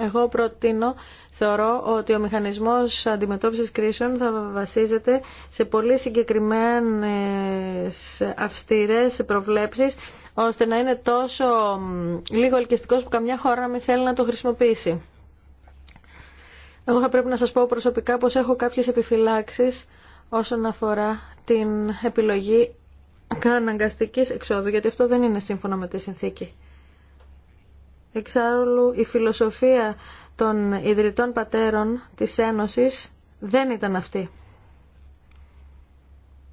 Εγώ προτείνω, θεωρώ ότι ο μηχανισμός αντιμετώπισης κρίσεων θα βασίζεται σε πολύ συγκεκριμένες αυστηρές προβλέψεις, ώστε να είναι τόσο λίγο ελκυστικός που καμιά χώρα να μην θέλει να το χρησιμοποιήσει. Εγώ θα πρέπει να σας πω προσωπικά πως έχω κάποιες επιφυλάξεις όσον αφορά την επιλογή καναγκαστικής εξόδου, γιατί αυτό δεν είναι σύμφωνα με τη συνθήκη. Εξάλλου, η φιλοσοφία των ιδρυτών πατέρων της Ένωσης δεν ήταν αυτή.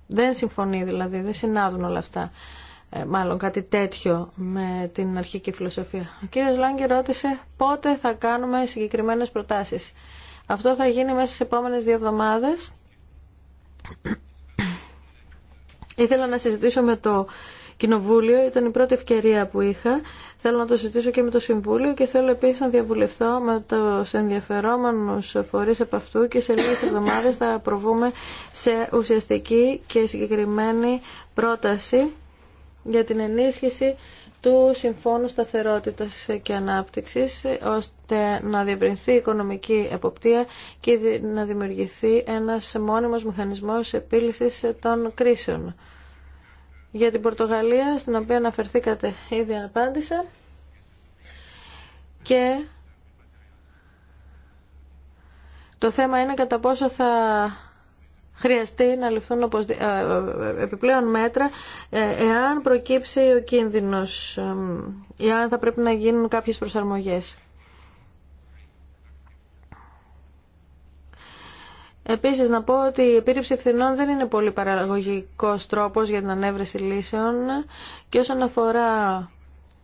Δεν συμφωνεί δηλαδή, δεν συνάδουν όλα αυτά. Ε, μάλλον κάτι τέτοιο με την αρχική φιλοσοφία. Ο κύριος Λάγκη ρώτησε πότε θα κάνουμε συγκεκριμένες προτάσεις. Αυτό θα γίνει μέσα στις επόμενες δύο εβδομάδες Ήθελα να συζητήσω με το Κοινοβούλιο, ήταν η πρώτη ευκαιρία που είχα. Θέλω να το συζητήσω και με το Συμβούλιο και θέλω επίσης να διαβουλευθώ με τους ενδιαφερόμενους φορείς από αυτού και σε λίγες εβδομάδες θα προβούμε σε ουσιαστική και συγκεκριμένη πρόταση για την ενίσχυση του Συμφώνου Σταθερότητας και Ανάπτυξης ώστε να διευρυνθεί οικονομική εποπτεία και να δημιουργηθεί ένας μόνιμος μηχανισμός επίλυσης των κρίσεων. Για την Πορτογαλία, στην οποία αναφερθήκατε ήδη απάντησα και το θέμα είναι κατά πόσο θα χρειαστεί να ληφθούν ε, ε, ε, επιπλέον μέτρα εάν προκύψει ο κίνδυνος, αν θα πρέπει να γίνουν κάποιες προσαρμογές. Επίσης να πω ότι η επίρρηψη ευθυνών δεν είναι πολύ παραγωγικός τρόπος για την ανέβρεση λύσεων και όσον αφορά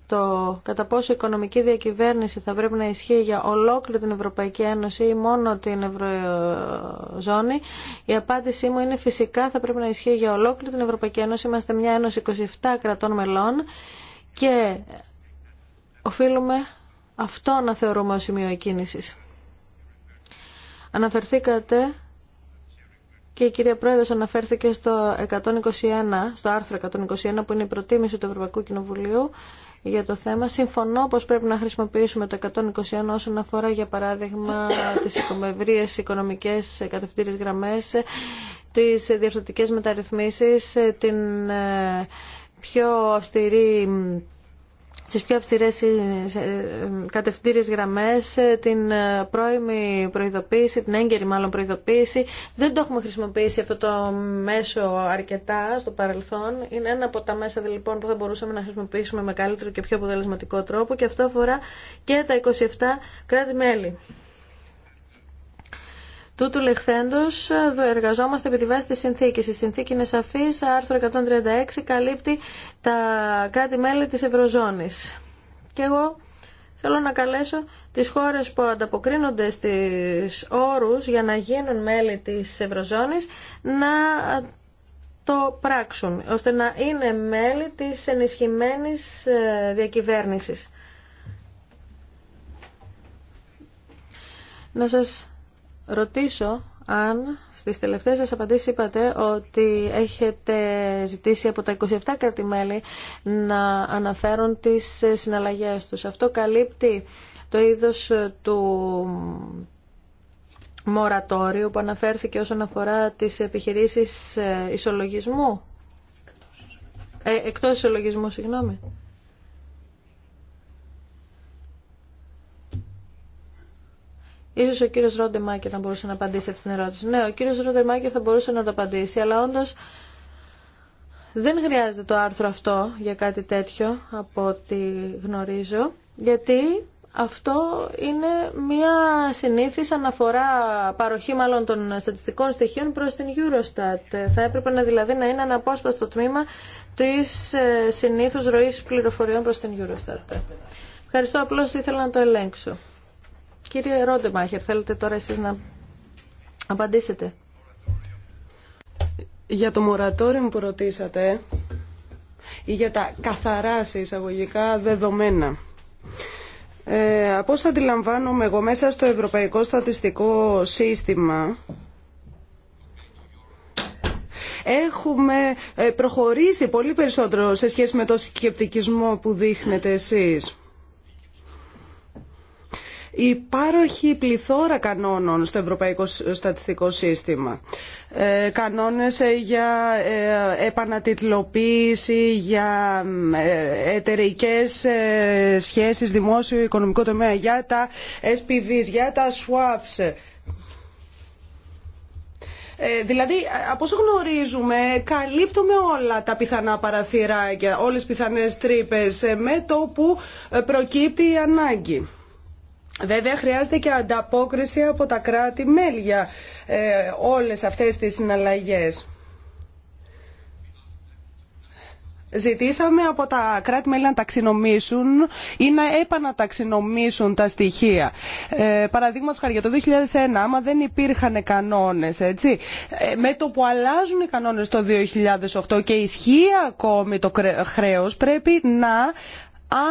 το κατά πόσο η οικονομική διακυβέρνηση θα πρέπει να ισχύει για ολόκληρη την Ευρωπαϊκή Ένωση ή μόνο την Ευρωζώνη, η απάντησή μου είναι φυσικά θα πρέπει να ισχύει για ολόκληρη την Ευρωπαϊκή Ένωση. Είμαστε μια ένωση 27 κρατών μελών και οφείλουμε αυτό να θεωρούμε ως σημείο εκκίνησης. Αναφερθήκατε και η κυρία Πρόεδρος αναφέρθηκε 121, στο άρθρο 121 που είναι η προτίμηση του Ευρωπαϊκού Κοινοβουλίου για το θέμα. Συμφωνώ πως πρέπει να χρησιμοποιήσουμε το 121 όσον αφορά για παράδειγμα τις οικομευρίες οικονομικές κατευθύνες γραμμές, τις διαφορετικές μεταρρυθμίσεις, την ε, πιο αυστηρή στις πιο αυστηρές ε, ε, κατευθυντήριες γραμμές, ε, την πρώιμη προειδοποίηση, την έγκαιρη μάλλον προειδοποίηση. Δεν το έχουμε χρησιμοποιήσει αυτό το μέσο αρκετά στο παρελθόν. Είναι ένα από τα μέσα λοιπόν που θα μπορούσαμε να χρησιμοποιήσουμε με καλύτερο και πιο αποτελεσματικό τρόπο και αυτό αφορά και τα 27 κράτη-μέλη. Τούτου λεχθέντο, ε, εργαζόμαστε επί τη βάση τη συνθήκη Η συνθήκη είναι σαφή. άρθρο 136 καλύπτει τα κράτη-μέλη της Ευρωζώνη. Και εγώ θέλω να καλέσω τι χώρες που ανταποκρίνονται στις όρου για να γίνουν μέλη της Ευρωζώνη να το πράξουν, ώστε να είναι μέλη της ενισχυμένης ε, διακυβέρνησης. Να σας ρωτήσω αν στις τελευταίες σας απαντήσεις είπατε ότι έχετε ζητήσει από τα 27 κρατη να αναφέρουν τις συναλλαγές τους. Αυτό καλύπτει το είδος του μορατόριου που αναφέρθηκε όσον αφορά τις επιχειρήσεις ε, ισολογισμού. Ε, εκτός ισολογισμού, συγγνώμη. σω ο κύριο Ρόντε Μάκερ να μπορούσε να απαντήσει αυτήν την ερώτηση. Ναι, ο κύριο Ρόντε Μάκερ θα μπορούσε να το απαντήσει, αλλά όντω δεν χρειάζεται το άρθρο αυτό για κάτι τέτοιο από ό,τι γνωρίζω, γιατί αυτό είναι μια συνήθις αναφορά παροχή μάλλον των στατιστικών στοιχείων προς την Eurostat. Θα έπρεπε να δηλαδή να είναι αναπόσπαστο τμήμα της ε, συνήθους ροής πληροφοριών προς την Eurostat. Ευχαριστώ, απλώς ήθελα να το ελέγξω. Κύριε Ρόντεμάχερ, θέλετε τώρα εσείς να απαντήσετε. Για το μορατόριο που ρωτήσατε ή για τα καθαρά σε δεδομένα. Ε, από όσο αντιλαμβάνομαι εγώ μέσα στο Ευρωπαϊκό Στατιστικό Σύστημα έχουμε ε, προχωρήσει πολύ περισσότερο σε σχέση με το σκεπτικισμό που δείχνετε εσείς. Υπάρχει πληθώρα κανόνων στο Ευρωπαϊκό Στατιστικό Σύστημα. Ε, κανόνες ε, για ε, επανατιτλοποίηση, για ε, εταιρικές σχέσεις δημόσιο-οικονομικό τομέα, για τα SPVs, για τα swaps. δηλαδή, από όσο γνωρίζουμε, καλύπτουμε όλα τα πιθανά παραθυράκια, όλες τις πιθανές τρύπες, με το που προκύπτει η ανάγκη. Βέβαια χρειάζεται και ανταπόκριση από τα κράτη-μέλη για ε, όλες αυτές τις συναλλαγές. Ζητήσαμε από τα κράτη-μέλη να ταξινομήσουν ή να επαναταξινομήσουν τα στοιχεία. Ε, Παραδείγματο χάρη για το 2001, άμα δεν υπήρχαν κανόνε, έτσι. Ε, με το που αλλάζουν οι κανόνε το 2008 και ισχύει ακόμη το χρέο, πρέπει να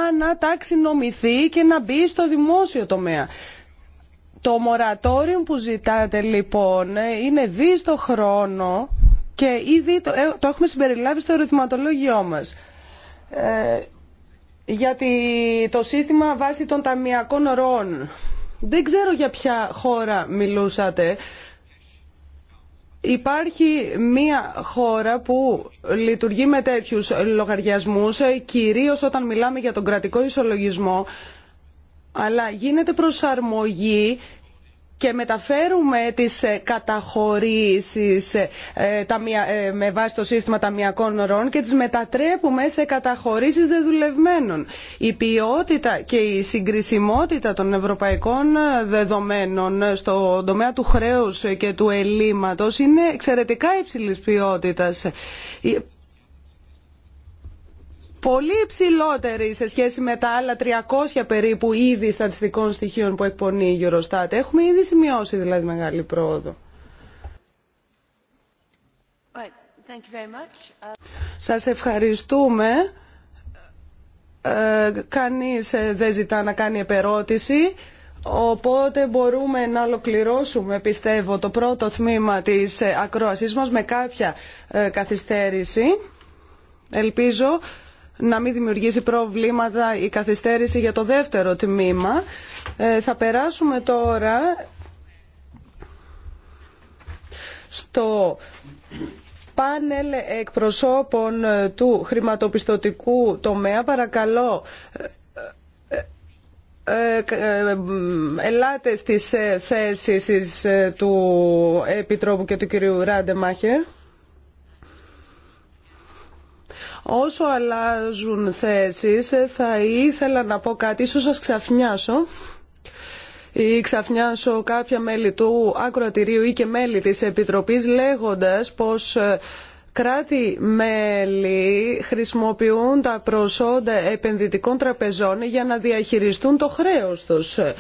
αναταξινομηθεί και να μπει στο δημόσιο τομέα. Το μορατόριο που ζητάτε λοιπόν είναι στο χρόνο και ήδη το, ε, το έχουμε συμπεριλάβει στο ερωτηματολόγιό μας. Ε, γιατί το σύστημα βάσει των ταμιακών ροών. Δεν ξέρω για ποια χώρα μιλούσατε. Υπάρχει μία χώρα που λειτουργεί με τέτοιους λογαριασμούς, ε, κυρίως όταν μιλάμε για τον κρατικό ισολογισμό, αλλά γίνεται προσαρμογή και μεταφέρουμε τις ε, καταχωρήσεις ε, ε, με βάση το σύστημα ταμιακών ροών και τις μετατρέπουμε σε καταχωρήσεις δεδουλευμένων. Η ποιότητα και η συγκρισιμότητα των ευρωπαϊκών δεδομένων στο τομέα του χρέους και του ελλείμματος είναι εξαιρετικά υψηλής ποιότητας πολύ υψηλότερη σε σχέση με τα άλλα 300 περίπου είδη στατιστικών στοιχείων που εκπονεί η Eurostat. Έχουμε ήδη σημειώσει δηλαδή μεγάλη πρόοδο. Uh, Σας ευχαριστούμε. Ε, κανείς ε, δεν ζητά να κάνει επερώτηση. Οπότε μπορούμε να ολοκληρώσουμε, πιστεύω, το πρώτο τμήμα της ε, ακρόασής μας με κάποια ε, καθυστέρηση. Ελπίζω να μην δημιουργήσει προβλήματα η καθυστέρηση για το δεύτερο τμήμα. Ε, θα περάσουμε τώρα στο πάνελ εκπροσώπων ε, του χρηματοπιστωτικού τομέα. Παρακαλώ, ε, ελάτε στις θέσεις του Επιτρόπου και του κυρίου Ράντεμάχερ. Όσο αλλάζουν θέσεις θα ήθελα να πω κάτι, ίσως σας ξαφνιάσω ή ξαφνιάσω κάποια μέλη του ακροατηρίου ή και μέλη της Επιτροπής λέγοντας πως ε, κράτη-μέλη χρησιμοποιούν τα προσόντα επενδυτικών τραπεζών για να διαχειριστούν το χρέος τους. Ε,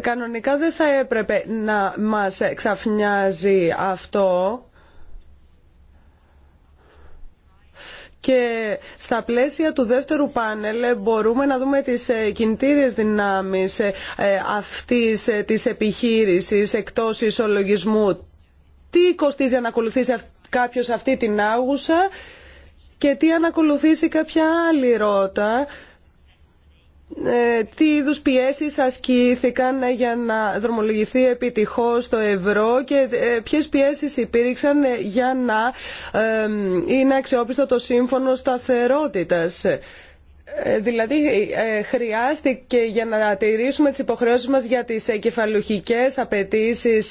κανονικά δεν θα έπρεπε να μας ξαφνιάζει αυτό Και στα πλαίσια του δεύτερου πάνελ μπορούμε να δούμε τις ε, κινητήριες δυνάμεις ε, ε, αυτής της επιχείρησης εκτός ισολογισμού. Τι κοστίζει να ακολουθήσει κάποιος αυτή την άγουσα και τι αν ακολουθήσει κάποια άλλη ρότα ε, τι είδους πιέσεις ασκήθηκαν ναι, για να δρομολογηθεί επιτυχώς το ευρώ και ε, ποιες πιέσεις υπήρξαν ε, για να είναι αξιόπιστο το σύμφωνο σταθερότητας. Δηλαδή χρειάστηκε για να τηρήσουμε τις υποχρεώσεις μας για τις κεφαλουχικές απαιτήσει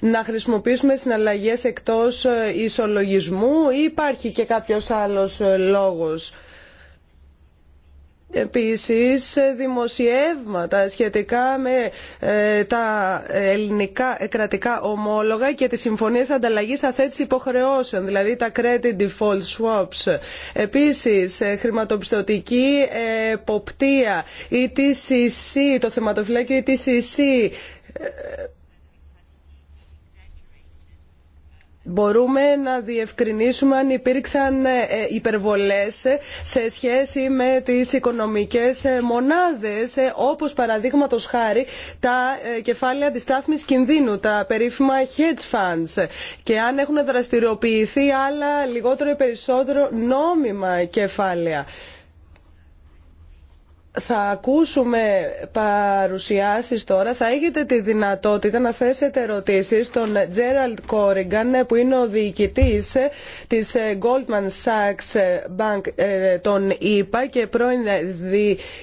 να χρησιμοποιήσουμε συναλλαγές εκτός ισολογισμού ή υπάρχει και κάποιος άλλος λόγος. Επίσης δημοσιεύματα σχετικά με ε, τα ελληνικά κρατικά ομόλογα και τις συμφωνίες ανταλλαγής αθέτηση υποχρεώσεων, δηλαδή τα credit default swaps. Επίσης ε, χρηματοπιστωτική εποπτεία, το θεματοφυλάκιο ETCC, μπορούμε να διευκρινίσουμε αν υπήρξαν ε, υπερβολές σε σχέση με τις οικονομικές ε, μονάδες ε, όπως παραδείγματος χάρη τα κεφάλαια αντιστάθμισης κινδύνου, τα περίφημα hedge funds και αν έχουν δραστηριοποιηθεί άλλα λιγότερο ή περισσότερο νόμιμα κεφάλαια θα ακούσουμε παρουσιάσεις τώρα. Θα έχετε τη δυνατότητα να θέσετε ερωτήσεις στον Τζέραλτ Κόριγκαν που είναι ο διοικητής της Goldman Sachs Bank ε, των ΗΠΑ και πρώην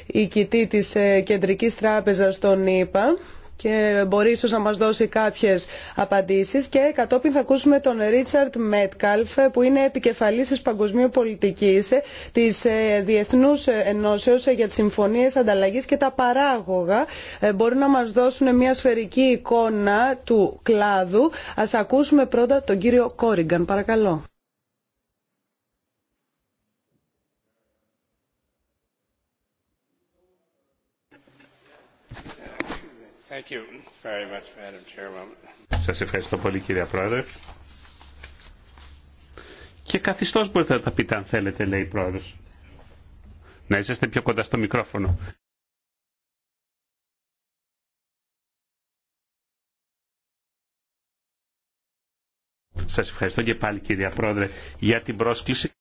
διοικητή της Κεντρικής Τράπεζας των ΗΠΑ και μπορεί ίσως να μας δώσει κάποιες απαντήσεις και κατόπιν θα ακούσουμε τον Ρίτσαρτ Μέτκαλφ που είναι επικεφαλής της Παγκοσμίου Πολιτικής της ε, Διεθνούς Ενώσεως για τις Συμφωνίες Ανταλλαγής και τα παράγωγα ε, μπορεί να μας δώσουν μια σφαιρική εικόνα του κλάδου. Ας ακούσουμε πρώτα τον κύριο Κόριγκαν. Παρακαλώ. Thank Σας ευχαριστώ πολύ κύριε Πρόεδρε. Και καθιστός μπορείτε να τα πείτε αν θέλετε, λέει η Πρόεδρος. Να είσαστε πιο κοντά στο μικρόφωνο. Σας ευχαριστώ και πάλι κυρία Πρόεδρε για την πρόσκληση.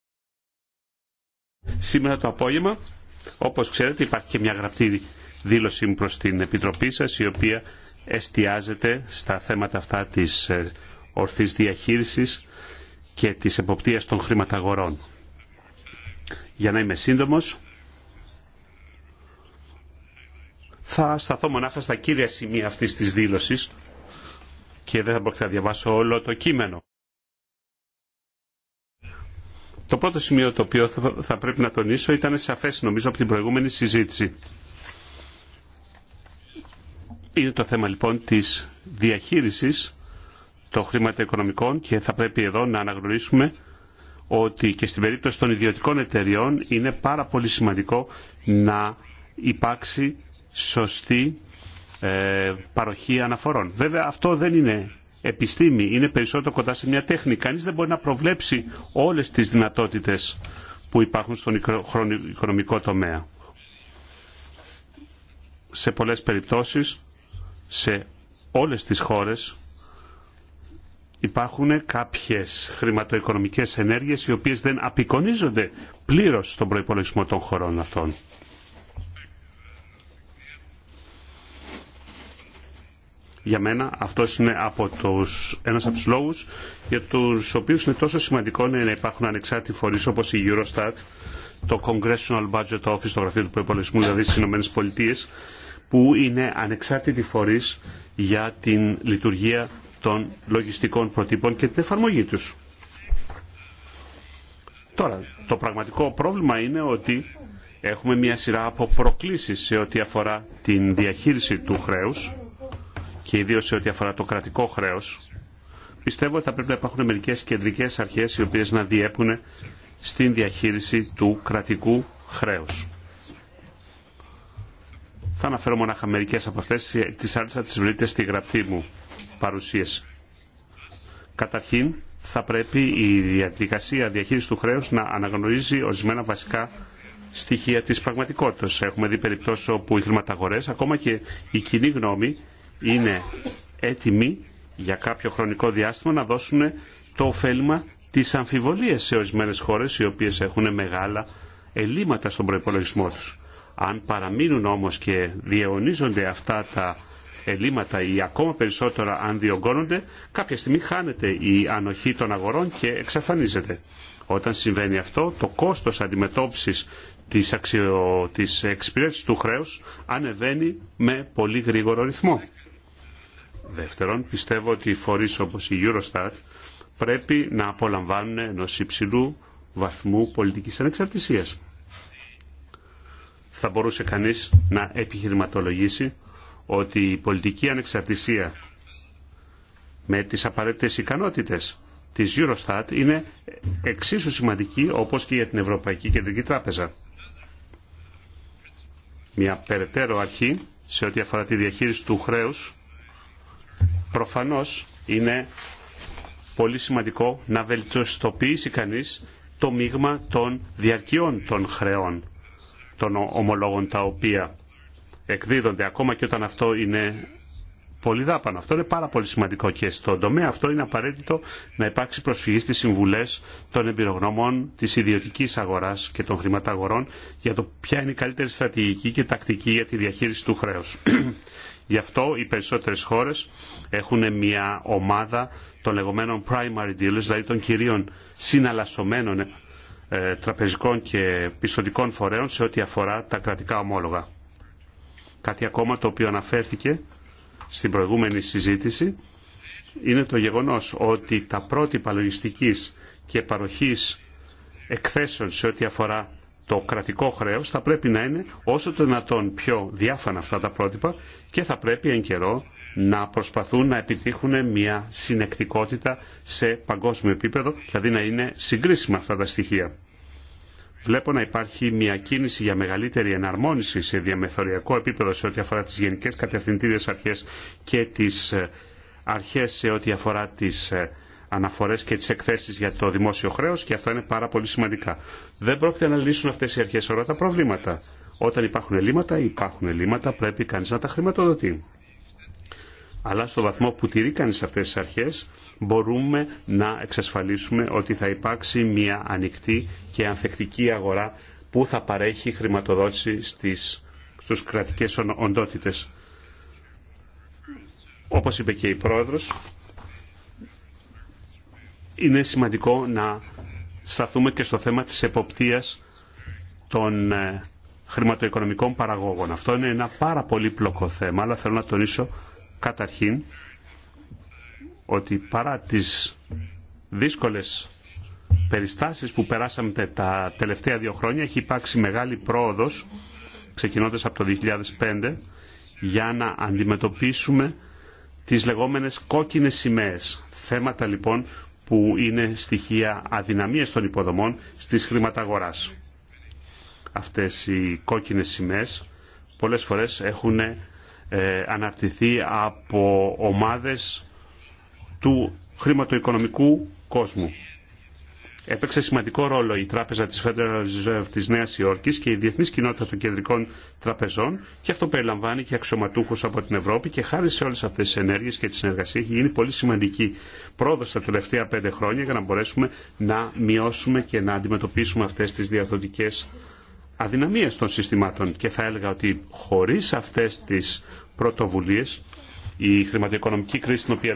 Σήμερα το απόγευμα, όπως ξέρετε, υπάρχει και μια γραπτή δήλωσή μου προς την Επιτροπή σας, η οποία εστιάζεται στα θέματα αυτά της ε, ορθής διαχείρισης και της εποπτείας των χρηματαγορών. Για να είμαι σύντομος, θα σταθώ μονάχα στα κύρια σημεία αυτής της δήλωσης και δεν θα μπορώ να διαβάσω όλο το κείμενο. Το πρώτο σημείο το οποίο θα πρέπει να τονίσω ήταν σαφές νομίζω από την προηγούμενη συζήτηση. Είναι το θέμα λοιπόν της διαχείρισης των χρηματοοικονομικών και θα πρέπει εδώ να αναγνωρίσουμε ότι και στην περίπτωση των ιδιωτικών εταιριών είναι πάρα πολύ σημαντικό να υπάρξει σωστή ε, παροχή αναφορών. Βέβαια αυτό δεν είναι επιστήμη, είναι περισσότερο κοντά σε μια τέχνη. Κανείς δεν μπορεί να προβλέψει όλες τις δυνατότητες που υπάρχουν στον οικονομικό τομέα. Σε πολλές περιπτώσεις σε όλες τις χώρες υπάρχουν κάποιες χρηματοοικονομικές ενέργειες οι οποίες δεν απεικονίζονται πλήρως στον προϋπολογισμό των χωρών αυτών. Για μένα αυτό είναι από τους, ένας από τους λόγους για τους οποίους είναι τόσο σημαντικό να υπάρχουν ανεξάρτητοι φορείς όπως η Eurostat, το Congressional Budget Office, το γραφείο του προϋπολογισμού δηλαδή στις Ηνωμένες που είναι ανεξάρτητη φορείς για την λειτουργία των λογιστικών προτύπων και την εφαρμογή τους. Τώρα, το πραγματικό πρόβλημα είναι ότι έχουμε μια σειρά από προκλήσεις σε ό,τι αφορά την διαχείριση του χρέους και ιδίως σε ό,τι αφορά το κρατικό χρέος. Πιστεύω ότι θα πρέπει να υπάρχουν μερικές κεντρικές αρχές οι οποίες να διέπουν στην διαχείριση του κρατικού χρέους. Θα αναφέρω μονάχα μερικέ από αυτέ, ε, τι άλλε θα τι βρείτε στη γραπτή μου παρουσίαση. Καταρχήν, θα πρέπει η διαδικασία διαχείριση του χρέου να αναγνωρίζει ορισμένα βασικά στοιχεία τη πραγματικότητα. Έχουμε δει περιπτώσει όπου οι χρηματαγορέ, ακόμα και η κοινή γνώμη, είναι έτοιμοι για κάποιο χρονικό διάστημα να δώσουν το ωφέλιμα τη αμφιβολίας σε ορισμένε χώρε, οι οποίε έχουν μεγάλα ελλείμματα στον προπολογισμό του. Αν παραμείνουν όμως και διαιωνίζονται αυτά τα ελλείμματα ή ακόμα περισσότερα αν διωγγώνονται, κάποια στιγμή χάνεται η ανοχή των αγορών και εξαφανίζεται. Όταν συμβαίνει αυτό, το κόστος αντιμετώπισης της, αξιο... της εξυπηρέτησης του χρέους ανεβαίνει με πολύ γρήγορο ρυθμό. Δεύτερον, πιστεύω ότι οι φορείς όπως η Eurostat πρέπει να απολαμβάνουν ενός υψηλού βαθμού πολιτικής ανεξαρτησίας θα μπορούσε κανείς να επιχειρηματολογήσει ότι η πολιτική ανεξαρτησία με τις απαραίτητες ικανότητες της Eurostat είναι εξίσου σημαντική όπως και για την Ευρωπαϊκή Κεντρική Τράπεζα. Μια περαιτέρω αρχή σε ό,τι αφορά τη διαχείριση του χρέους προφανώς είναι πολύ σημαντικό να βελτιστοποιήσει κανείς το μείγμα των διαρκειών των χρεών των ομολόγων τα οποία εκδίδονται ακόμα και όταν αυτό είναι πολύ δάπανο. Αυτό είναι πάρα πολύ σημαντικό και στον τομέα αυτό είναι απαραίτητο να υπάρξει προσφυγή στις συμβουλές των εμπειρογνώμων της ιδιωτικής αγοράς και των χρηματαγορών για το ποια είναι η καλύτερη στρατηγική και τακτική για τη διαχείριση του χρέους. Γι' αυτό οι περισσότερες χώρες έχουν μια ομάδα των λεγόμενων primary dealers, δηλαδή των κυρίων συναλλασσομένων ε, τραπεζικών και πιστοντικών φορέων σε ό,τι αφορά τα κρατικά ομόλογα. Κάτι ακόμα το οποίο αναφέρθηκε στην προηγούμενη συζήτηση είναι το γεγονός ότι τα πρότυπα λογιστικής και παροχής εκθέσεων σε ό,τι αφορά το κρατικό χρέος θα πρέπει να είναι όσο το δυνατόν πιο διάφανα αυτά τα πρότυπα και θα πρέπει εν καιρό να προσπαθούν να επιτύχουν μια συνεκτικότητα σε παγκόσμιο επίπεδο, δηλαδή να είναι συγκρίσιμα αυτά τα στοιχεία. Βλέπω να υπάρχει μια κίνηση για μεγαλύτερη εναρμόνιση σε διαμεθοριακό επίπεδο σε ό,τι αφορά τις γενικές κατευθυντήριες αρχές και τις ε, αρχές σε ό,τι αφορά τις ε, αναφορές και τις εκθέσεις για το δημόσιο χρέος και αυτά είναι πάρα πολύ σημαντικά. Δεν πρόκειται να λύσουν αυτές οι αρχές όλα τα προβλήματα. Όταν υπάρχουν ελλείμματα, υπάρχουν ελλείμματα, πρέπει κανείς να τα χρηματοδοτεί αλλά στο βαθμό που τηρεί κανείς αυτές τις αρχές μπορούμε να εξασφαλίσουμε ότι θα υπάρξει μια ανοιχτή και ανθεκτική αγορά που θα παρέχει χρηματοδότηση στις, στους κρατικές οντότητες. Όπως είπε και η Πρόεδρος, είναι σημαντικό να σταθούμε και στο θέμα της εποπτείας των ε, χρηματοοικονομικών παραγόγων. Αυτό είναι ένα πάρα πολύ πλοκό θέμα, αλλά θέλω να τονίσω Καταρχήν, ότι παρά τις δύσκολες περιστάσεις που περάσαμε τα τελευταία δύο χρόνια έχει υπάρξει μεγάλη πρόοδος ξεκινώντας από το 2005 για να αντιμετωπίσουμε τις λεγόμενες κόκκινες σημαίες. Θέματα λοιπόν που είναι στοιχεία αδυναμίας των υποδομών στις χρηματαγοράς. Αυτές οι κόκκινες σημαίες πολλές φορές έχουν ε, αναρτηθεί από ομάδες του χρηματοοικονομικού κόσμου. Έπαιξε σημαντικό ρόλο η Τράπεζα της Federal Reserve της Νέας Υόρκης και η Διεθνής Κοινότητα των Κεντρικών Τραπεζών και αυτό περιλαμβάνει και αξιωματούχους από την Ευρώπη και χάρη σε όλες αυτές τις ενέργειες και τη συνεργασία έχει γίνει πολύ σημαντική πρόοδος τα τελευταία πέντε χρόνια για να μπορέσουμε να μειώσουμε και να αντιμετωπίσουμε αυτές τις διαδοτικές αδυναμίες των συστημάτων και θα έλεγα ότι χωρίς αυτές τις πρωτοβουλίες η χρηματοοικονομική κρίση στην οποία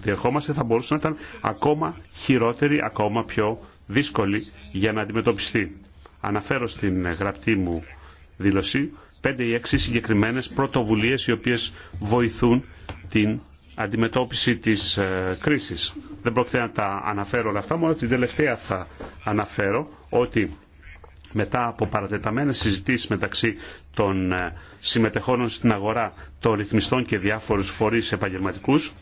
διερχόμαστε θα μπορούσε να ήταν ακόμα χειρότερη, ακόμα πιο δύσκολη για να αντιμετωπιστεί. Αναφέρω στην γραπτή μου δήλωση πέντε ή έξι συγκεκριμένες πρωτοβουλίες οι οποίες βοηθούν την αντιμετώπιση της ε, κρίσης. Δεν πρόκειται να τα αναφέρω όλα αυτά, μόνο την τελευταία θα αναφέρω ότι μετά από παρατεταμένες συζητήσεις μεταξύ των ε, συμμετεχόνων στην αγορά των ρυθμιστών και διάφορους φορείς επαγγελματικούς,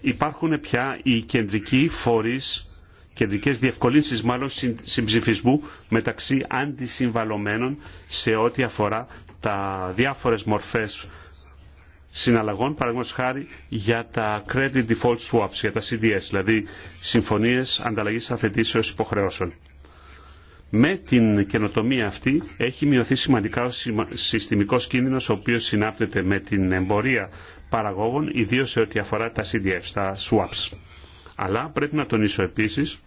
υπάρχουν πια οι κεντρικοί φορείς, κεντρικές διευκολύνσεις μάλλον συμψηφισμού μεταξύ αντισυμβαλωμένων σε ό,τι αφορά τα διάφορες μορφές συναλλαγών, παραδείγματος χάρη για τα credit default swaps, για τα CDS, δηλαδή συμφωνίες ανταλλαγής αθετήσεως υποχρεώσεων με την καινοτομία αυτή έχει μειωθεί σημαντικά ο συστημικός κίνδυνος ο οποίος συνάπτεται με την εμπορία παραγόγων ιδίως σε ό,τι αφορά τα CDF, τα swaps. Αλλά πρέπει να τονίσω επίσης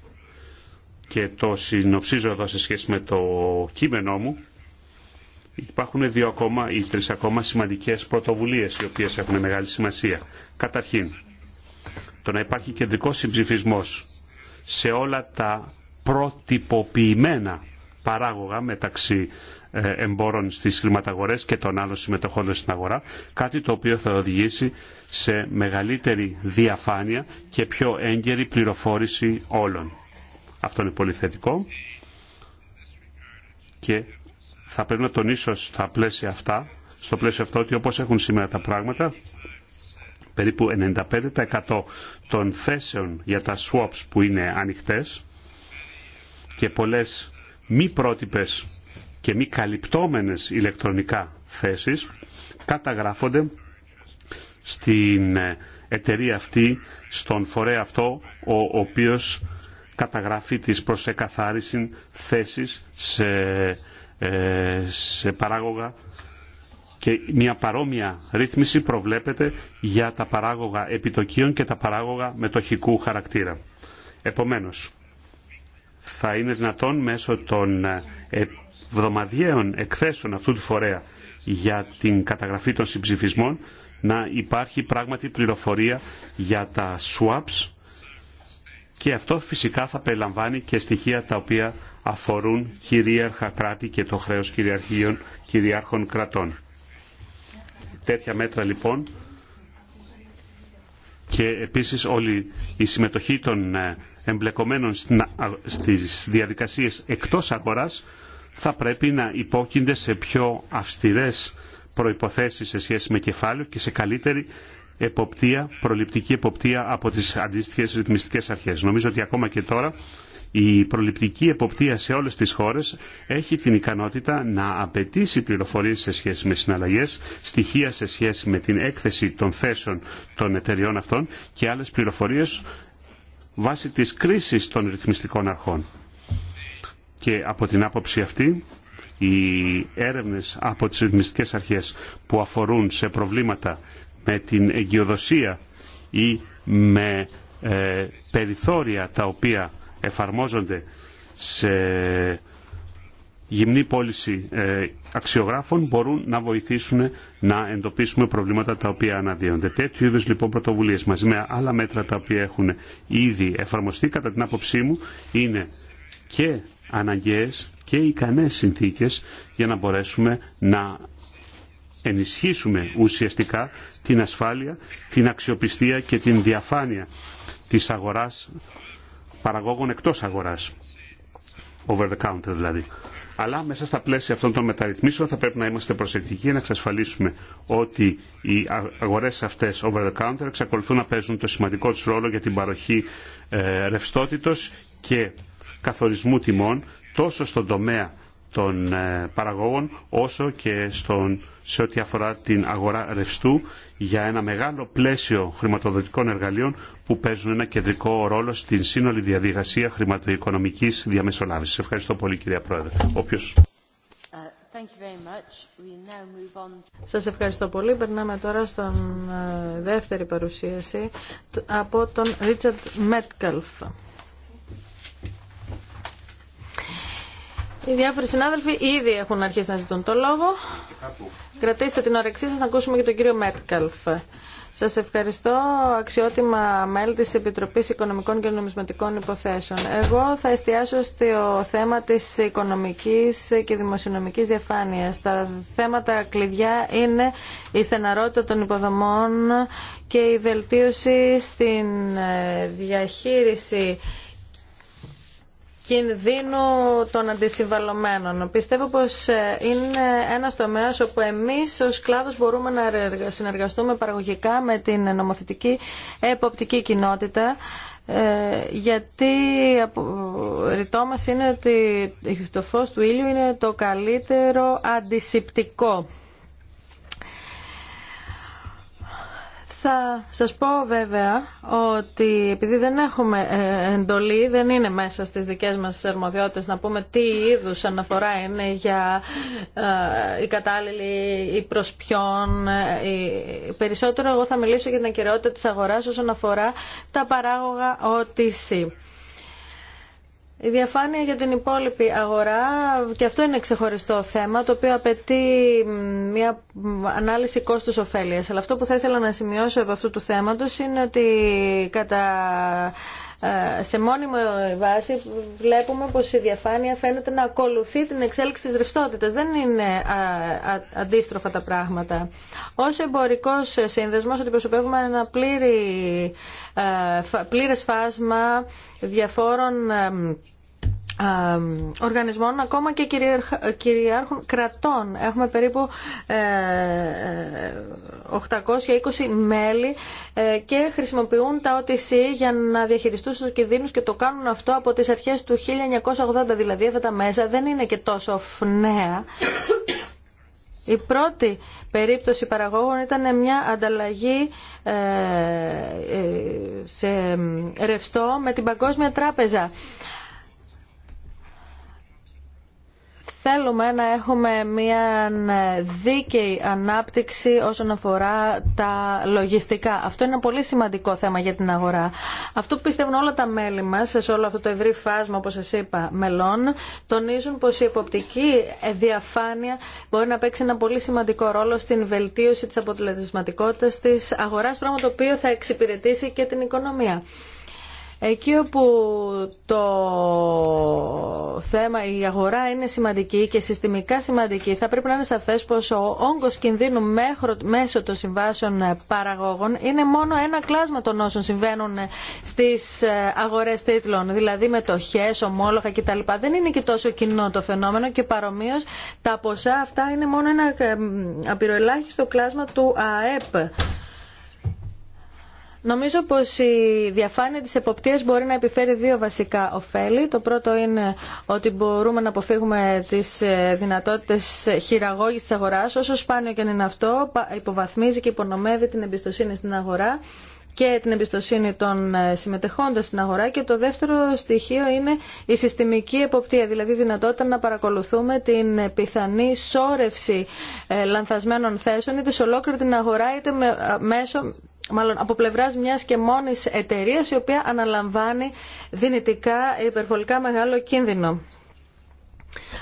και το συνοψίζω εδώ σε σχέση με το κείμενό μου υπάρχουν δύο ακόμα ή τρεις ακόμα σημαντικές πρωτοβουλίες οι οποίες έχουν μεγάλη σημασία. Καταρχήν, το να υπάρχει κεντρικός συμψηφισμός σε όλα τα προτυποποιημένα παράγωγα μεταξύ ε, εμπόρων στις χρηματαγορές και των άλλων συμμετοχών στην αγορά, κάτι το οποίο θα οδηγήσει σε μεγαλύτερη διαφάνεια και πιο έγκαιρη πληροφόρηση όλων. Αυτό είναι πολύ θετικό και θα πρέπει να τονίσω στα πλαίσια αυτά, στο πλαίσιο αυτό ότι όπως έχουν σήμερα τα πράγματα, περίπου 95% των θέσεων για τα swaps που είναι ανοιχτές, και πολλές μη πρότυπες και μη καλυπτόμενες ηλεκτρονικά θέσεις καταγράφονται στην ε, εταιρεία αυτή, στον φορέα αυτό, ο οποίος καταγράφει τις προς θέσεις σε, ε, σε παράγωγα και μια παρόμοια ρύθμιση προβλέπεται για τα παράγωγα επιτοκίων και τα παράγωγα μετοχικού χαρακτήρα. Επομένως, θα είναι δυνατόν μέσω των ε, εβδομαδιαίων εκθέσεων αυτού του φορέα για την καταγραφή των συμψηφισμών να υπάρχει πράγματι πληροφορία για τα swaps και αυτό φυσικά θα περιλαμβάνει και στοιχεία τα οποία αφορούν κυρίαρχα κράτη και το χρέος κυριάρχων κρατών. Τέτοια μέτρα λοιπόν και επίσης όλη η συμμετοχή των ε, εμπλεκομένων στις διαδικασίες εκτός αγοράς θα πρέπει να υπόκεινται σε πιο αυστηρές προϋποθέσεις σε σχέση με κεφάλαιο και σε καλύτερη προληπτική εποπτεία από τις αντίστοιχες ρυθμιστικές αρχές. Νομίζω ότι ακόμα και τώρα η προληπτική εποπτεία σε όλες τις χώρες έχει την ικανότητα να απαιτήσει πληροφορίες σε σχέση με συναλλαγές, στοιχεία σε σχέση με την έκθεση των θέσεων των εταιριών αυτών και άλλες πληροφορίες βάσει της κρίσης των ρυθμιστικών αρχών. Και από την άποψη αυτή, οι έρευνες από τις ρυθμιστικές αρχές που αφορούν σε προβλήματα με την εγκυοδοσία ή με ε, περιθώρια τα οποία εφαρμόζονται σε γυμνή πώληση ε, αξιογράφων μπορούν να βοηθήσουν να εντοπίσουμε προβλήματα τα οποία αναδύονται. Τέτοιου είδου λοιπόν πρωτοβουλίε μαζί με άλλα μέτρα τα οποία έχουν ήδη εφαρμοστεί, κατά την άποψή μου, είναι και αναγκαίες και ικανές συνθήκες για να μπορέσουμε να ενισχύσουμε ουσιαστικά την ασφάλεια, την αξιοπιστία και την διαφάνεια της αγοράς παραγόγων εκτός αγοράς, over the counter δηλαδή. Αλλά μέσα στα πλαίσια αυτών των μεταρρυθμίσεων θα πρέπει να είμαστε προσεκτικοί να εξασφαλίσουμε ότι οι αγορές αυτές over the counter εξακολουθούν να παίζουν το σημαντικό τους ρόλο για την παροχή ε, ρευστότητος και καθορισμού τιμών τόσο στον τομέα των ε, παραγωγών όσο και στον, σε ό,τι αφορά την αγορά ρευστού για ένα μεγάλο πλαίσιο χρηματοδοτικών εργαλείων που παίζουν ένα κεντρικό ρόλο στην σύνολη διαδικασία χρηματοοικονομικής διαμεσολάβησης. Ευχαριστώ πολύ κυρία Πρόεδρε. Όποιος... Σας ευχαριστώ πολύ. Περνάμε τώρα στον ε, δεύτερη παρουσίαση από τον Ρίτσαρντ Μέτκαλφ. Οι διάφοροι συνάδελφοι ήδη έχουν αρχίσει να ζητούν το λόγο. Κρατήστε την όρεξή σας να ακούσουμε και τον κύριο Μέτκαλφ. Σας ευχαριστώ, αξιότιμα μέλη της Επιτροπής Οικονομικών και Νομισματικών Υποθέσεων. Εγώ θα εστιάσω στο θέμα της οικονομικής και δημοσιονομικής διαφάνειας. Τα θέματα κλειδιά είναι η στεναρότητα των υποδομών και η βελτίωση στην ε, διαχείριση κινδύνου των αντισυμβαλωμένων. Πιστεύω πως ε, είναι ένας τομέας όπου εμείς ως κλάδος μπορούμε να συνεργαστούμε παραγωγικά με την νομοθετική εποπτική κοινότητα ε, γιατί ρητό μας είναι ότι το φως του ήλιου είναι το καλύτερο αντισηπτικό. Θα σας πω βέβαια ότι επειδή δεν έχουμε ε, εντολή, δεν είναι μέσα στις δικές μας αρμοδιότητες να πούμε τι είδους αναφορά είναι για η ε, κατάλληλη ή προς ποιον. Ε, περισσότερο εγώ θα μιλήσω για την ακυρεότητα της αγοράς όσον αφορά τα παράγωγα OTC. Η διαφάνεια για την υπόλοιπη αγορά και αυτό είναι ξεχωριστό θέμα το οποίο απαιτεί μια ανάλυση κόστους ωφέλειας. Αλλά αυτό που θα ήθελα να σημειώσω από αυτού του θέματος είναι ότι κατά ε, σε μόνιμο βάση βλέπουμε πως η διαφάνεια φαίνεται να ακολουθεί την εξέλιξη της ρευστότητα. Δεν είναι αντίστροφα τα πράγματα. Ως εμπορικός σύνδεσμος αντιπροσωπεύουμε ένα πλήρη, ε, πλήρες φάσμα διαφόρων ε, οργανισμών, ακόμα και κυριάρχων κρατών. Έχουμε περίπου 820 ε, ε, μέλη ε, και χρησιμοποιούν τα OTC για να διαχειριστούν τους κινδύνους και το κάνουν αυτό από τις αρχές του 1980. Δηλαδή αυτά τα μέσα δεν είναι και τόσο φνέα. Η πρώτη περίπτωση παραγόγων ήταν μια ανταλλαγή σε ρευστό με την Παγκόσμια Τράπεζα. θέλουμε να έχουμε μια δίκαιη ανάπτυξη όσον αφορά τα λογιστικά. Αυτό είναι ένα πολύ σημαντικό θέμα για την αγορά. Αυτό που πιστεύουν όλα τα μέλη μας σε όλο αυτό το ευρύ φάσμα, όπως σας είπα, μελών, τονίζουν πως η εποπτική διαφάνεια μπορεί να παίξει ένα πολύ σημαντικό ρόλο στην βελτίωση της αποτελεσματικότητας της αγοράς, πράγμα το οποίο θα εξυπηρετήσει και την οικονομία. Εκεί όπου το θέμα, η αγορά είναι σημαντική και συστημικά σημαντική, θα πρέπει να είναι σαφές πως ο όγκος κινδύνου μέσω των συμβάσεων παραγόγων είναι μόνο ένα κλάσμα των όσων συμβαίνουν στις ε, αγορές τίτλων, δηλαδή μετοχές, ομόλογα κτλ. Δεν είναι και τόσο κοινό το φαινόμενο και παρομοίω τα ποσά αυτά είναι μόνο ένα ε, απειροελάχιστο κλάσμα του ΑΕΠ. Νομίζω πω η διαφάνεια τη εποπτείας μπορεί να επιφέρει δύο βασικά ωφέλη. Το πρώτο είναι ότι μπορούμε να αποφύγουμε τι ε, δυνατότητε χειραγώγηση τη αγορά, Όσο σπάνιο και αν είναι αυτό, υποβαθμίζει και υπονομεύει την εμπιστοσύνη στην αγορά και την εμπιστοσύνη των ε, συμμετεχόντων στην αγορά και το δεύτερο στοιχείο είναι η συστημική εποπτεία, δηλαδή η δυνατότητα να παρακολουθούμε την πιθανή σώρευση ε, λανθασμένων θέσεων είτε σε ολόκληρη την αγορά είτε μέσω μάλλον από πλευρά μια και μόνη εταιρεία η οποία αναλαμβάνει δυνητικά υπερβολικά μεγάλο κίνδυνο.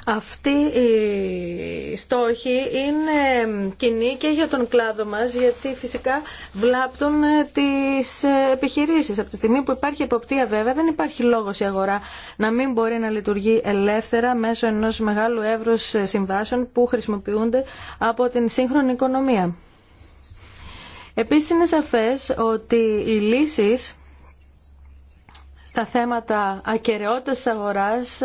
Αυτή η στόχη είναι κοινή και για τον κλάδο μας γιατί φυσικά βλάπτουν τις επιχειρήσεις. Από τη στιγμή που υπάρχει εποπτεία βέβαια δεν υπάρχει λόγος η αγορά να μην μπορεί να λειτουργεί ελεύθερα μέσω ενός μεγάλου εύρους συμβάσεων που χρησιμοποιούνται από την σύγχρονη οικονομία. Επίσης είναι σαφές ότι οι λύσεις στα θέματα ακαιρεότητας αγοράς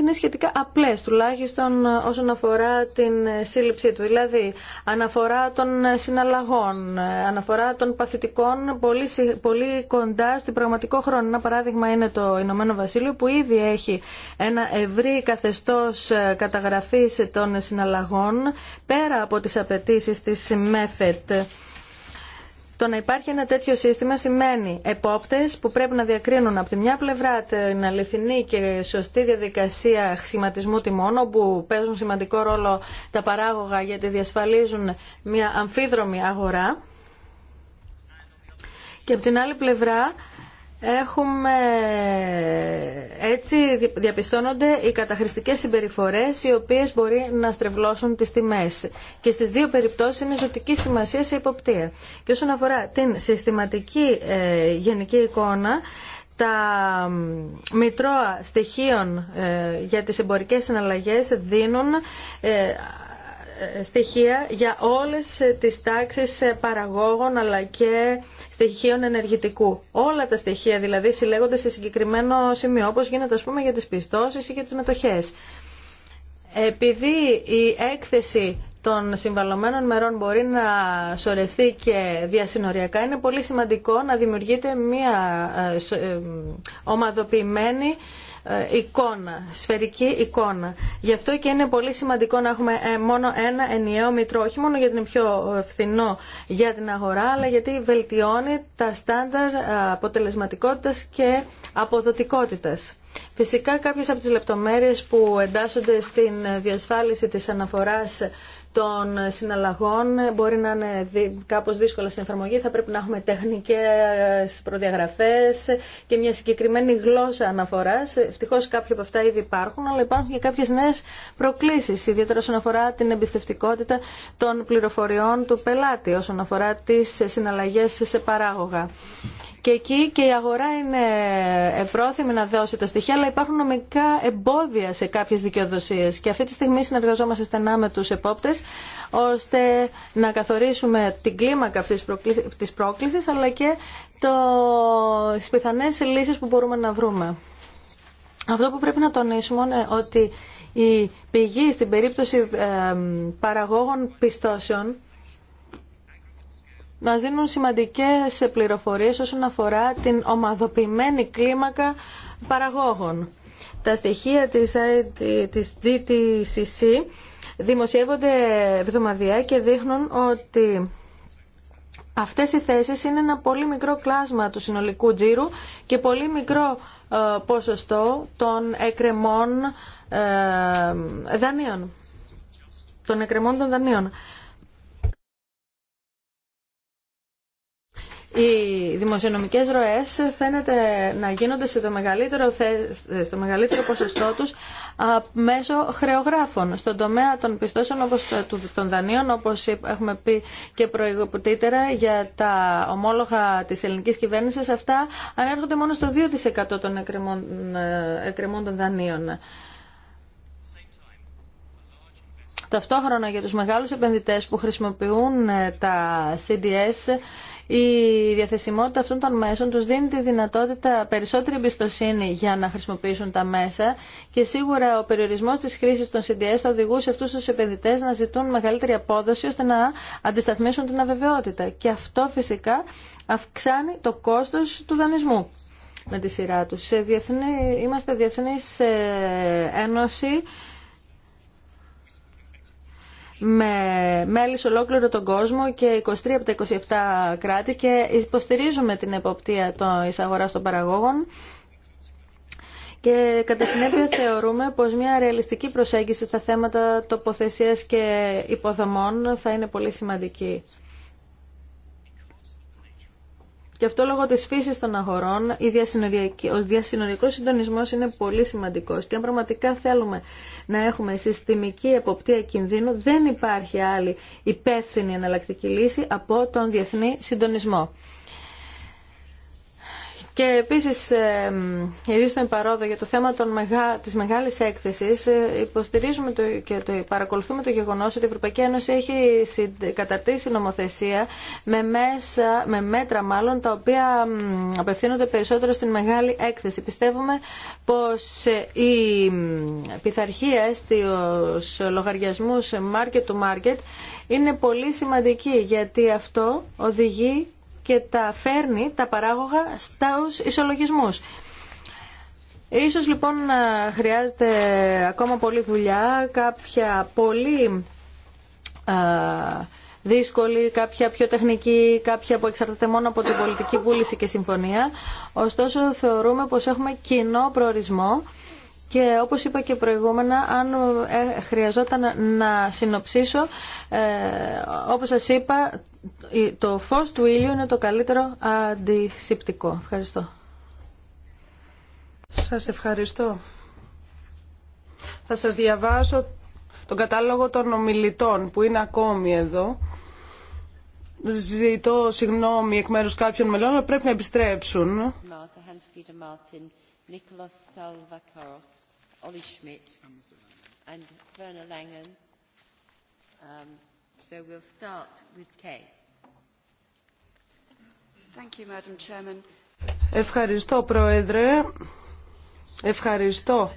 είναι σχετικά απλές, τουλάχιστον όσον αφορά την σύλληψή του. Δηλαδή, αναφορά των συναλλαγών, αναφορά των παθητικών πολύ, πολύ κοντά στην πραγματικό χρόνο. Ένα παράδειγμα είναι το Ηνωμένο Βασίλειο που ήδη έχει ένα ευρύ καθεστώς καταγραφής των συναλλαγών πέρα από τις απαιτήσει της ΜΕΦΕΤ. Το να υπάρχει ένα τέτοιο σύστημα σημαίνει επόπτες που πρέπει να διακρίνουν από τη μια πλευρά την αληθινή και σωστή διαδικασία σχηματισμού τιμών, όπου παίζουν σημαντικό ρόλο τα παράγωγα γιατί διασφαλίζουν μια αμφίδρομη αγορά. Και από την άλλη πλευρά έχουμε έτσι διαπιστώνονται οι καταχρηστικές συμπεριφορές οι οποίες μπορεί να στρεβλώσουν τις τιμές και στις δύο περιπτώσεις είναι ζωτική σημασία σε υποπτία και όσον αφορά την συστηματική ε, γενική εικόνα τα μητρώα στοιχείων ε, για τις εμπορικές συναλλαγές δίνουν ε, στοιχεία για όλες τις τάξεις παραγόγων αλλά και στοιχείων ενεργητικού. Όλα τα στοιχεία δηλαδή συλλέγονται σε συγκεκριμένο σημείο, όπως γίνεται ας πούμε για τις πιστώσεις ή για τις μετοχές. Επειδή η έκθεση των συμβαλωμένων μερών μπορεί να σωρευτεί και διασυνοριακά, είναι πολύ σημαντικό να δημιουργείται μια ε, ε, ομαδοποιημένη ε, εικόνα, σφαιρική εικόνα. Γι' αυτό και είναι πολύ σημαντικό να έχουμε μόνο ένα ενιαίο μητρό, όχι μόνο γιατί είναι πιο φθηνό για την αγορά, αλλά γιατί βελτιώνει τα στάνταρ αποτελεσματικότητας και αποδοτικότητας. Φυσικά κάποιες από τις λεπτομέρειες που εντάσσονται στην διασφάλιση της αναφοράς των συναλλαγών μπορεί να είναι κάπως δύσκολα στην εφαρμογή. Θα πρέπει να έχουμε τεχνικές προδιαγραφές και μια συγκεκριμένη γλώσσα αναφοράς. Ευτυχώ κάποια από αυτά ήδη υπάρχουν, αλλά υπάρχουν και κάποιες νέες προκλήσεις, ιδιαίτερα όσον αφορά την εμπιστευτικότητα των πληροφοριών του πελάτη, όσον αφορά τις συναλλαγές σε παράγωγα. Και εκεί και η αγορά είναι πρόθυμη να δώσει τα στοιχεία, αλλά υπάρχουν νομικά εμπόδια σε κάποιε δικαιοδοσίε. Και αυτή τη στιγμή συνεργαζόμαστε στενά με του επόπτε, ώστε να καθορίσουμε την κλίμακα αυτή τη πρόκληση, αλλά και το... τι πιθανέ λύσει που μπορούμε να βρούμε. Αυτό που πρέπει να τονίσουμε είναι ότι η πηγή στην περίπτωση ε, παραγόγων πιστώσεων Μα δίνουν σημαντικές πληροφορίε όσον αφορά την ομαδοποιημένη κλίμακα παραγόγων. Τα στοιχεία της, της DTCC δημοσιεύονται εβδομαδιαία και δείχνουν ότι αυτές οι θέσεις είναι ένα πολύ μικρό κλάσμα του συνολικού τζίρου και πολύ μικρό ε, ποσοστό των εκκρεμών ε, δανείων. Των εκκρεμών των δανείων. οι δημοσιονομικές ροές φαίνεται να γίνονται στο μεγαλύτερο, στο μεγαλύτερο ποσοστό τους μέσω χρεογράφων. Στον τομέα των πιστώσεων όπως ε, των δανείων, όπως έχουμε πει και προηγουπτήτερα για τα ομόλογα της ελληνικής κυβέρνησης, αυτά ανέρχονται μόνο στο 2% των εκκρεμών, ε, εκκρεμών των δανείων. Ταυτόχρονα για τους μεγάλους επενδυτές που χρησιμοποιούν ε, τα CDS η διαθεσιμότητα αυτών των μέσων τους δίνει τη δυνατότητα περισσότερη εμπιστοσύνη για να χρησιμοποιήσουν τα μέσα και σίγουρα ο περιορισμός της χρήσης των CDS θα οδηγούσε αυτούς τους επενδυτές να ζητούν μεγαλύτερη απόδοση ώστε να αντισταθμίσουν την αβεβαιότητα. Και αυτό φυσικά αυξάνει το κόστος του δανεισμού με τη σειρά τους. Σε διεθνή, είμαστε διεθνής ε, ένωση με μέλη σε ολόκληρο τον κόσμο και 23 από τα 27 κράτη και υποστηρίζουμε την εποπτεία των εισαγορά των παραγόγων και κατά συνέπεια θεωρούμε πως μια ρεαλιστική προσέγγιση στα θέματα τοποθεσίας και υποδομών θα είναι πολύ σημαντική. Και αυτό λόγω της φύσης των αγορών ο διασυνοριακός συντονισμός είναι πολύ σημαντικός και αν πραγματικά θέλουμε να έχουμε συστημική εποπτεία κινδύνου δεν υπάρχει άλλη υπεύθυνη εναλλακτική λύση από τον διεθνή συντονισμό. Και επίσης, με παρόδο για το θέμα των μεγά, της μεγάλης έκθεσης, ε, υποστηρίζουμε το, και παρακολουθούμε το γεγονός ότι η Ευρωπαϊκή Ένωση έχει καταρτήσει νομοθεσία με, μέσα, μέτρα μάλλον τα οποία απευθύνονται περισσότερο στην μεγάλη έκθεση. Πιστεύουμε πως ε, η πειθαρχία στους λογαριασμούς market to market είναι πολύ σημαντική γιατί αυτό οδηγεί και τα φέρνει τα παράγωγα στους ισολογισμούς. Ίσως λοιπόν χρειάζεται ακόμα πολύ δουλειά, κάποια πολύ δύσκολη, κάποια πιο τεχνική, κάποια που εξαρτάται μόνο από την πολιτική βούληση και συμφωνία. Ωστόσο θεωρούμε πως έχουμε κοινό προορισμό και όπως είπα και προηγούμενα, αν ε, χρειαζόταν να συνοψίσω, ε, όπως σας είπα, το φως του ήλιου είναι το καλύτερο αντισηπτικό. Ευχαριστώ. Σας ευχαριστώ. Θα σας διαβάσω τον κατάλογο των ομιλητών που είναι ακόμη εδώ. Ζητώ συγγνώμη εκ μέρους κάποιων μελών, αλλά πρέπει να επιστρέψουν. Schmidt and Werner Langen. Um, so we'll start with Ευχαριστώ, Πρόεδρε. Ευχαριστώ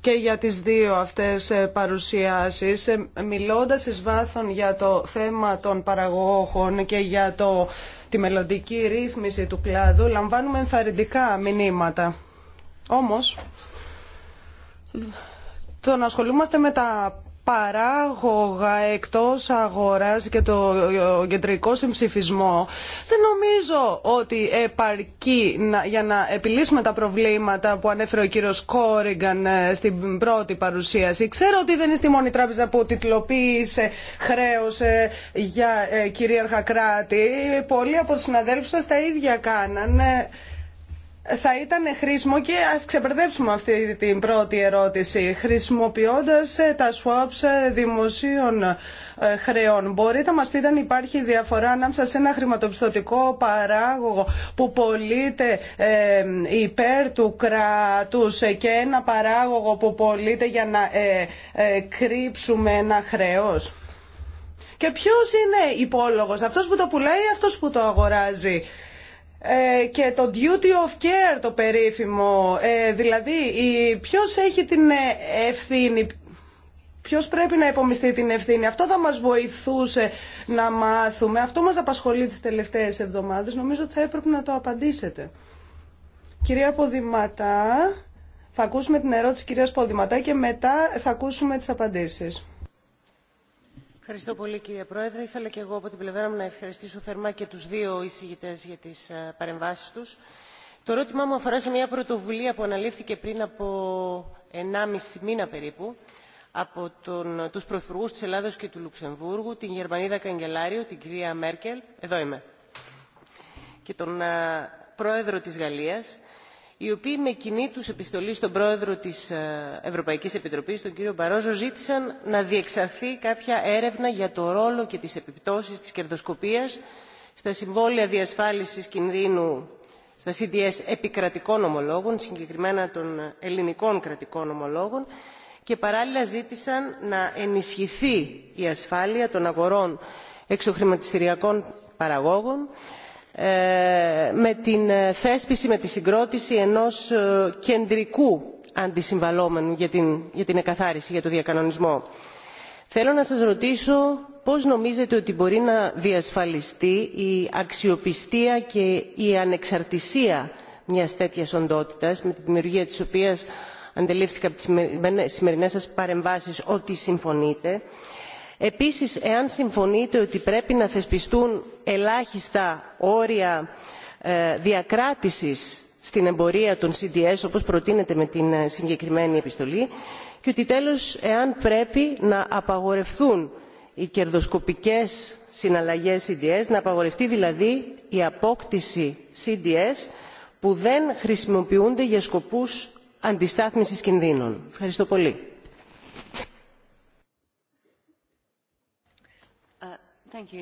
και για τις δύο αυτές ε, παρουσιάσεις. Ε, μιλώντας εις βάθον για το θέμα των παραγωγών και για το, τη μελλοντική ρύθμιση του κλάδου, λαμβάνουμε ενθαρρυντικά μηνύματα. Όμως, το να ασχολούμαστε με τα παράγωγα εκτός αγοράς και το κεντρικό συμψηφισμό δεν νομίζω ότι επαρκεί για να επιλύσουμε τα προβλήματα που ανέφερε ο κύριος Κόριγκαν ε, στην πρώτη παρουσίαση. Ξέρω ότι δεν είναι στη μόνη τράπεζα που τιτλοποίησε χρέος ε, για ε, κυρίαρχα κράτη. Πολλοί από τους συναδέλφους σας τα ίδια κάνανε θα ήταν χρήσιμο και ας ξεπερδέψουμε αυτή την πρώτη ερώτηση. Χρησιμοποιώντας ε, τα swaps ε, δημοσίων ε, χρεών, μπορείτε να μας πείτε αν υπάρχει διαφορά ανάμεσα σε ένα χρηματοπιστωτικό παράγωγο που πωλείται υπέρ του κράτους και ένα παράγωγο που πωλείται για να κρύψουμε ένα χρέος. Και ποιος είναι υπόλογος, αυτός που το πουλάει ή αυτός που το αγοράζει. Ε, και το duty of care το περίφημο, ε, δηλαδή ποιος έχει την ε, ευθύνη, ποιος πρέπει να υπομειστεί την ευθύνη. Αυτό θα μας βοηθούσε να μάθουμε. Αυτό μας απασχολεί τις τελευταίες εβδομάδες. Νομίζω ότι θα έπρεπε να το απαντήσετε. Κυρία Ποδηματά, θα ακούσουμε την ερώτηση κυρίας Ποδηματά και μετά θα ακούσουμε τις απαντήσεις. Ευχαριστώ πολύ κύριε Πρόεδρε. Ήθελα και εγώ από την πλευρά μου να ευχαριστήσω θερμά και τους δύο εισηγητές για τις ε, παρεμβάσεις τους. Το ερώτημά μου αφορά σε μια πρωτοβουλία που αναλήφθηκε πριν από 1,5 μήνα περίπου από τον, τους Πρωθυπουργούς της Ελλάδος και του Λουξεμβούργου, την Γερμανίδα Καγκελάριο, την κυρία Μέρκελ, εδώ είμαι, και τον ε, Πρόεδρο της Γαλλίας, οι οποίοι με κοινή του επιστολή στον πρόεδρο της ε, Ευρωπαϊκής Επιτροπής, τον κύριο Μπαρόζο, ζήτησαν να διεξαχθεί κάποια έρευνα για το ρόλο και τις επιπτώσεις της κερδοσκοπίας στα συμβόλαια διασφάλισης κινδύνου στα CDS επικρατικών ομολόγων, συγκεκριμένα των ελληνικών κρατικών ομολόγων και παράλληλα ζήτησαν να ενισχυθεί η ασφάλεια των αγορών εξωχρηματιστηριακών παραγόγων ε, με την ε, θέσπιση με τη συγκρότηση ενός ε, κεντρικού αντισυμβαλόμενου για την, εκαθάριση για το διακανονισμό. θέλω να σας ρωτήσω πώς νομίζετε ότι μπορεί να διασφαλιστεί η αξιοπιστία και η ανεξαρτησία μιας τέτοιας οντότητας με τη δημιουργία της οποίας αντελήφθηκα από τις σημερινές σας παρεμβάσεις ότι συμφωνείτε; επίσης εάν συμφωνείτε ότι πρέπει να θεσπιστούν ελάχιστα όρια ε, διακράτησης στην εμπορία των cds όπως προτείνεται με την ε, συγκεκριμένη επιστολή και ότι τέλος εάν πρέπει να απαγορευτούν οι κερδοσκοπικές συναλλαγές cds να απαγορευτεί δηλαδή η απόκτηση cds που δεν χρησιμοποιούνται για σκοπούς αντιστάθμισης κινδύνων. Ευχαριστώ πολύ.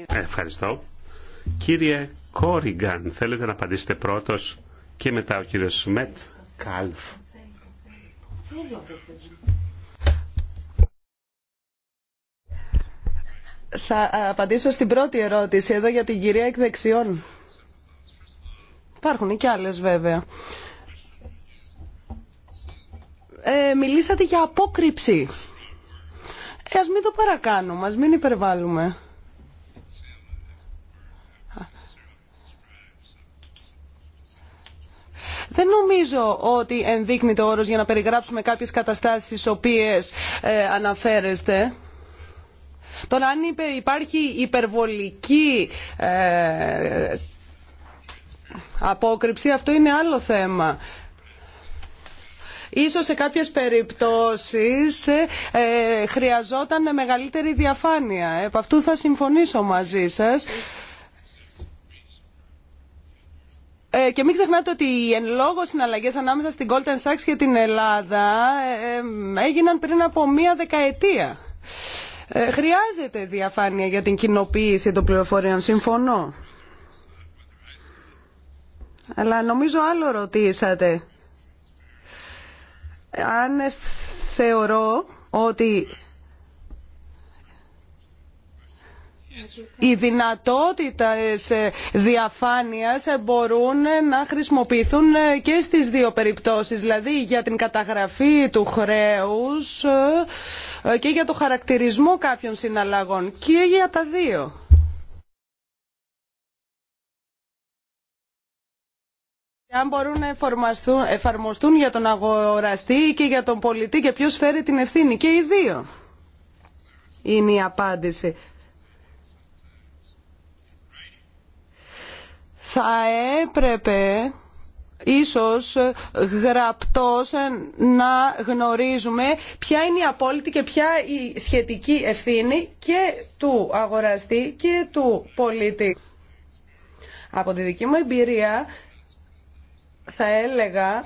Ευχαριστώ. Κύριε Κόριγκαν, θέλετε να απαντήσετε πρώτος και μετά ο κύριος Μετ Καλφ. Θα απαντήσω στην πρώτη ερώτηση εδώ για την κυρία εκ δεξιών. Υπάρχουν και άλλες βέβαια. Ε, μιλήσατε για απόκρυψη. Ε, ας μην το παρακάνουμε, ας μην υπερβάλλουμε. Δεν νομίζω ότι ενδείκνυται ο όρος για να περιγράψουμε κάποιες καταστάσεις στις οποίες ε, αναφέρεστε. Τώρα αν υπάρχει υπερβολική ε, απόκρυψη αυτό είναι άλλο θέμα. Ίσως σε κάποιες περιπτώσεις ε, ε χρειαζόταν μεγαλύτερη διαφάνεια. Επ' αυτού θα συμφωνήσω μαζί σας. Ε, και μην ξεχνάτε ότι οι εν λόγω συναλλαγές ανάμεσα στην Goldman Sachs και την Ελλάδα ε, ε, έγιναν πριν από μία δεκαετία. Χρειάζεται διαφάνεια για την κοινοποίηση των πληροφοριών, συμφωνώ. Αλλά νομίζω άλλο ρωτήσατε. Αν θεωρώ ότι οι δυνατότητες ε, διαφάνειας ε, μπορούν ε, να χρησιμοποιηθούν και στις δύο περιπτώσεις, δηλαδή για την καταγραφή του χρέους και για το χαρακτηρισμό κάποιων συναλλαγών και για τα δύο. αν μπορούν να εφαρμοστούν για τον αγοραστή και για τον πολιτή και ποιος φέρει την ευθύνη. Και οι δύο είναι η απάντηση. θα έπρεπε ίσως γραπτός να γνωρίζουμε ποια είναι η απόλυτη και ποια η σχετική ευθύνη και του αγοραστή και του πολίτη. Από τη δική μου εμπειρία θα έλεγα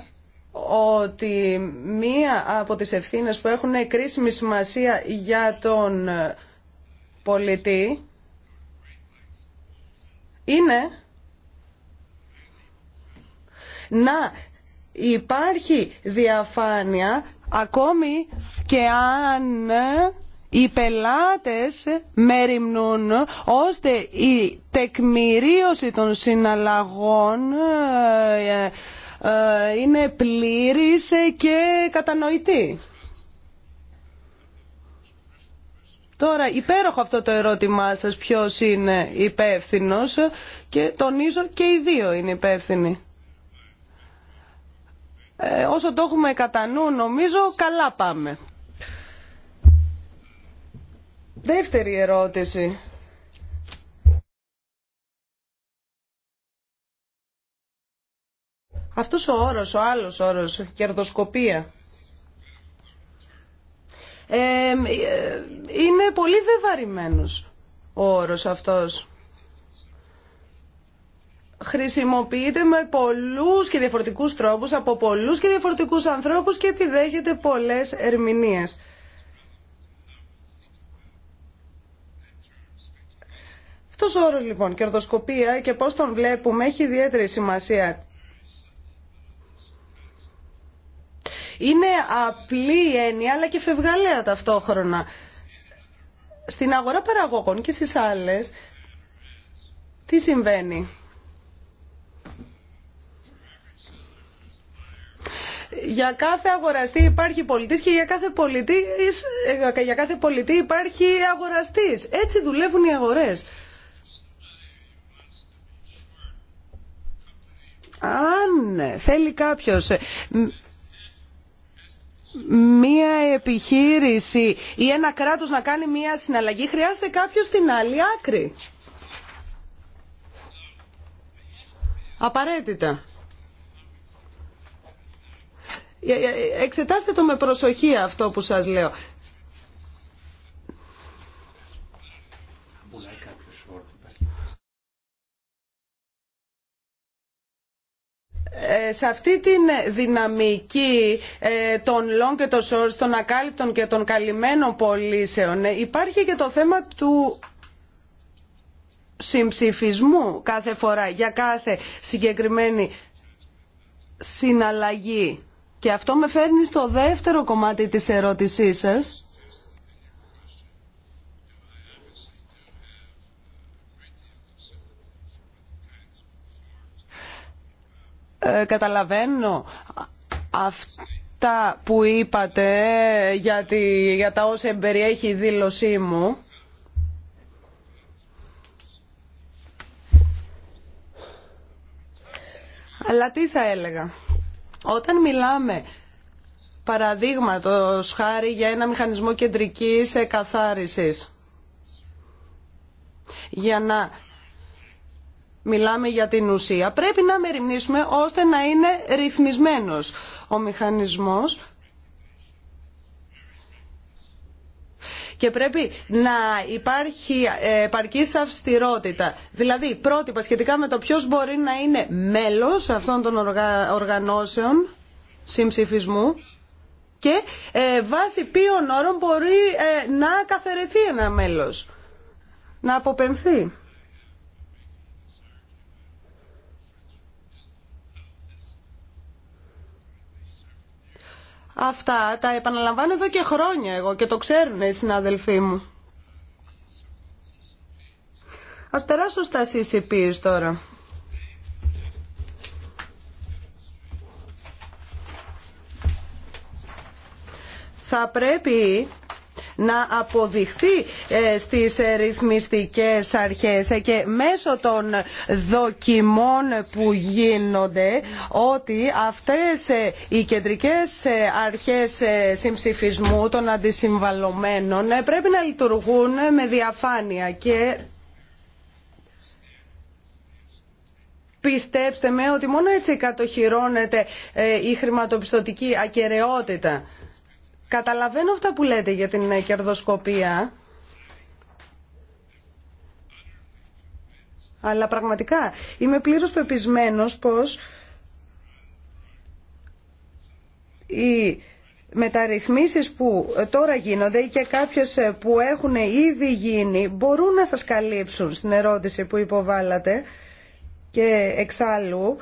ότι μία από τις ευθύνες που έχουν κρίσιμη σημασία για τον πολιτή είναι να υπάρχει διαφάνεια ακόμη και αν ε, οι πελάτες μεριμνούν ώστε η τεκμηρίωση των συναλλαγών ε, ε, είναι πλήρης και κατανοητή. Τώρα, υπέροχο αυτό το ερώτημά σας, ποιος είναι υπεύθυνος και τονίζω και οι δύο είναι υπεύθυνοι. Ε, όσο το έχουμε κατά νου, νομίζω, καλά πάμε. Δεύτερη ερώτηση. Αυτός ο όρος, ο άλλος όρος, κερδοσκοπία, ε, ε, είναι πολύ βεβαρημένος ο όρος αυτός χρησιμοποιείται με πολλούς και διαφορετικούς τρόπους, από πολλούς και διαφορετικούς ανθρώπους και επιδέχεται πολλές ερμηνείες. Αυτός ο όρος λοιπόν, κερδοσκοπία και πώς τον βλέπουμε, έχει ιδιαίτερη σημασία. Είναι απλή έννοια, αλλά και φευγαλέα ταυτόχρονα. Στην αγορά παραγωγών και στις άλλες, τι συμβαίνει. Για κάθε αγοραστή υπάρχει πολιτή και για κάθε πολιτή, ε, για πολιτή υπάρχει αγοραστής. Έτσι δουλεύουν οι αγορές. Αν θέλει κάποιος μία επιχείρηση ή ένα κράτος να κάνει μία συναλλαγή, χρειάζεται κάποιος στην άλλη άκρη. Απαραίτητα. Ε, ε, εξετάστε το με προσοχή αυτό που σας λέω. Ε, σε αυτή την δυναμική των long και των short, των ακάλυπτων και των καλυμμένων πωλήσεων υπάρχει και το θέμα του συμψηφισμού κάθε φορά για κάθε συγκεκριμένη συναλλαγή. Και αυτό με φέρνει στο δεύτερο κομμάτι της ερώτησής σας. Ε, καταλαβαίνω αυτά που είπατε για, τη, για τα όσα εμπεριέχει η δήλωσή μου. Αλλά τι θα έλεγα. Όταν μιλάμε παραδείγματο χάρη για ένα μηχανισμό κεντρικής εκαθάρισης, για να μιλάμε για την ουσία, πρέπει να μεριμνήσουμε ώστε να είναι ρυθμισμένος ο μηχανισμός και πρέπει να υπάρχει ε, επαρκή αυστηρότητα. Δηλαδή πρότυπα σχετικά με το ποιο μπορεί να είναι μέλο αυτών των οργανώσεων συμψηφισμού και ε, βάσει ποιων όρων μπορεί ε, να καθαιρεθεί ένα μέλος, να αποπεμφθεί. Αυτά τα επαναλαμβάνω εδώ και χρόνια εγώ και το ξέρουν οι συνάδελφοί μου. Ας περάσω στα CCPs τώρα. Θα πρέπει να αποδειχθεί ε, στις ε, ρυθμιστικές αρχές ε, και μέσω των δοκιμών που γίνονται ότι αυτές οι κεντρικές αρχές συμψηφισμού των αντισυμβαλωμένων πρέπει να λειτουργούν με διαφάνεια και πιστέψτε με ότι μόνο έτσι κατοχυρώνεται η χρηματοπιστωτική ακαιρεότητα. Καταλαβαίνω αυτά που λέτε για την ε, κερδοσκοπία, αλλά πραγματικά είμαι πλήρως πεπισμένος πως οι μεταρρυθμίσεις που τώρα γίνονται και κάποιες ε, που έχουν ήδη γίνει μπορούν να σας καλύψουν στην ερώτηση που υποβάλλατε και εξάλλου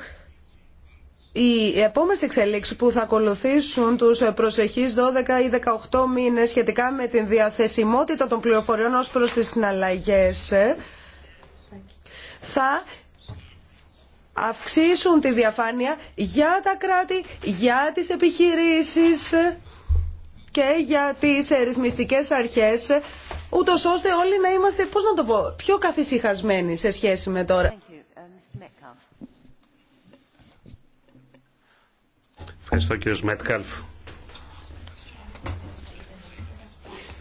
οι επόμενε εξελίξει που θα ακολουθήσουν τους προσεχείς 12 ή 18 μήνες σχετικά με την διαθεσιμότητα των πληροφοριών ω προ τις συναλλαγέ θα αυξήσουν τη διαφάνεια για τα κράτη, για τις επιχειρήσεις και για τις ρυθμιστικές αρχές ούτως ώστε όλοι να είμαστε, πώς να το πω, πιο καθησυχασμένοι σε σχέση με τώρα. Ευχαριστώ κύριο Μέτκαλφ.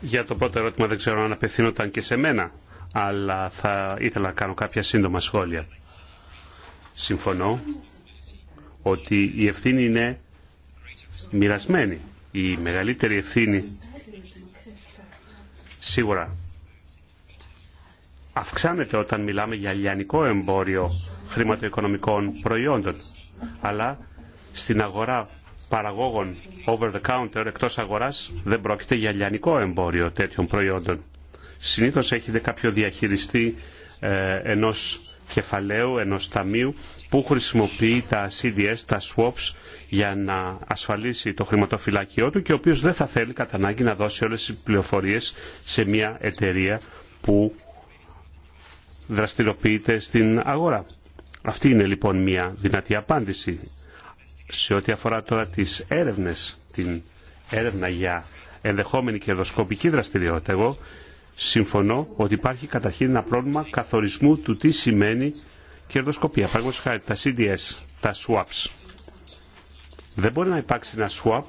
Για το πρώτο ερώτημα δεν ξέρω αν απευθύνονταν και σε μένα, αλλά θα ήθελα να κάνω κάποια σύντομα σχόλια. Συμφωνώ ότι η ευθύνη είναι μοιρασμένη. Η μεγαλύτερη ευθύνη σίγουρα αυξάνεται όταν μιλάμε για λιανικό εμπόριο χρηματοοικονομικών προϊόντων. Αλλά στην αγορά παραγόγων over the counter εκτός αγοράς δεν πρόκειται για λιανικό εμπόριο τέτοιων προϊόντων. Συνήθως έχετε κάποιο διαχειριστή ε, ενός κεφαλαίου, ενός ταμείου που χρησιμοποιεί τα CDS, τα swaps για να ασφαλίσει το χρηματοφυλάκιό του και ο οποίος δεν θα θέλει κατά ανάγκη να δώσει όλες τις πληροφορίες σε μια εταιρεία που δραστηριοποιείται στην αγορά. Αυτή είναι λοιπόν μια δυνατή απάντηση σε ό,τι αφορά τώρα τις έρευνες, την έρευνα για ενδεχόμενη κερδοσκοπική δραστηριότητα, εγώ συμφωνώ ότι υπάρχει καταρχήν ένα πρόβλημα καθορισμού του τι σημαίνει κερδοσκοπία. Παραδείγματος χάρη τα CDS, τα swaps. Δεν μπορεί να υπάρξει ένα swap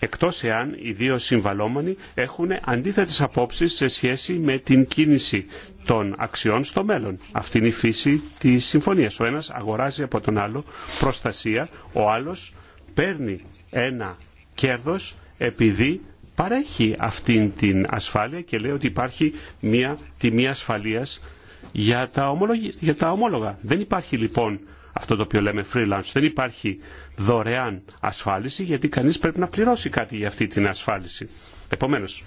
εκτός εάν οι δύο συμβαλόμενοι έχουν αντίθετες απόψεις σε σχέση με την κίνηση των αξιών στο μέλλον. Αυτή είναι η φύση της συμφωνίας. Ο ένας αγοράζει από τον άλλο προστασία, ο άλλος παίρνει ένα κέρδος επειδή παρέχει αυτήν την ασφάλεια και λέει ότι υπάρχει μια τιμή ασφαλείας για τα, για τα ομόλογα. Δεν υπάρχει λοιπόν αυτό το οποίο λέμε freelance. Δεν υπάρχει δωρεάν ασφάλιση γιατί κανείς πρέπει να πληρώσει κάτι για αυτή την ασφάλιση. Επομένως,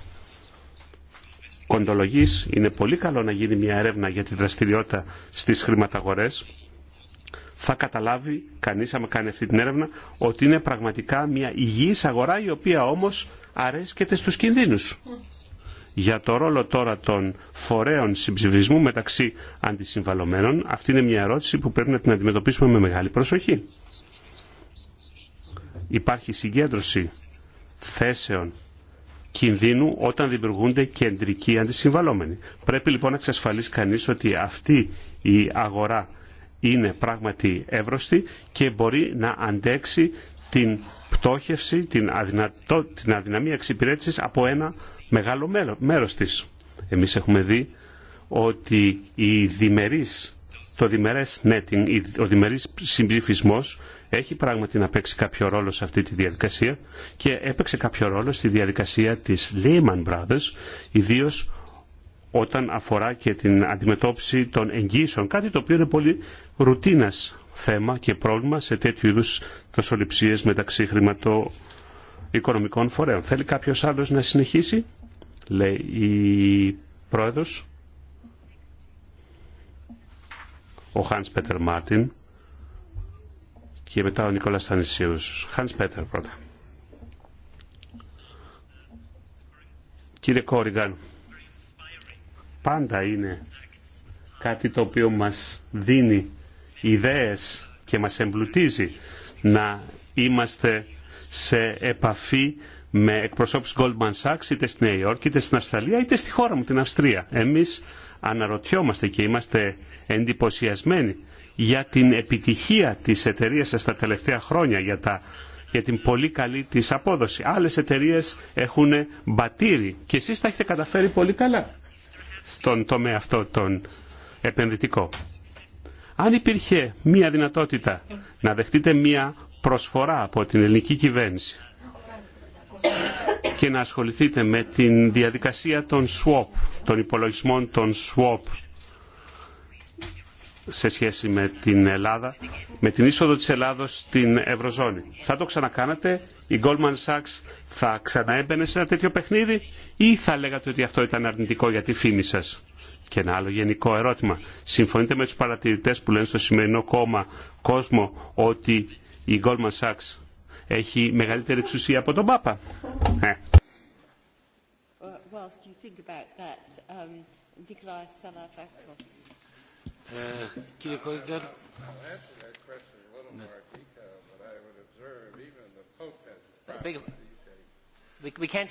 κοντολογής είναι πολύ καλό να γίνει μια έρευνα για τη δραστηριότητα στις χρηματαγορές. Θα καταλάβει κανείς άμα κάνει αυτή την έρευνα ότι είναι πραγματικά μια υγιής αγορά η οποία όμως αρέσκεται στους κινδύνους για το ρόλο τώρα των φορέων συμψηφισμού μεταξύ αντισυμβαλωμένων, αυτή είναι μια ερώτηση που πρέπει να την αντιμετωπίσουμε με μεγάλη προσοχή. Υπάρχει συγκέντρωση θέσεων κινδύνου όταν δημιουργούνται κεντρικοί αντισυμβαλόμενοι. Πρέπει λοιπόν να εξασφαλίσει κανείς ότι αυτή η αγορά είναι πράγματι εύρωστη και μπορεί να αντέξει την πτώχευση, την, την αδυναμία εξυπηρέτησης από ένα μεγάλο μέρος της. Εμείς έχουμε δει ότι η διμερής, το διμερές netting, ο διμερής συμπληφισμός έχει πράγματι να παίξει κάποιο ρόλο σε αυτή τη διαδικασία και έπαιξε κάποιο ρόλο στη διαδικασία της Lehman Brothers, ιδίω όταν αφορά και την αντιμετώπιση των εγγύσεων, κάτι το οποίο είναι πολύ ρουτίνας θέμα και πρόβλημα σε τέτοιου είδους δοσοληψίες μεταξύ οικονομικών φορέων. Θέλει κάποιος άλλος να συνεχίσει, λέει η πρόεδρος. Ο Χάνς Πέτερ Μάρτιν και μετά ο Νικόλας Θανησίους. Χάνς Πέτερ πρώτα. Κύριε Κόριγκαν, πάντα είναι κάτι το οποίο μας δίνει ιδέες και μας εμπλουτίζει να είμαστε σε επαφή με εκπροσώπους Goldman Sachs είτε στην Νέα Υόρκη, είτε στην Αυστραλία, είτε στη χώρα μου, την Αυστρία. Εμείς αναρωτιόμαστε και είμαστε εντυπωσιασμένοι για την επιτυχία της εταιρείας σας τα τελευταία χρόνια, για, τα, για την πολύ καλή της απόδοση. Άλλες εταιρείες έχουν μπατήρι και εσείς τα έχετε καταφέρει πολύ καλά στον τομέα αυτό τον επενδυτικό. Αν υπήρχε μία δυνατότητα να δεχτείτε μία προσφορά από την ελληνική κυβέρνηση και να ασχοληθείτε με την διαδικασία των swap, των υπολογισμών των swap σε σχέση με την Ελλάδα, με την είσοδο της Ελλάδος στην Ευρωζώνη. Θα το ξανακάνατε, η Goldman Sachs θα ξαναέμπαινε σε ένα τέτοιο παιχνίδι ή θα λέγατε ότι αυτό ήταν αρνητικό για τη φήμη σας. Και ένα άλλο γενικό ερώτημα. Συμφωνείτε με τους παρατηρητές που λένε στο σημερινό κόμμα κόσμο ότι η Goldman Sachs έχει μεγαλύτερη εξουσία από τον Πάπα. Ε. We can't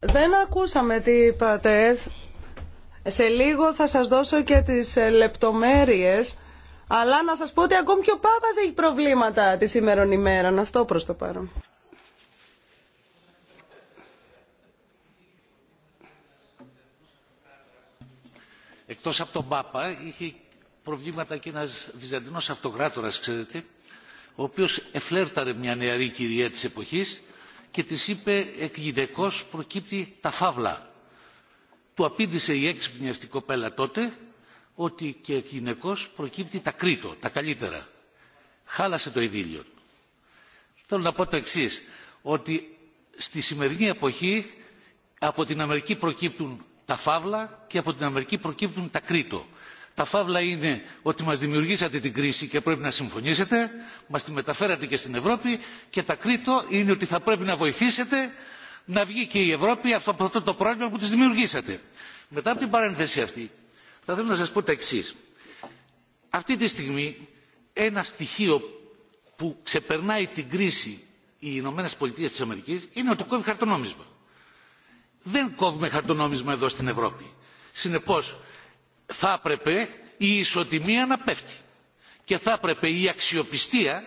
δεν ακούσαμε τι είπατε. Σε λίγο θα σας δώσω και τις ε, λεπτομέρειες. Αλλά να σας πω ότι ακόμη και ο Πάπας έχει προβλήματα τη σήμερον ημέρα. Αυτό προς το παρόν. Εκτός από τον Πάπα είχε προβλήματα και ένας Βυζαντινός αυτοκράτορας, ξέρετε, ο οποίος εφλέρταρε μια νεαρή κυρία της εποχής και της είπε εκ γυναικός προκύπτει τα φαύλα. Του απήντησε η έξυπνη αυτή κοπέλα τότε ότι και εκ γυναικός προκύπτει τα κρίτο, τα καλύτερα. Χάλασε το ειδήλιο. Θέλω να πω το εξή ότι στη σημερινή εποχή από την Αμερική προκύπτουν τα φαύλα και από την Αμερική προκύπτουν τα κρίτο τα φαύλα είναι ότι μας δημιουργήσατε την κρίση και πρέπει να συμφωνήσετε, μας τη μεταφέρατε και στην Ευρώπη και τα κρίτο είναι ότι θα πρέπει να βοηθήσετε να βγει και η Ευρώπη από αυτό το πρόβλημα που της δημιουργήσατε. Μετά από την παρένθεση αυτή θα θέλω να σας πω τα εξή. Αυτή τη στιγμή ένα στοιχείο που ξεπερνάει την κρίση οι Ηνωμένε Πολιτείε της Αμερικής είναι ότι κόβει χαρτονόμισμα. Δεν κόβουμε χαρτονόμισμα εδώ στην Ευρώπη. Συνεπώ θα έπρεπε η ισοτιμία να πέφτει και θα έπρεπε η αξιοπιστία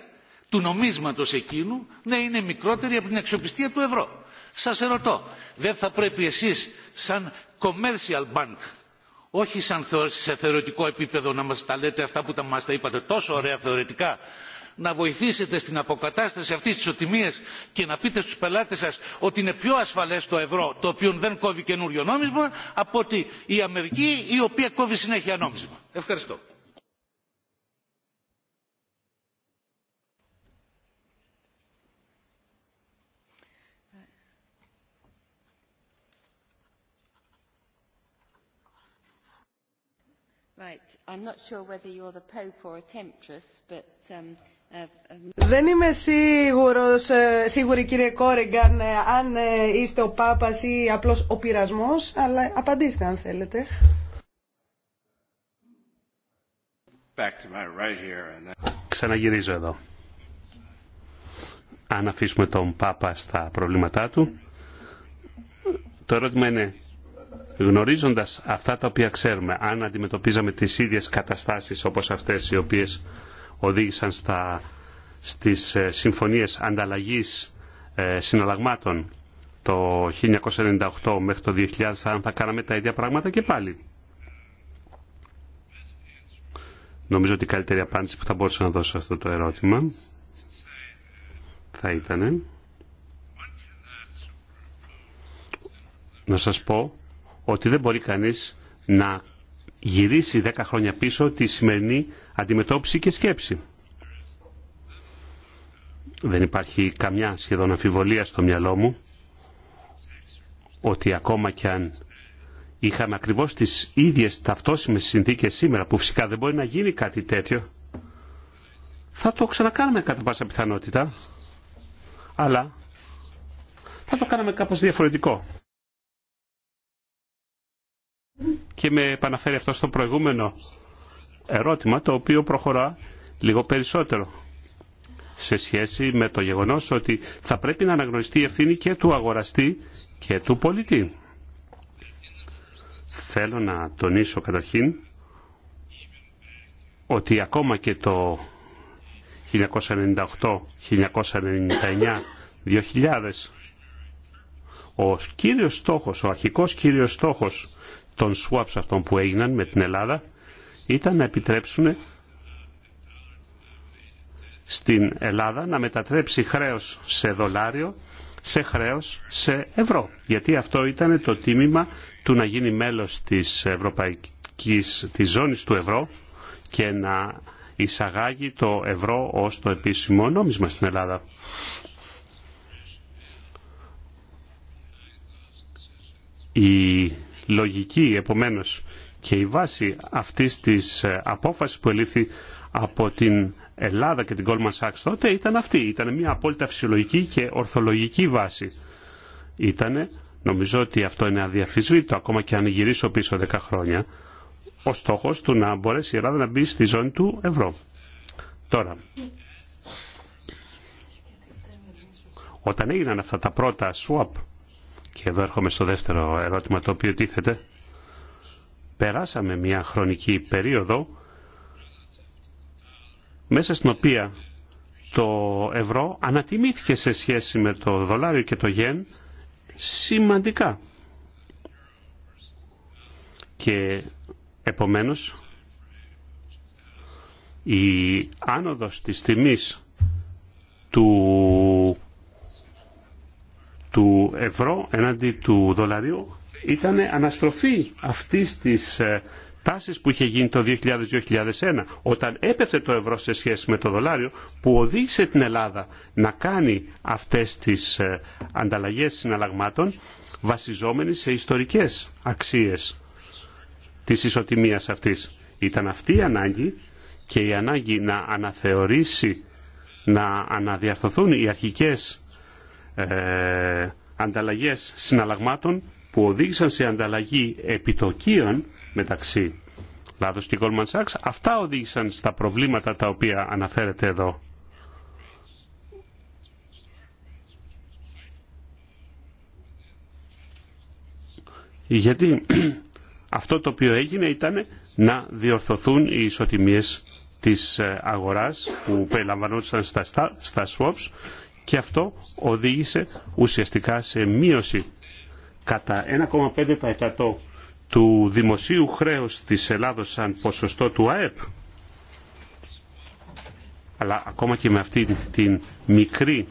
του νομίσματος εκείνου να είναι μικρότερη από την αξιοπιστία του ευρώ. Σας ερωτώ, δεν θα πρέπει εσείς σαν commercial bank, όχι σαν σε θεωρητικό επίπεδο να μας τα λέτε αυτά που τα μας τα είπατε τόσο ωραία θεωρητικά, να βοηθήσετε στην αποκατάσταση αυτής της οτιμίας και να πείτε στους πελάτες σας ότι είναι πιο ασφαλές το ευρώ το οποίο δεν κόβει καινούριο νόμισμα από ότι η Αμερική η οποία κόβει συνέχεια νόμισμα. Ευχαριστώ. Right. I'm not sure whether you're the Pope or a temptress, but um, δεν είμαι σίγουρος, ε, σίγουρη κύριε Κόρεγκαν ε, αν ε, είστε ο Πάπας ή απλώς ο πειρασμός, αλλά απαντήστε αν θέλετε. Ξαναγυρίζω εδώ. Αν αφήσουμε τον Πάπα στα προβλήματά του, το ερώτημα είναι γνωρίζοντας αυτά τα οποία ξέρουμε, αν αντιμετωπίζαμε τις ίδιες καταστάσεις όπως αυτές οι οποίες οδήγησαν στα, στις ε, συμφωνίες ανταλλαγής ε, συναλλαγμάτων το 1998 μέχρι το 2000 θα κάναμε τα ίδια πράγματα και πάλι. Νομίζω ότι η καλύτερη απάντηση που θα μπορούσα να δώσω σε αυτό το ερώτημα θα ήταν να σας πω ότι δεν μπορεί κανείς να γυρίσει 10 χρόνια πίσω τη σημερινή αντιμετώπιση και σκέψη. Δεν υπάρχει καμιά σχεδόν αμφιβολία στο μυαλό μου ότι ακόμα κι αν είχαμε ακριβώς τις ίδιες ταυτόσιμες συνθήκες σήμερα που φυσικά δεν μπορεί να γίνει κάτι τέτοιο θα το ξανακάνουμε κατά πάσα πιθανότητα αλλά θα το κάναμε κάπως διαφορετικό. Και με επαναφέρει αυτό στο προηγούμενο ερώτημα το οποίο προχωρά λίγο περισσότερο σε σχέση με το γεγονός ότι θα πρέπει να αναγνωριστεί η ευθύνη και του αγοραστή και του πολιτή. Θέλω να τονίσω καταρχήν ότι ακόμα και το 1998, 1999, 2000 ο κύριος στόχος, ο αρχικός κύριος στόχος των swaps αυτών που έγιναν με την Ελλάδα ήταν να επιτρέψουν στην Ελλάδα να μετατρέψει χρέος σε δολάριο, σε χρέος σε ευρώ. Γιατί αυτό ήταν το τίμημα του να γίνει μέλος της, ευρωπαϊκής, της ζώνης του ευρώ και να εισαγάγει το ευρώ ως το επίσημο νόμισμα στην Ελλάδα. Η λογική, επομένως, και η βάση αυτής της ε, απόφασης που ελήφθη από την Ελλάδα και την Goldman Sachs τότε ήταν αυτή. Ήταν μια απόλυτα φυσιολογική και ορθολογική βάση. Ήτανε, νομίζω ότι αυτό είναι αδιαφυσβήτητο ακόμα και αν γυρίσω πίσω 10 χρόνια, ο στόχος του να μπορέσει η Ελλάδα να μπει στη ζώνη του ευρώ. Τώρα, όταν έγιναν αυτά τα πρώτα swap, και εδώ έρχομαι στο δεύτερο ερώτημα το οποίο τίθεται, περάσαμε μια χρονική περίοδο μέσα στην οποία το ευρώ ανατιμήθηκε σε σχέση με το δολάριο και το γεν σημαντικά. Και επομένως η άνοδος της τιμής του, του ευρώ εναντί του δολαρίου ήταν αναστροφή αυτή της ε, τάσης που είχε γίνει το 2000-2001 όταν έπεθε το ευρώ σε σχέση με το δολάριο που οδήγησε την Ελλάδα να κάνει αυτές τις ε, ανταλλαγές συναλλαγμάτων βασιζόμενοι σε ιστορικές αξίες της ισοτιμίας αυτής. Ήταν αυτή η ανάγκη και η ανάγκη να αναθεωρήσει, να αναδιαρθωθούν οι αρχικές ε, ανταλλαγές συναλλαγμάτων που οδήγησαν σε ανταλλαγή επιτοκίων μεταξύ Λάδος και Goldman Sachs, αυτά οδήγησαν στα προβλήματα τα οποία αναφέρεται εδώ. Γιατί αυτό το οποίο έγινε ήταν να διορθωθούν οι ισοτιμίες της ε, αγοράς που περιλαμβανόντουσαν στα, στα swaps και αυτό οδήγησε ουσιαστικά σε μείωση κατά 1,5% του δημοσίου χρέους της Ελλάδος σαν ποσοστό του ΑΕΠ. Αλλά ακόμα και με αυτή την μικρή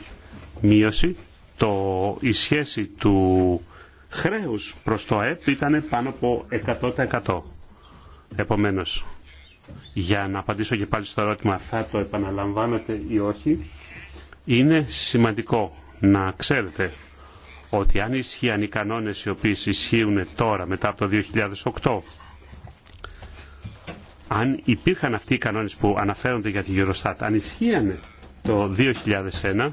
μείωση, το, η σχέση του χρέους προς το ΑΕΠ ήταν πάνω από 100%. Επομένως, για να απαντήσω και πάλι στο ερώτημα θα το επαναλαμβάνετε ή όχι, είναι σημαντικό να ξέρετε ότι αν ισχύαν οι κανόνες οι οποίες ισχύουν τώρα μετά από το 2008 αν υπήρχαν αυτοί οι κανόνες που αναφέρονται για τη Eurostat, αν ισχύανε το 2001,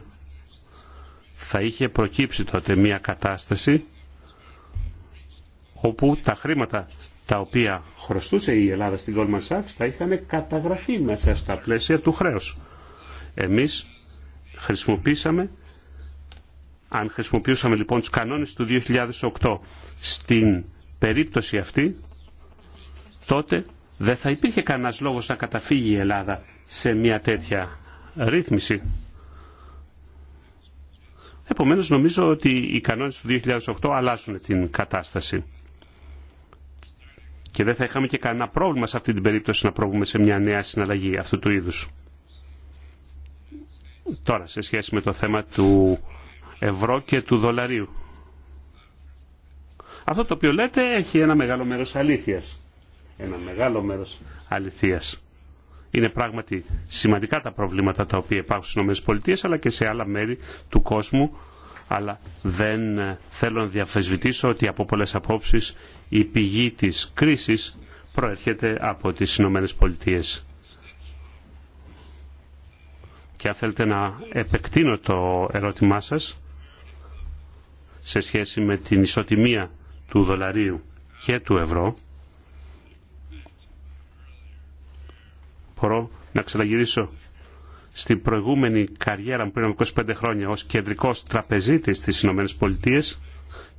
θα είχε προκύψει τότε μια κατάσταση όπου τα χρήματα τα οποία χρωστούσε η Ελλάδα στην Goldman Sachs θα είχαν καταγραφεί μέσα στα πλαίσια του χρέους. Εμείς χρησιμοποίησαμε αν χρησιμοποιούσαμε λοιπόν τους κανόνες του 2008 στην περίπτωση αυτή, τότε δεν θα υπήρχε κανένας λόγος να καταφύγει η Ελλάδα σε μια τέτοια ρύθμιση. Επομένως νομίζω ότι οι κανόνες του 2008 αλλάζουν την κατάσταση. Και δεν θα είχαμε και κανένα πρόβλημα σε αυτή την περίπτωση να προβούμε σε μια νέα συναλλαγή αυτού του είδους. Τώρα, σε σχέση με το θέμα του ευρώ και του δολαρίου. Αυτό το οποίο λέτε έχει ένα μεγάλο μέρος αλήθειας. Ένα μεγάλο μέρος αλήθειας. Είναι πράγματι σημαντικά τα προβλήματα τα οποία υπάρχουν στις ΗΠΑ αλλά και σε άλλα μέρη του κόσμου αλλά δεν ε, θέλω να διαφεσβητήσω ότι από πολλές απόψεις η πηγή της κρίσης προέρχεται από τις Ηνωμένε Και αν θέλετε να επεκτείνω το ερώτημά σας, σε σχέση με την ισοτιμία του δολαρίου και του ευρώ, μπορώ να ξαναγυρίσω στην προηγούμενη καριέρα μου πριν από 25 χρόνια ως κεντρικός τραπεζίτης στις Ηνωμένες Πολιτείες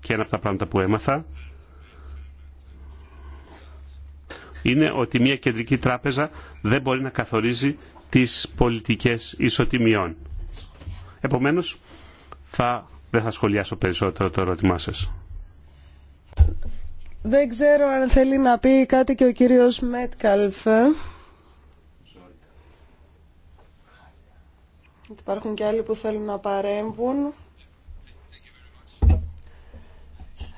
και ένα από τα πράγματα που έμαθα είναι ότι μια κεντρική τράπεζα δεν μπορεί να καθορίζει τις πολιτικές ισοτιμιών. Επομένως, θα δεν θα σχολιάσω περισσότερο το ερώτημά σας. Δεν ξέρω αν θέλει να πει κάτι και ο κύριος Μέτκαλφ. Υπάρχουν και άλλοι που θέλουν να παρέμβουν.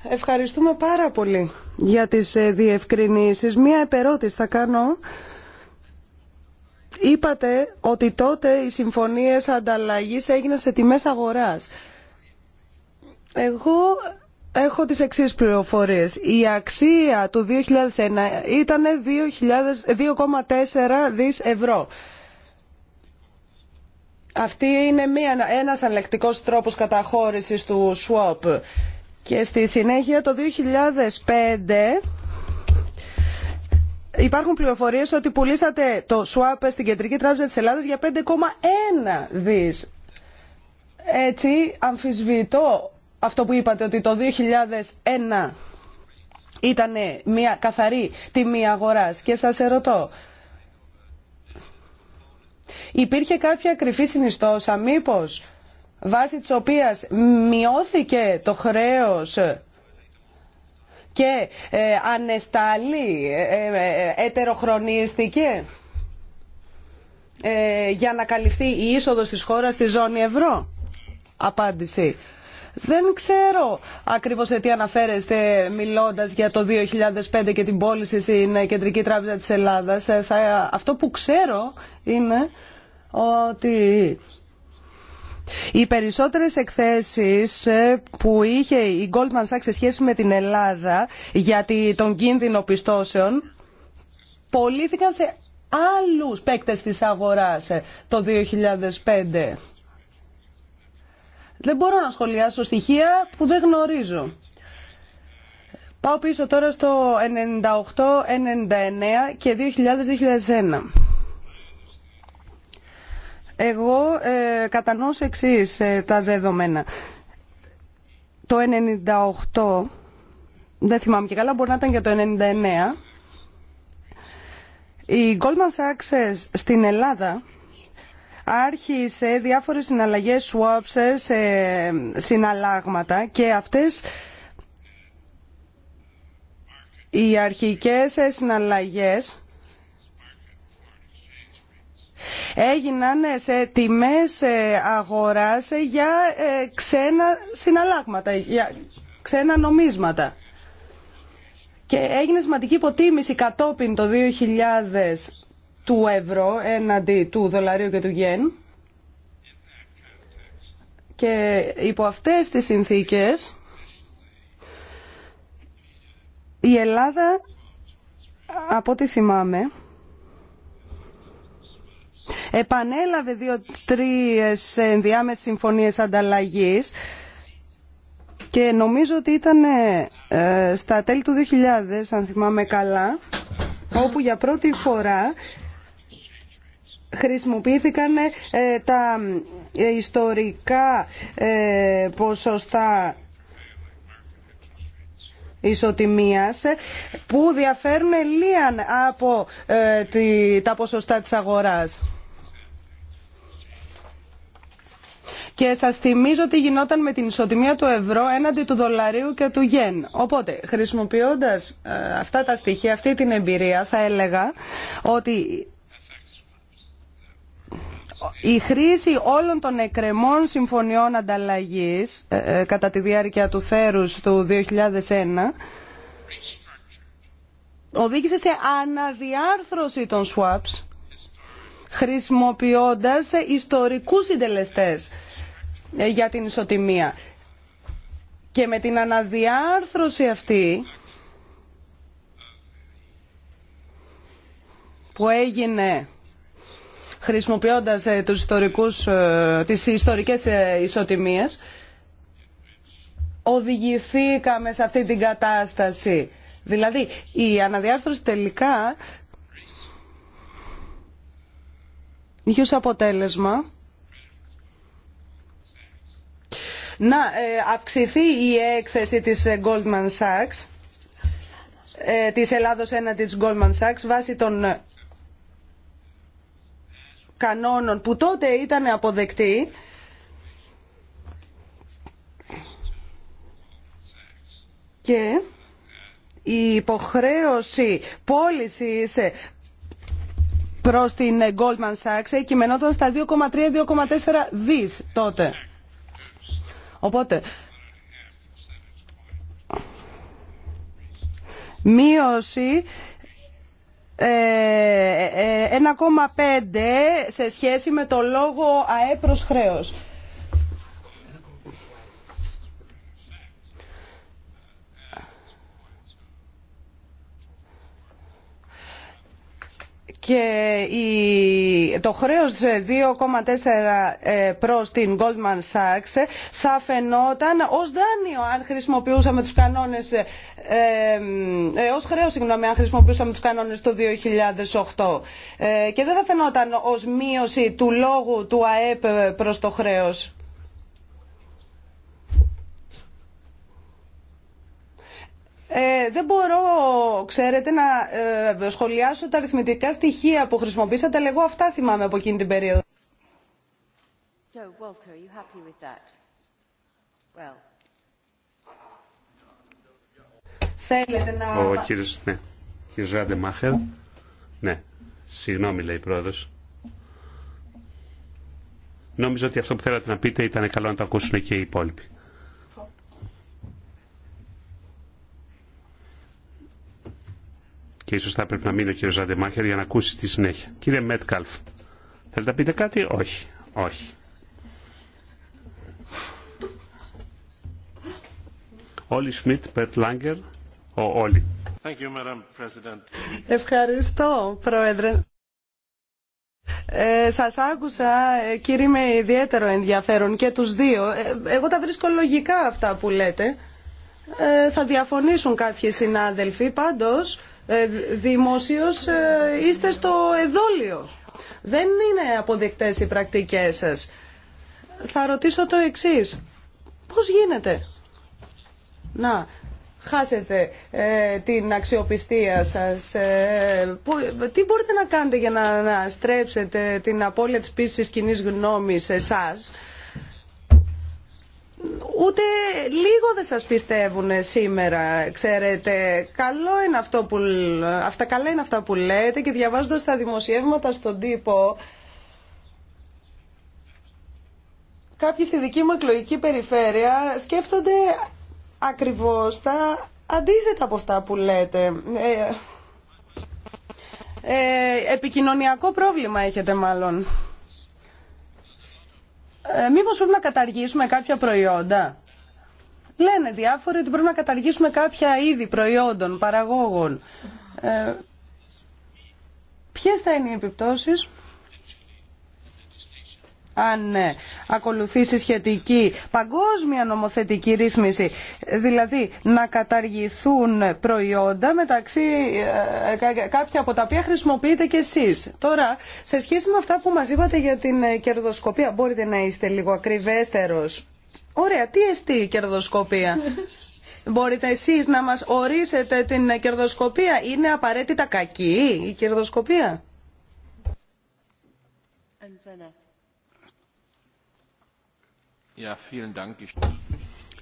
Ευχαριστούμε πάρα πολύ για τις ε, διευκρινήσεις. Μία επερώτηση θα κάνω. Είπατε ότι τότε οι συμφωνίες ανταλλαγής έγιναν σε τιμές αγοράς. Εγώ έχω τις εξής πληροφορίες. Η αξία του 2001 ήταν 2,4 δις ευρώ. Αυτή είναι μία, ένας ανελεκτικός τρόπος καταχώρησης του SWAP. Και στη συνέχεια το 2005... Υπάρχουν πληροφορίες ότι πουλήσατε το SWAP στην Κεντρική Τράπεζα της Ελλάδας για 5,1 δις. Έτσι αμφισβητώ αυτό που είπατε ότι το 2001 ήταν μια καθαρή τιμή αγοράς και σας ερωτώ υπήρχε κάποια κρυφή συνιστόσα μήπως βάσει της οποίας μειώθηκε το χρέος και ε, ανεστάλη ε, ε, ετεροχρονιστική για να καλυφθεί η είσοδος της χώρας στη ζώνη ευρώ. Απάντηση. Δεν ξέρω ακριβώς σε τι αναφέρεστε μιλώντας για το 2005 και την πώληση στην Κεντρική Τράπεζα της Ελλάδας. Ε, αυτό που ξέρω είναι ότι οι περισσότερες εκθέσεις ε, που είχε η Goldman Sachs σε σχέση με την Ελλάδα για τον κίνδυνο πιστώσεων πωλήθηκαν σε άλλους παίκτες της αγοράς ε, το 2005. Δεν μπορώ να σχολιάσω στοιχεία που δεν γνωρίζω. Πάω πίσω τώρα στο 98, 99 και 2000-2001. Εγώ ε, κατανοώ εξής ε, τα δεδομένα. Το 98, δεν θυμάμαι και καλά, μπορεί να ήταν και το 99, η Goldman Sachs στην Ελλάδα άρχισε διάφορες συναλλαγές swaps συναλλάγματα και αυτές οι αρχικές συναλλαγές έγιναν σε τιμές αγοράς για ε, ξένα συναλλάγματα, για ξένα νομίσματα. Και έγινε σημαντική υποτίμηση κατόπιν το 2000 του ευρώ έναντι του δολαρίου και του γεν. Και υπό αυτές τις συνθήκες η Ελλάδα, από ό,τι θυμάμαι, επανέλαβε δύο-τρεις ενδιάμεσες συμφωνίες ανταλλαγής και νομίζω ότι ήταν ε, στα τέλη του 2000, αν θυμάμαι καλά, όπου για πρώτη φορά χρησιμοποιήθηκαν ε, τα ε, ιστορικά ε, ποσοστά ισοτιμίας που διαφέρουν λίαν από τα ποσοστά της αγοράς. Και σας θυμίζω ότι γινόταν με την ισοτιμία του ευρώ έναντι του δολαρίου και του γεν. Οπότε, χρησιμοποιώντα αυτά τα στοιχεία, αυτή την εμπειρία, θα έλεγα ότι η χρήση όλων των εκκρεμών συμφωνιών ανταλλαγής ε, ε, κατά τη διάρκεια του θέρους του 2001 οδήγησε σε αναδιάρθρωση των swaps χρησιμοποιώντας ιστορικούς συντελεστές ε, για την ισοτιμία. Και με την αναδιάρθρωση αυτή που έγινε χρησιμοποιώντας ε, τους ιστορικούς, ε, τις ιστορικές ε, ισοτιμίες οδηγηθήκαμε σε αυτή την κατάσταση. Δηλαδή η αναδιάρθρωση τελικά είχε ως αποτέλεσμα να αυξηθεί η έκθεση της Goldman Sachs της Ελλάδος έναντι της Goldman Sachs βάσει των κανόνων που τότε ήταν αποδεκτοί και η υποχρέωση πώληση προς την Goldman Sachs εκειμενόταν στα 2,3-2,4 δις τότε. Οπότε, μείωση 1,5 ε, ε, ε, σε σχέση με το λόγο ΑΕ προς χρέος. και το χρέος 2,4 ε, προς την Goldman Sachs θα φαινόταν ως δάνειο αν χρησιμοποιούσαμε τους κανόνες ε, ε, ε ως χρέος συγγνώμη αν χρησιμοποιούσαμε τους κανόνες το 2008 ε, και δεν θα φαινόταν ως μείωση του λόγου του ΑΕΠ προς το χρέος. Ε, δεν μπορώ, ξέρετε, να ε, σχολιάσω τα αριθμητικά στοιχεία που χρησιμοποίησατε, αλλά εγώ αυτά θυμάμαι από εκείνη την περίοδο. So, Well. Θέλετε να... Ο κύριος, ναι, κύριος Ναι, συγγνώμη λέει η πρόεδρος. Νόμιζα ότι αυτό που θέλατε να πείτε ήταν καλό να το ακούσουν και οι υπόλοιποι. Και ίσως θα έπρεπε να μείνει ο κύριο Ζαντεμάχερ για να ακούσει τη συνέχεια. Κύριε Μέτκαλφ, θέλετε να πείτε κάτι? Όχι. Όχι. Όλοι Σμιτ, Πετ Λάγκερ, ο Ευχαριστώ, Πρόεδρε. Ε, σας άκουσα, ε, κύριε, με ιδιαίτερο ενδιαφέρον και τους δύο. Ε, εγώ τα βρίσκω λογικά αυτά που λέτε. Ε, θα διαφωνήσουν κάποιοι συνάδελφοι, πάντως... Ε, δημόσιος ε, είστε στο εδόλιο. Δεν είναι αποδεκτές οι πρακτικές σας. Θα ρωτήσω το εξής. Πώς γίνεται να χάσετε ε, την αξιοπιστία σας. τι μπορείτε να κάνετε για να, να στρέψετε την απώλεια της πίσης κοινής γνώμης σε εσάς ούτε λίγο δεν σας πιστεύουν σήμερα, ξέρετε. Καλό είναι αυτό που, αυτά καλά είναι αυτά που λέτε και διαβάζοντας τα δημοσιεύματα στον τύπο, κάποιοι στη δική μου εκλογική περιφέρεια σκέφτονται ακριβώς τα αντίθετα από αυτά που λέτε. Ε, ε επικοινωνιακό πρόβλημα έχετε μάλλον ε, μήπως πρέπει να καταργήσουμε κάποια προϊόντα. Λένε διάφοροι ότι πρέπει να καταργήσουμε κάποια είδη προϊόντων, παραγόγων. Ε, ποιες θα είναι οι επιπτώσεις αν ναι, ακολουθήσει σχετική παγκόσμια νομοθετική ρύθμιση, δηλαδή να καταργηθούν προϊόντα μεταξύ ε, ε, κάποια από τα οποία χρησιμοποιείτε κι εσείς. Τώρα, σε σχέση με αυτά που μας είπατε για την ε, κερδοσκοπία, μπορείτε να είστε λίγο ακριβέστερος. Ωραία, τι εστί η κερδοσκοπία. Μπορείτε εσείς να μας ορίσετε την κερδοσκοπία. Είναι απαραίτητα κακή η κερδοσκοπία.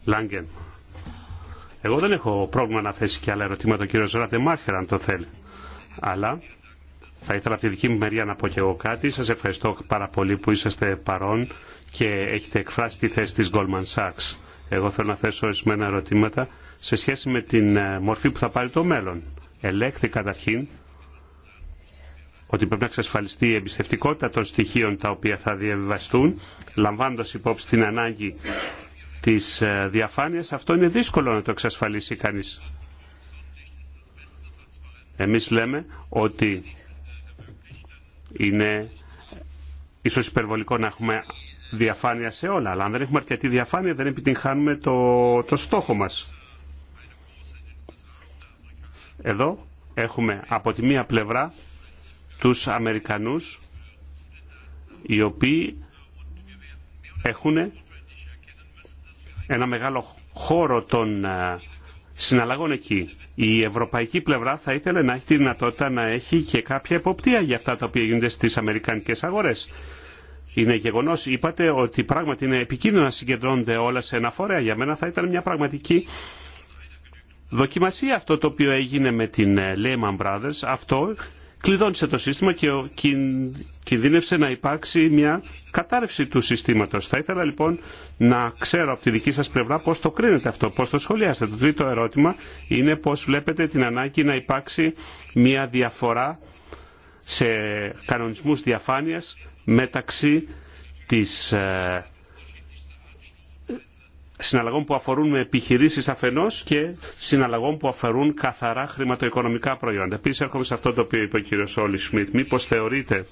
Λάγκεν Εγώ δεν έχω πρόβλημα να θέσει και άλλα ερωτήματα ο κύριο Ράτε Μάχερ αν το θέλει. Αλλά θα ήθελα από τη δική μου μεριά να πω και εγώ κάτι. Σα ευχαριστώ πάρα πολύ που είσαστε παρόν και έχετε εκφράσει τη θέση τη Goldman Sachs. Εγώ θέλω να θέσω ορισμένα ερωτήματα σε σχέση με την ε, μορφή που θα πάρει το μέλλον. Ελέγχθη καταρχήν ότι πρέπει να εξασφαλιστεί η εμπιστευτικότητα των στοιχείων τα οποία θα διαβιβαστούν, λαμβάνοντας υπόψη την ανάγκη της ε, διαφάνειας. Αυτό είναι δύσκολο να το εξασφαλίσει κανείς. Εμείς λέμε ότι είναι ίσως υπερβολικό να έχουμε διαφάνεια σε όλα, αλλά αν δεν έχουμε αρκετή διαφάνεια δεν επιτυγχάνουμε το, το στόχο μας. Εδώ έχουμε από τη μία πλευρά τους Αμερικανούς οι οποίοι έχουν ένα μεγάλο χώρο των ε, συναλλαγών εκεί. Η ευρωπαϊκή πλευρά θα ήθελε να έχει τη δυνατότητα να έχει και κάποια εποπτεία για αυτά τα οποία γίνονται στις αμερικανικές αγορές. Είναι γεγονό, είπατε ότι πράγματι είναι επικίνδυνο να συγκεντρώνονται όλα σε ένα φορέα. Για μένα θα ήταν μια πραγματική δοκιμασία αυτό το οποίο έγινε με την ε, Lehman Brothers. Αυτό κλειδώνησε το σύστημα και κινδύνευσε να υπάρξει μια κατάρρευση του συστήματος. Θα ήθελα λοιπόν να ξέρω από τη δική σας πλευρά πώς το κρίνετε αυτό, πώς το σχολιάσετε. Το τρίτο ερώτημα είναι πώς βλέπετε την ανάγκη να υπάρξει μια διαφορά σε κανονισμούς διαφάνειας μεταξύ της ε, συναλλαγών που αφορούν με επιχειρήσεις αφενός και συναλλαγών που αφορούν καθαρά χρηματοοικονομικά προϊόντα. Επίσης έρχομαι σε αυτό το οποίο είπε ο κύριος Όλη Σμιθ. Μήπως θεωρείτε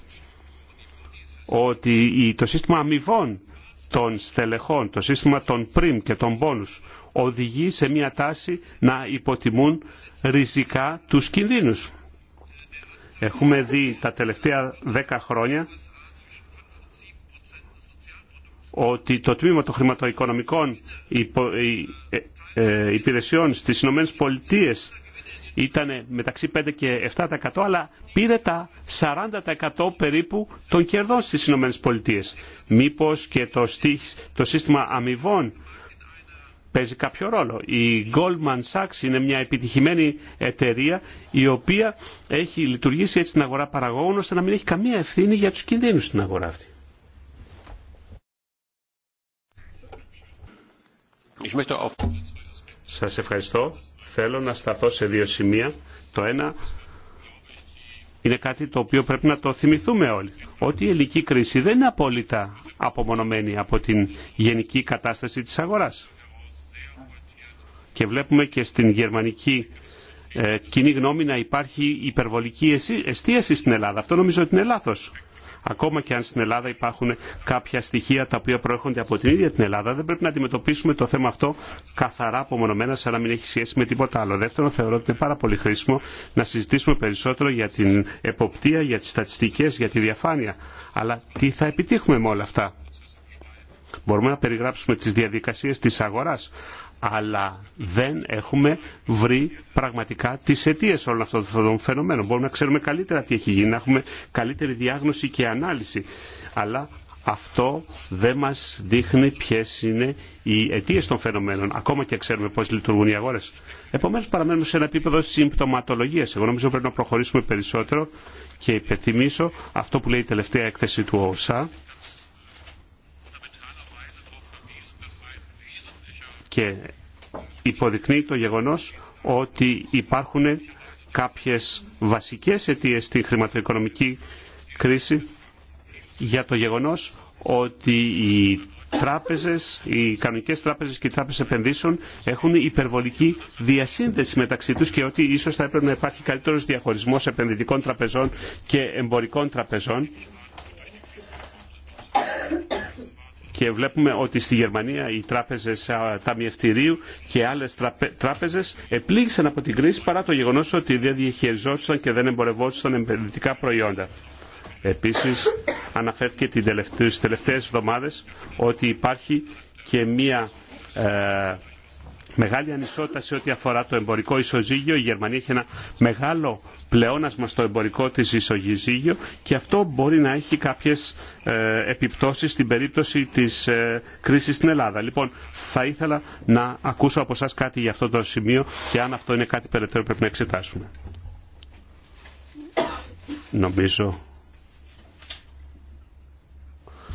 ότι το σύστημα αμοιβών των στελεχών, το σύστημα των πριμ και των πόνους οδηγεί σε μια τάση να υποτιμούν ριζικά τους κινδύνους. Έχουμε δει τα τελευταία δέκα χρόνια ότι το τμήμα των χρηματοοικονομικών ε, ε, ε, υπηρεσιών στις Ηνωμένες Πολιτείες ήταν μεταξύ 5 και 7% αλλά πήρε τα 40% περίπου των κερδών στις Ηνωμένες Πολιτείες. Μήπως και το, το σύστημα αμοιβών παίζει κάποιο ρόλο. Η Goldman Sachs είναι μια επιτυχημένη εταιρεία η οποία έχει λειτουργήσει έτσι την αγορά παραγόγων ώστε να μην έχει καμία ευθύνη για τους κινδύνους στην αγορά αυτή. Σας ευχαριστώ. Θέλω να σταθώ σε δύο σημεία. Το ένα είναι κάτι το οποίο πρέπει να το θυμηθούμε όλοι. Ότι η ελληνική κρίση δεν είναι απόλυτα απομονωμένη από την γενική κατάσταση της αγοράς. Και βλέπουμε και στην γερμανική ε, κοινή γνώμη να υπάρχει υπερβολική εστίαση στην Ελλάδα. Αυτό νομίζω ότι είναι λάθος ακόμα και αν στην Ελλάδα υπάρχουν κάποια στοιχεία τα οποία προέρχονται από την ίδια την Ελλάδα, δεν πρέπει να αντιμετωπίσουμε το θέμα αυτό καθαρά απομονωμένα, σαν να μην έχει σχέση με τίποτα άλλο. Δεύτερον, θεωρώ ότι είναι πάρα πολύ χρήσιμο να συζητήσουμε περισσότερο για την εποπτεία, για τι στατιστικέ, για τη διαφάνεια. Αλλά τι θα επιτύχουμε με όλα αυτά. Μπορούμε να περιγράψουμε τις διαδικασίες της αγοράς, αλλά δεν έχουμε βρει πραγματικά τι αιτίε όλων αυτών των φαινομένων. Μπορούμε να ξέρουμε καλύτερα τι έχει γίνει, να έχουμε καλύτερη διάγνωση και ανάλυση. Αλλά αυτό δεν μα δείχνει ποιε είναι οι αιτίε των φαινομένων, ακόμα και ξέρουμε πώ λειτουργούν οι αγορέ. Επομένω, παραμένουμε σε ένα επίπεδο συμπτωματολογία. Εγώ νομίζω πρέπει να προχωρήσουμε περισσότερο και υπενθυμίσω αυτό που λέει η τελευταία έκθεση του ΟΣΑ και υποδεικνύει το γεγονός ότι υπάρχουν κάποιες βασικές αιτίες στην χρηματοοικονομική κρίση για το γεγονός ότι οι τράπεζες, οι κανονικές τράπεζες και οι τράπεζες επενδύσεων έχουν υπερβολική διασύνδεση μεταξύ τους και ότι ίσως θα έπρεπε να υπάρχει καλύτερος διαχωρισμός επενδυτικών τραπεζών και εμπορικών τραπεζών και βλέπουμε ότι στη Γερμανία οι τράπεζες ταμιευτηρίου και άλλες τράπεζες επλήγησαν από την κρίση παρά το γεγονός ότι δεν διαχειριζόντουσαν και δεν εμπορευόντουσαν επενδυτικά προϊόντα. Επίσης αναφέρθηκε τι τελευταίες, εβδομάδε ότι υπάρχει και μία ε, μεγάλη ανισότητα σε ό,τι αφορά το εμπορικό ισοζύγιο. Η Γερμανία έχει ένα μεγάλο πλεόνασμα στο εμπορικό της ισογυζύγιο και αυτό μπορεί να έχει κάποιες ε, επιπτώσεις στην περίπτωση της ε, κρίσης στην Ελλάδα. Λοιπόν, θα ήθελα να ακούσω από εσά κάτι για αυτό το σημείο και αν αυτό είναι κάτι περαιτέρω πρέπει να εξετάσουμε. Νομίζω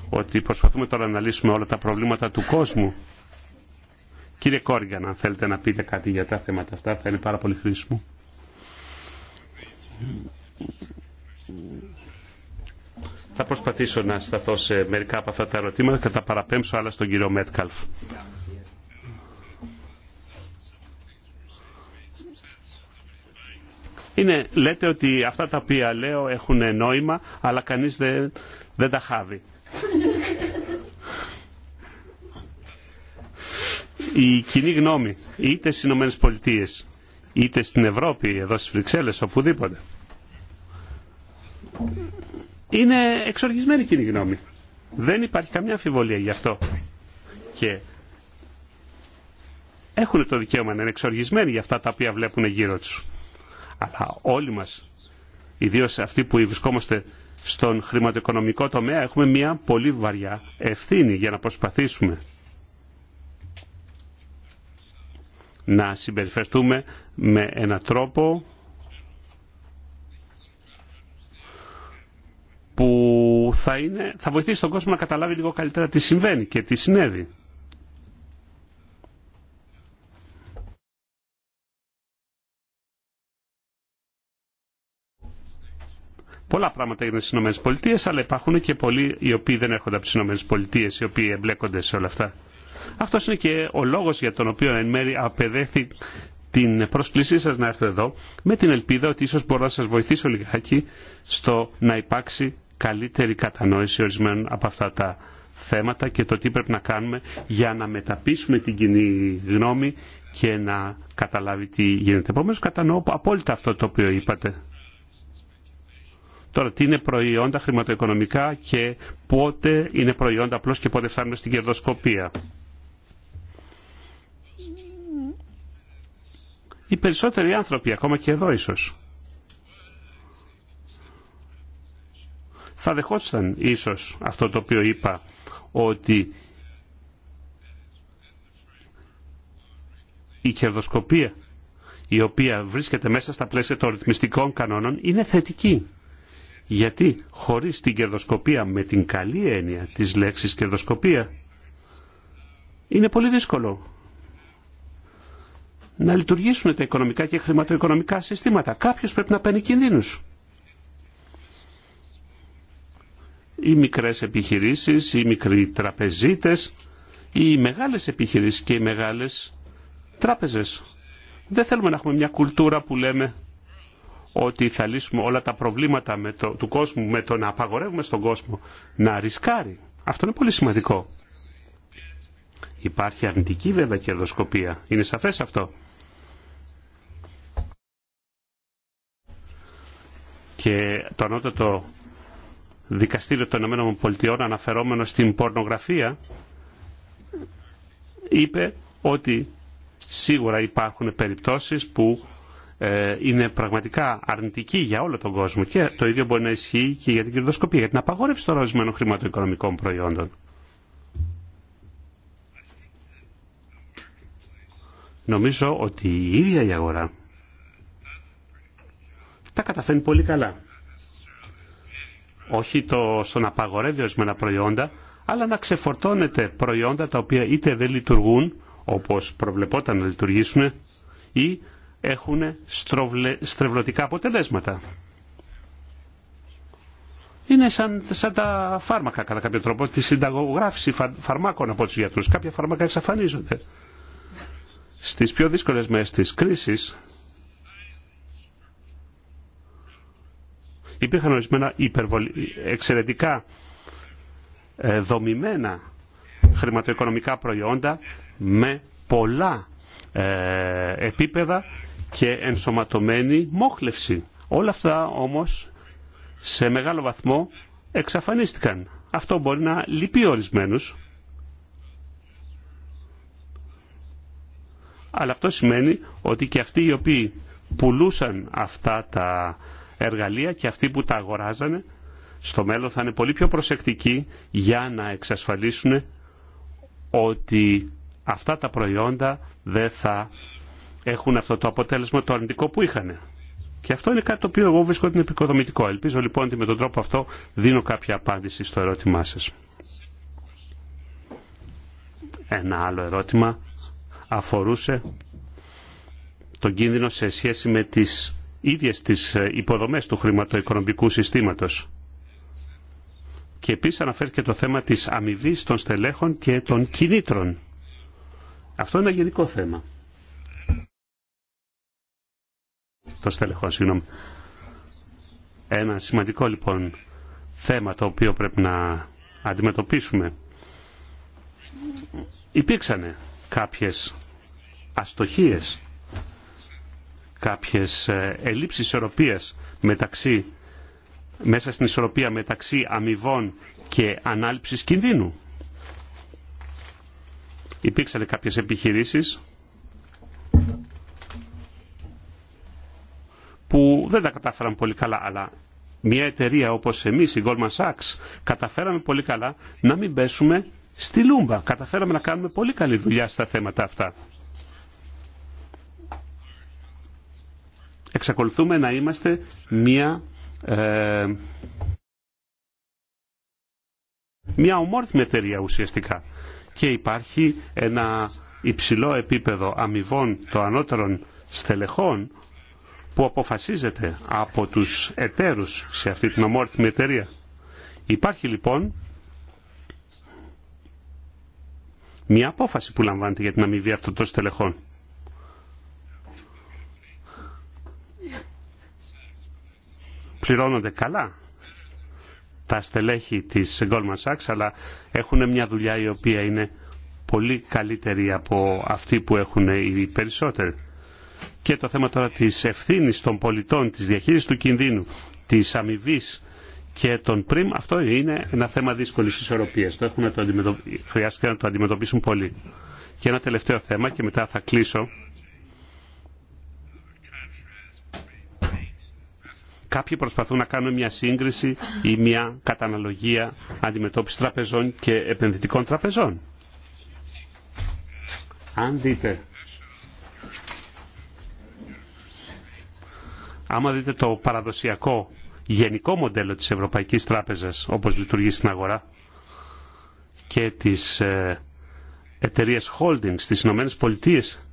ότι προσπαθούμε τώρα να λύσουμε όλα τα προβλήματα του κόσμου. Κύριε Κόργαν, αν θέλετε να πείτε κάτι για τα θέματα αυτά, θα είναι πάρα πολύ χρήσιμο. Θα προσπαθήσω να σταθώ σε μερικά από αυτά τα ερωτήματα και θα τα παραπέμψω άλλα στον κύριο Μέτκαλφ. Είναι, λέτε ότι αυτά τα οποία λέω έχουν νόημα, αλλά κανείς δεν, δεν τα χάβει. Η κοινή γνώμη, είτε στις Ηνωμένες Πολιτείες, είτε στην Ευρώπη, εδώ στις Βρυξέλλες, οπουδήποτε. Είναι εξοργισμένη κοινή γνώμη. Δεν υπάρχει καμιά αμφιβολία γι' αυτό. Και έχουν το δικαίωμα να είναι εξοργισμένοι για αυτά τα οποία βλέπουν γύρω τους. Αλλά όλοι μας, ιδίως αυτοί που βρισκόμαστε στον χρηματοοικονομικό τομέα, έχουμε μια πολύ βαριά ευθύνη για να προσπαθήσουμε να συμπεριφερθούμε με έναν τρόπο που θα, είναι, θα βοηθήσει τον κόσμο να καταλάβει λίγο καλύτερα τι συμβαίνει και τι συνέβη. Πολλά πράγματα έγιναν στι ΗΠΑ, αλλά υπάρχουν και πολλοί οι οποίοι δεν έρχονται από τι ΗΠΑ, οι οποίοι εμπλέκονται σε όλα αυτά. Αυτός είναι και ο λόγος για τον οποίο εν μέρη απεδέχθη την πρόσκλησή σας να έρθω εδώ με την ελπίδα ότι ίσως μπορώ να σας βοηθήσω λιγάκι στο να υπάρξει καλύτερη κατανόηση ορισμένων από αυτά τα θέματα και το τι πρέπει να κάνουμε για να μεταπίσουμε την κοινή γνώμη και να καταλάβει τι γίνεται. Επομένως κατανοώ απόλυτα αυτό το οποίο είπατε. Τώρα τι είναι προϊόντα χρηματοοικονομικά και πότε είναι προϊόντα απλώς και πότε φτάνουμε στην κερδοσκοπία. οι περισσότεροι άνθρωποι, ακόμα και εδώ ίσως, θα δεχόταν ίσως αυτό το οποίο είπα, ότι η κερδοσκοπία η οποία βρίσκεται μέσα στα πλαίσια των ρυθμιστικών κανόνων είναι θετική. Γιατί χωρίς την κερδοσκοπία με την καλή έννοια της λέξης κερδοσκοπία είναι πολύ δύσκολο να λειτουργήσουν τα οικονομικά και χρηματοοικονομικά συστήματα. Κάποιος πρέπει να παίρνει κινδύνους. Οι μικρές επιχειρήσεις, οι μικροί τραπεζίτες, οι μεγάλες επιχειρήσεις και οι μεγάλες τράπεζες. Δεν θέλουμε να έχουμε μια κουλτούρα που λέμε ότι θα λύσουμε όλα τα προβλήματα με το, του κόσμου με το να απαγορεύουμε στον κόσμο να ρισκάρει. Αυτό είναι πολύ σημαντικό. Υπάρχει αρνητική βέβαια κερδοσκοπία. Είναι σαφές αυτό. Και το ανώτατο δικαστήριο των ΗΠΑ αναφερόμενο στην πορνογραφία είπε ότι σίγουρα υπάρχουν περιπτώσεις που ε, είναι πραγματικά αρνητική για όλο τον κόσμο και το ίδιο μπορεί να ισχύει και για την κερδοσκοπία, για την απαγόρευση των ορισμένων χρηματοοικονομικών προϊόντων. Νομίζω ότι η ίδια η αγορά τα καταφέρνει πολύ καλά. Όχι το, στο να απαγορεύει ορισμένα προϊόντα, αλλά να ξεφορτώνεται προϊόντα τα οποία είτε δεν λειτουργούν όπως προβλεπόταν να λειτουργήσουν ή έχουν στροβλε, στρεβλωτικά αποτελέσματα. Είναι σαν, σαν τα φάρμακα κατά κάποιο τρόπο, τη συνταγογράφηση φαρμάκων από τους γιατρούς. Κάποια φάρμακα εξαφανίζονται. Στις πιο δύσκολες μέρες της κρίσης υπήρχαν ορισμένα υπερβολη... εξαιρετικά ε, δομημένα χρηματοοικονομικά προϊόντα με πολλά ε, επίπεδα και ενσωματωμένη μόχλευση. Όλα αυτά όμως σε μεγάλο βαθμό εξαφανίστηκαν. Αυτό μπορεί να λυπεί ορισμένους αλλά αυτό σημαίνει ότι και αυτοί οι οποίοι πουλούσαν αυτά τα εργαλεία και αυτοί που τα αγοράζανε στο μέλλον θα είναι πολύ πιο προσεκτικοί για να εξασφαλίσουν ότι αυτά τα προϊόντα δεν θα έχουν αυτό το αποτέλεσμα το αρνητικό που είχαν. Και αυτό είναι κάτι το οποίο εγώ βρίσκω ότι είναι επικοδομητικό. Ελπίζω λοιπόν ότι με τον τρόπο αυτό δίνω κάποια απάντηση στο ερώτημά σας. Ένα άλλο ερώτημα αφορούσε τον κίνδυνο σε σχέση με τις ίδιες τις ε, υποδομές του χρηματοοικονομικού συστήματος. Και επίσης αναφέρθηκε το θέμα της αμοιβή των στελέχων και των κινήτρων. Αυτό είναι ένα γενικό θέμα. Το Ένα σημαντικό λοιπόν θέμα το οποίο πρέπει να αντιμετωπίσουμε. Υπήρξανε κάποιες αστοχίες, κάποιες ε, ελλείψεις ισορροπίας μεταξύ, μέσα στην ισορροπία μεταξύ αμοιβών και ανάληψης κινδύνου. Υπήρξαν κάποιες επιχειρήσεις που δεν τα κατάφεραν πολύ καλά, αλλά μια εταιρεία όπως εμείς, η Goldman Sachs, καταφέραμε πολύ καλά να μην πέσουμε στη Λούμπα. Καταφέραμε να κάνουμε πολύ καλή δουλειά στα θέματα αυτά. Εξακολουθούμε να είμαστε μια, ε, μια ομόρφη εταιρεία ουσιαστικά. Και υπάρχει ένα υψηλό επίπεδο αμοιβών των ανώτερων στελεχών που αποφασίζεται από τους εταίρους σε αυτή την ομόρφημη εταιρεία. Υπάρχει λοιπόν μια απόφαση που λαμβάνεται για την αμοιβή αυτών των στελεχών. Πληρώνονται καλά τα στελέχη της Goldman Sachs, αλλά έχουν μια δουλειά η οποία είναι πολύ καλύτερη από αυτή που έχουν οι περισσότεροι. Και το θέμα τώρα της ευθύνης των πολιτών, της διαχείρισης του κινδύνου, της αμοιβή και τον ΠΡΙΜ, αυτό είναι ένα θέμα δύσκολη ισορροπία. Το έχουμε το Χρειάστηκε να το αντιμετωπίσουν πολύ. Και ένα τελευταίο θέμα και μετά θα κλείσω. Κάποιοι προσπαθούν να κάνουν μια σύγκριση ή μια καταναλογία αντιμετώπιση τραπεζών και επενδυτικών τραπεζών. Αν δείτε, άμα δείτε το παραδοσιακό γενικό μοντέλο της Ευρωπαϊκής Τράπεζας όπως λειτουργεί στην αγορά και της ε, εταιρείας holding στις Ηνωμένες Πολιτείες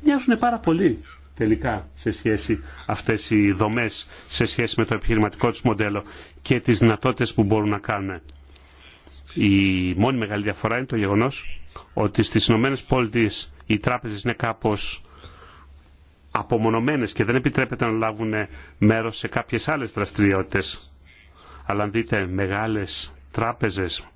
μοιάζουν πάρα πολύ τελικά σε σχέση αυτές οι δομές σε σχέση με το επιχειρηματικό τους μοντέλο και τις δυνατότητες που μπορούν να κάνουν. Η μόνη μεγάλη διαφορά είναι το γεγονός ότι στις Ηνωμένες Πολιτείες οι τράπεζες είναι κάπως απομονωμένες και δεν επιτρέπεται να λάβουν μέρος σε κάποιες άλλες δραστηριότητες. Αλλά αν δείτε μεγάλες τράπεζες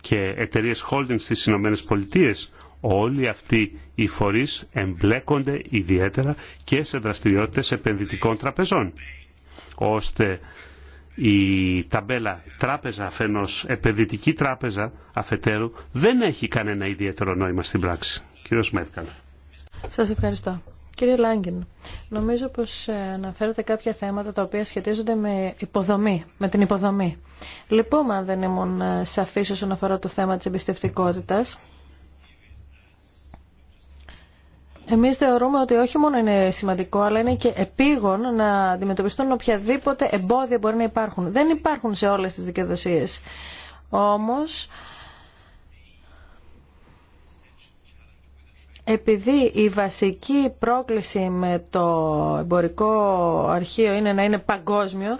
και εταιρείε holding στις Ηνωμένες Πολιτείες, όλοι αυτοί οι φορείς εμπλέκονται ιδιαίτερα και σε δραστηριότητες επενδυτικών τραπεζών, ώστε η ταμπέλα τράπεζα αφενός, επενδυτική τράπεζα αφετέρου, δεν έχει κανένα ιδιαίτερο νόημα στην πράξη. Κύριος Μέρκαλ. Σας ευχαριστώ. Κύριε Λάγκεν, νομίζω πως ε, αναφέρατε κάποια θέματα τα οποία σχετίζονται με υποδομή, με την υποδομή. Λυπούμε λοιπόν, αν δεν ήμουν ε, σαφής όσον αφορά το θέμα της εμπιστευτικότητας. Εμείς θεωρούμε ότι όχι μόνο είναι σημαντικό, αλλά είναι και επίγον να αντιμετωπιστούν οποιαδήποτε εμπόδια μπορεί να υπάρχουν. Δεν υπάρχουν σε όλες τις δικαιοδοσίες. Όμως, επειδή η βασική πρόκληση με το εμπορικό αρχείο είναι να είναι παγκόσμιο,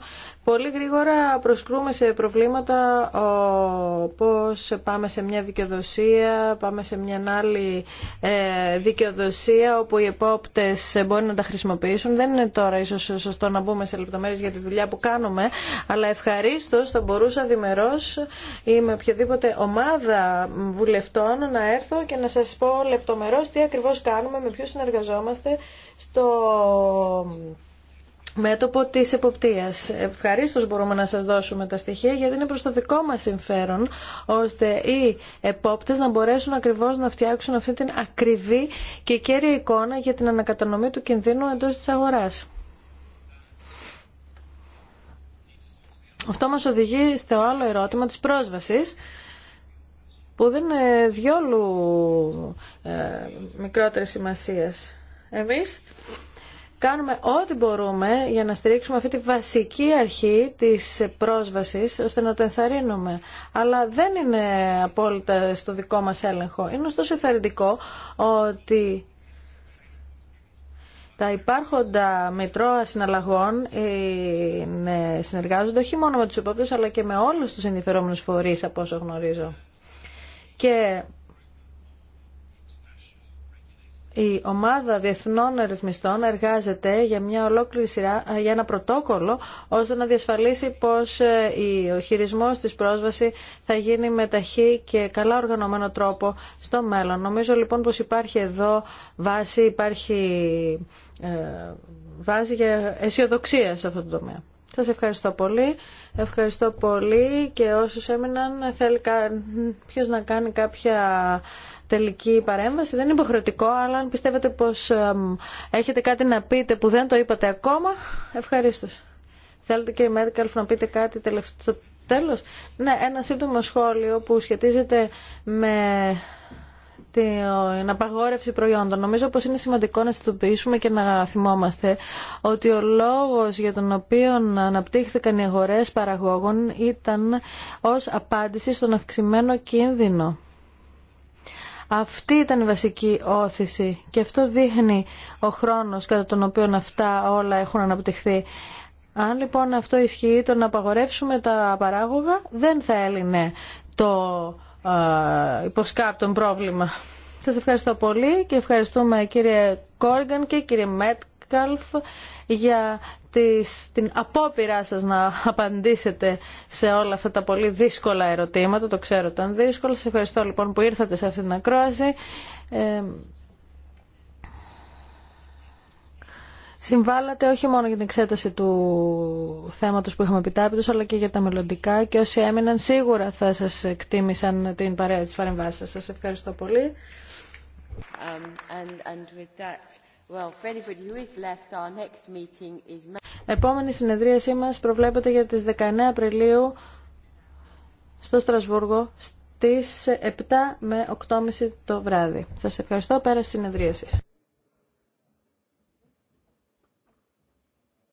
Πολύ γρήγορα προσκρούμε σε προβλήματα όπως πάμε σε μια δικαιοδοσία, πάμε σε μια άλλη ε, δικαιοδοσία όπου οι επόπτες μπορεί να τα χρησιμοποιήσουν. Δεν είναι τώρα ίσως σωστό να μπούμε σε λεπτομέρειες για τη δουλειά που κάνουμε, αλλά ευχαριστώ θα μπορούσα διμερώς ή με οποιαδήποτε ομάδα βουλευτών να έρθω και να σας πω λεπτομερώς τι ακριβώς κάνουμε, με ποιους συνεργαζόμαστε στο μέτωπο τη εποπτείας. Ευχαριστώ μπορούμε να σα δώσουμε τα στοιχεία γιατί είναι προ το δικό μα συμφέρον ώστε οι επόπτες να μπορέσουν ακριβώς να φτιάξουν αυτή την ακριβή και κέρια εικόνα για την ανακατανομή του κινδύνου εντός της αγοράς. Αυτό μας οδηγεί στο άλλο ερώτημα της πρόσβασης που δεν είναι διόλου ε, μικρότερη σημασίας. Εμείς κάνουμε ό,τι μπορούμε για να στηρίξουμε αυτή τη βασική αρχή της πρόσβασης ώστε να το ενθαρρύνουμε. Αλλά δεν είναι απόλυτα στο δικό μας έλεγχο. Είναι ωστόσο ενθαρρυντικό ότι τα υπάρχοντα μητρώα συναλλαγών συνεργάζονται όχι μόνο με τους υπόπτους αλλά και με όλους τους ενδιαφερόμενους φορείς από όσο γνωρίζω. Και η ομάδα διεθνών αριθμιστών εργάζεται για, μια ολόκληρη σειρά, για ένα πρωτόκολλο ώστε να διασφαλίσει πως ε, ο χειρισμός της πρόσβαση θα γίνει με ταχύ και καλά οργανωμένο τρόπο στο μέλλον. Νομίζω λοιπόν πως υπάρχει εδώ βάση, υπάρχει, ε, βάση για αισιοδοξία σε αυτό το τομέα. Σας ευχαριστώ πολύ. Ευχαριστώ πολύ και όσους έμειναν θέλει ποιος να κάνει κάποια τελική παρέμβαση. Δεν είναι υποχρεωτικό, αλλά αν πιστεύετε πως έχετε κάτι να πείτε που δεν το είπατε ακόμα, ευχαρίστω. Θέλετε κύριε Μέρκαλφ να πείτε κάτι τελευταίο. Τέλος, ναι, ένα σύντομο σχόλιο που σχετίζεται με την απαγόρευση προϊόντων. Νομίζω πως είναι σημαντικό να συνειδητοποιήσουμε και να θυμόμαστε ότι ο λόγος για τον οποίο αναπτύχθηκαν οι αγορές παραγόγων ήταν ως απάντηση στον αυξημένο κίνδυνο αυτή ήταν η βασική όθηση και αυτό δείχνει ο χρόνος κατά τον οποίο αυτά όλα έχουν αναπτυχθεί. Αν λοιπόν αυτό ισχύει, το να απαγορεύσουμε τα παράγωγα δεν θα έλυνε το υποσκάπτον πρόβλημα. Σας ευχαριστώ πολύ και ευχαριστούμε κύριε Κόργαν και κύριε Μέτ Metcalf για τις, την απόπειρά σας να απαντήσετε σε όλα αυτά τα πολύ δύσκολα ερωτήματα. Το ξέρω ήταν δύσκολο. Σας ευχαριστώ λοιπόν που ήρθατε σε αυτήν την ακρόαση. Ε, Συμβάλλατε όχι μόνο για την εξέταση του θέματος που είχαμε επιτάπητος, αλλά και για τα μελλοντικά και όσοι έμειναν σίγουρα θα σας εκτίμησαν την παρέα της παρεμβάσης σας. Σας ευχαριστώ πολύ. Um, and, and Επόμενη συνεδρίασή μας προβλέπεται για τις 19 Απριλίου στο Στρασβούργο στις 7 με 8.30 το βράδυ. Σας ευχαριστώ. Πέρα συνεδρίασης.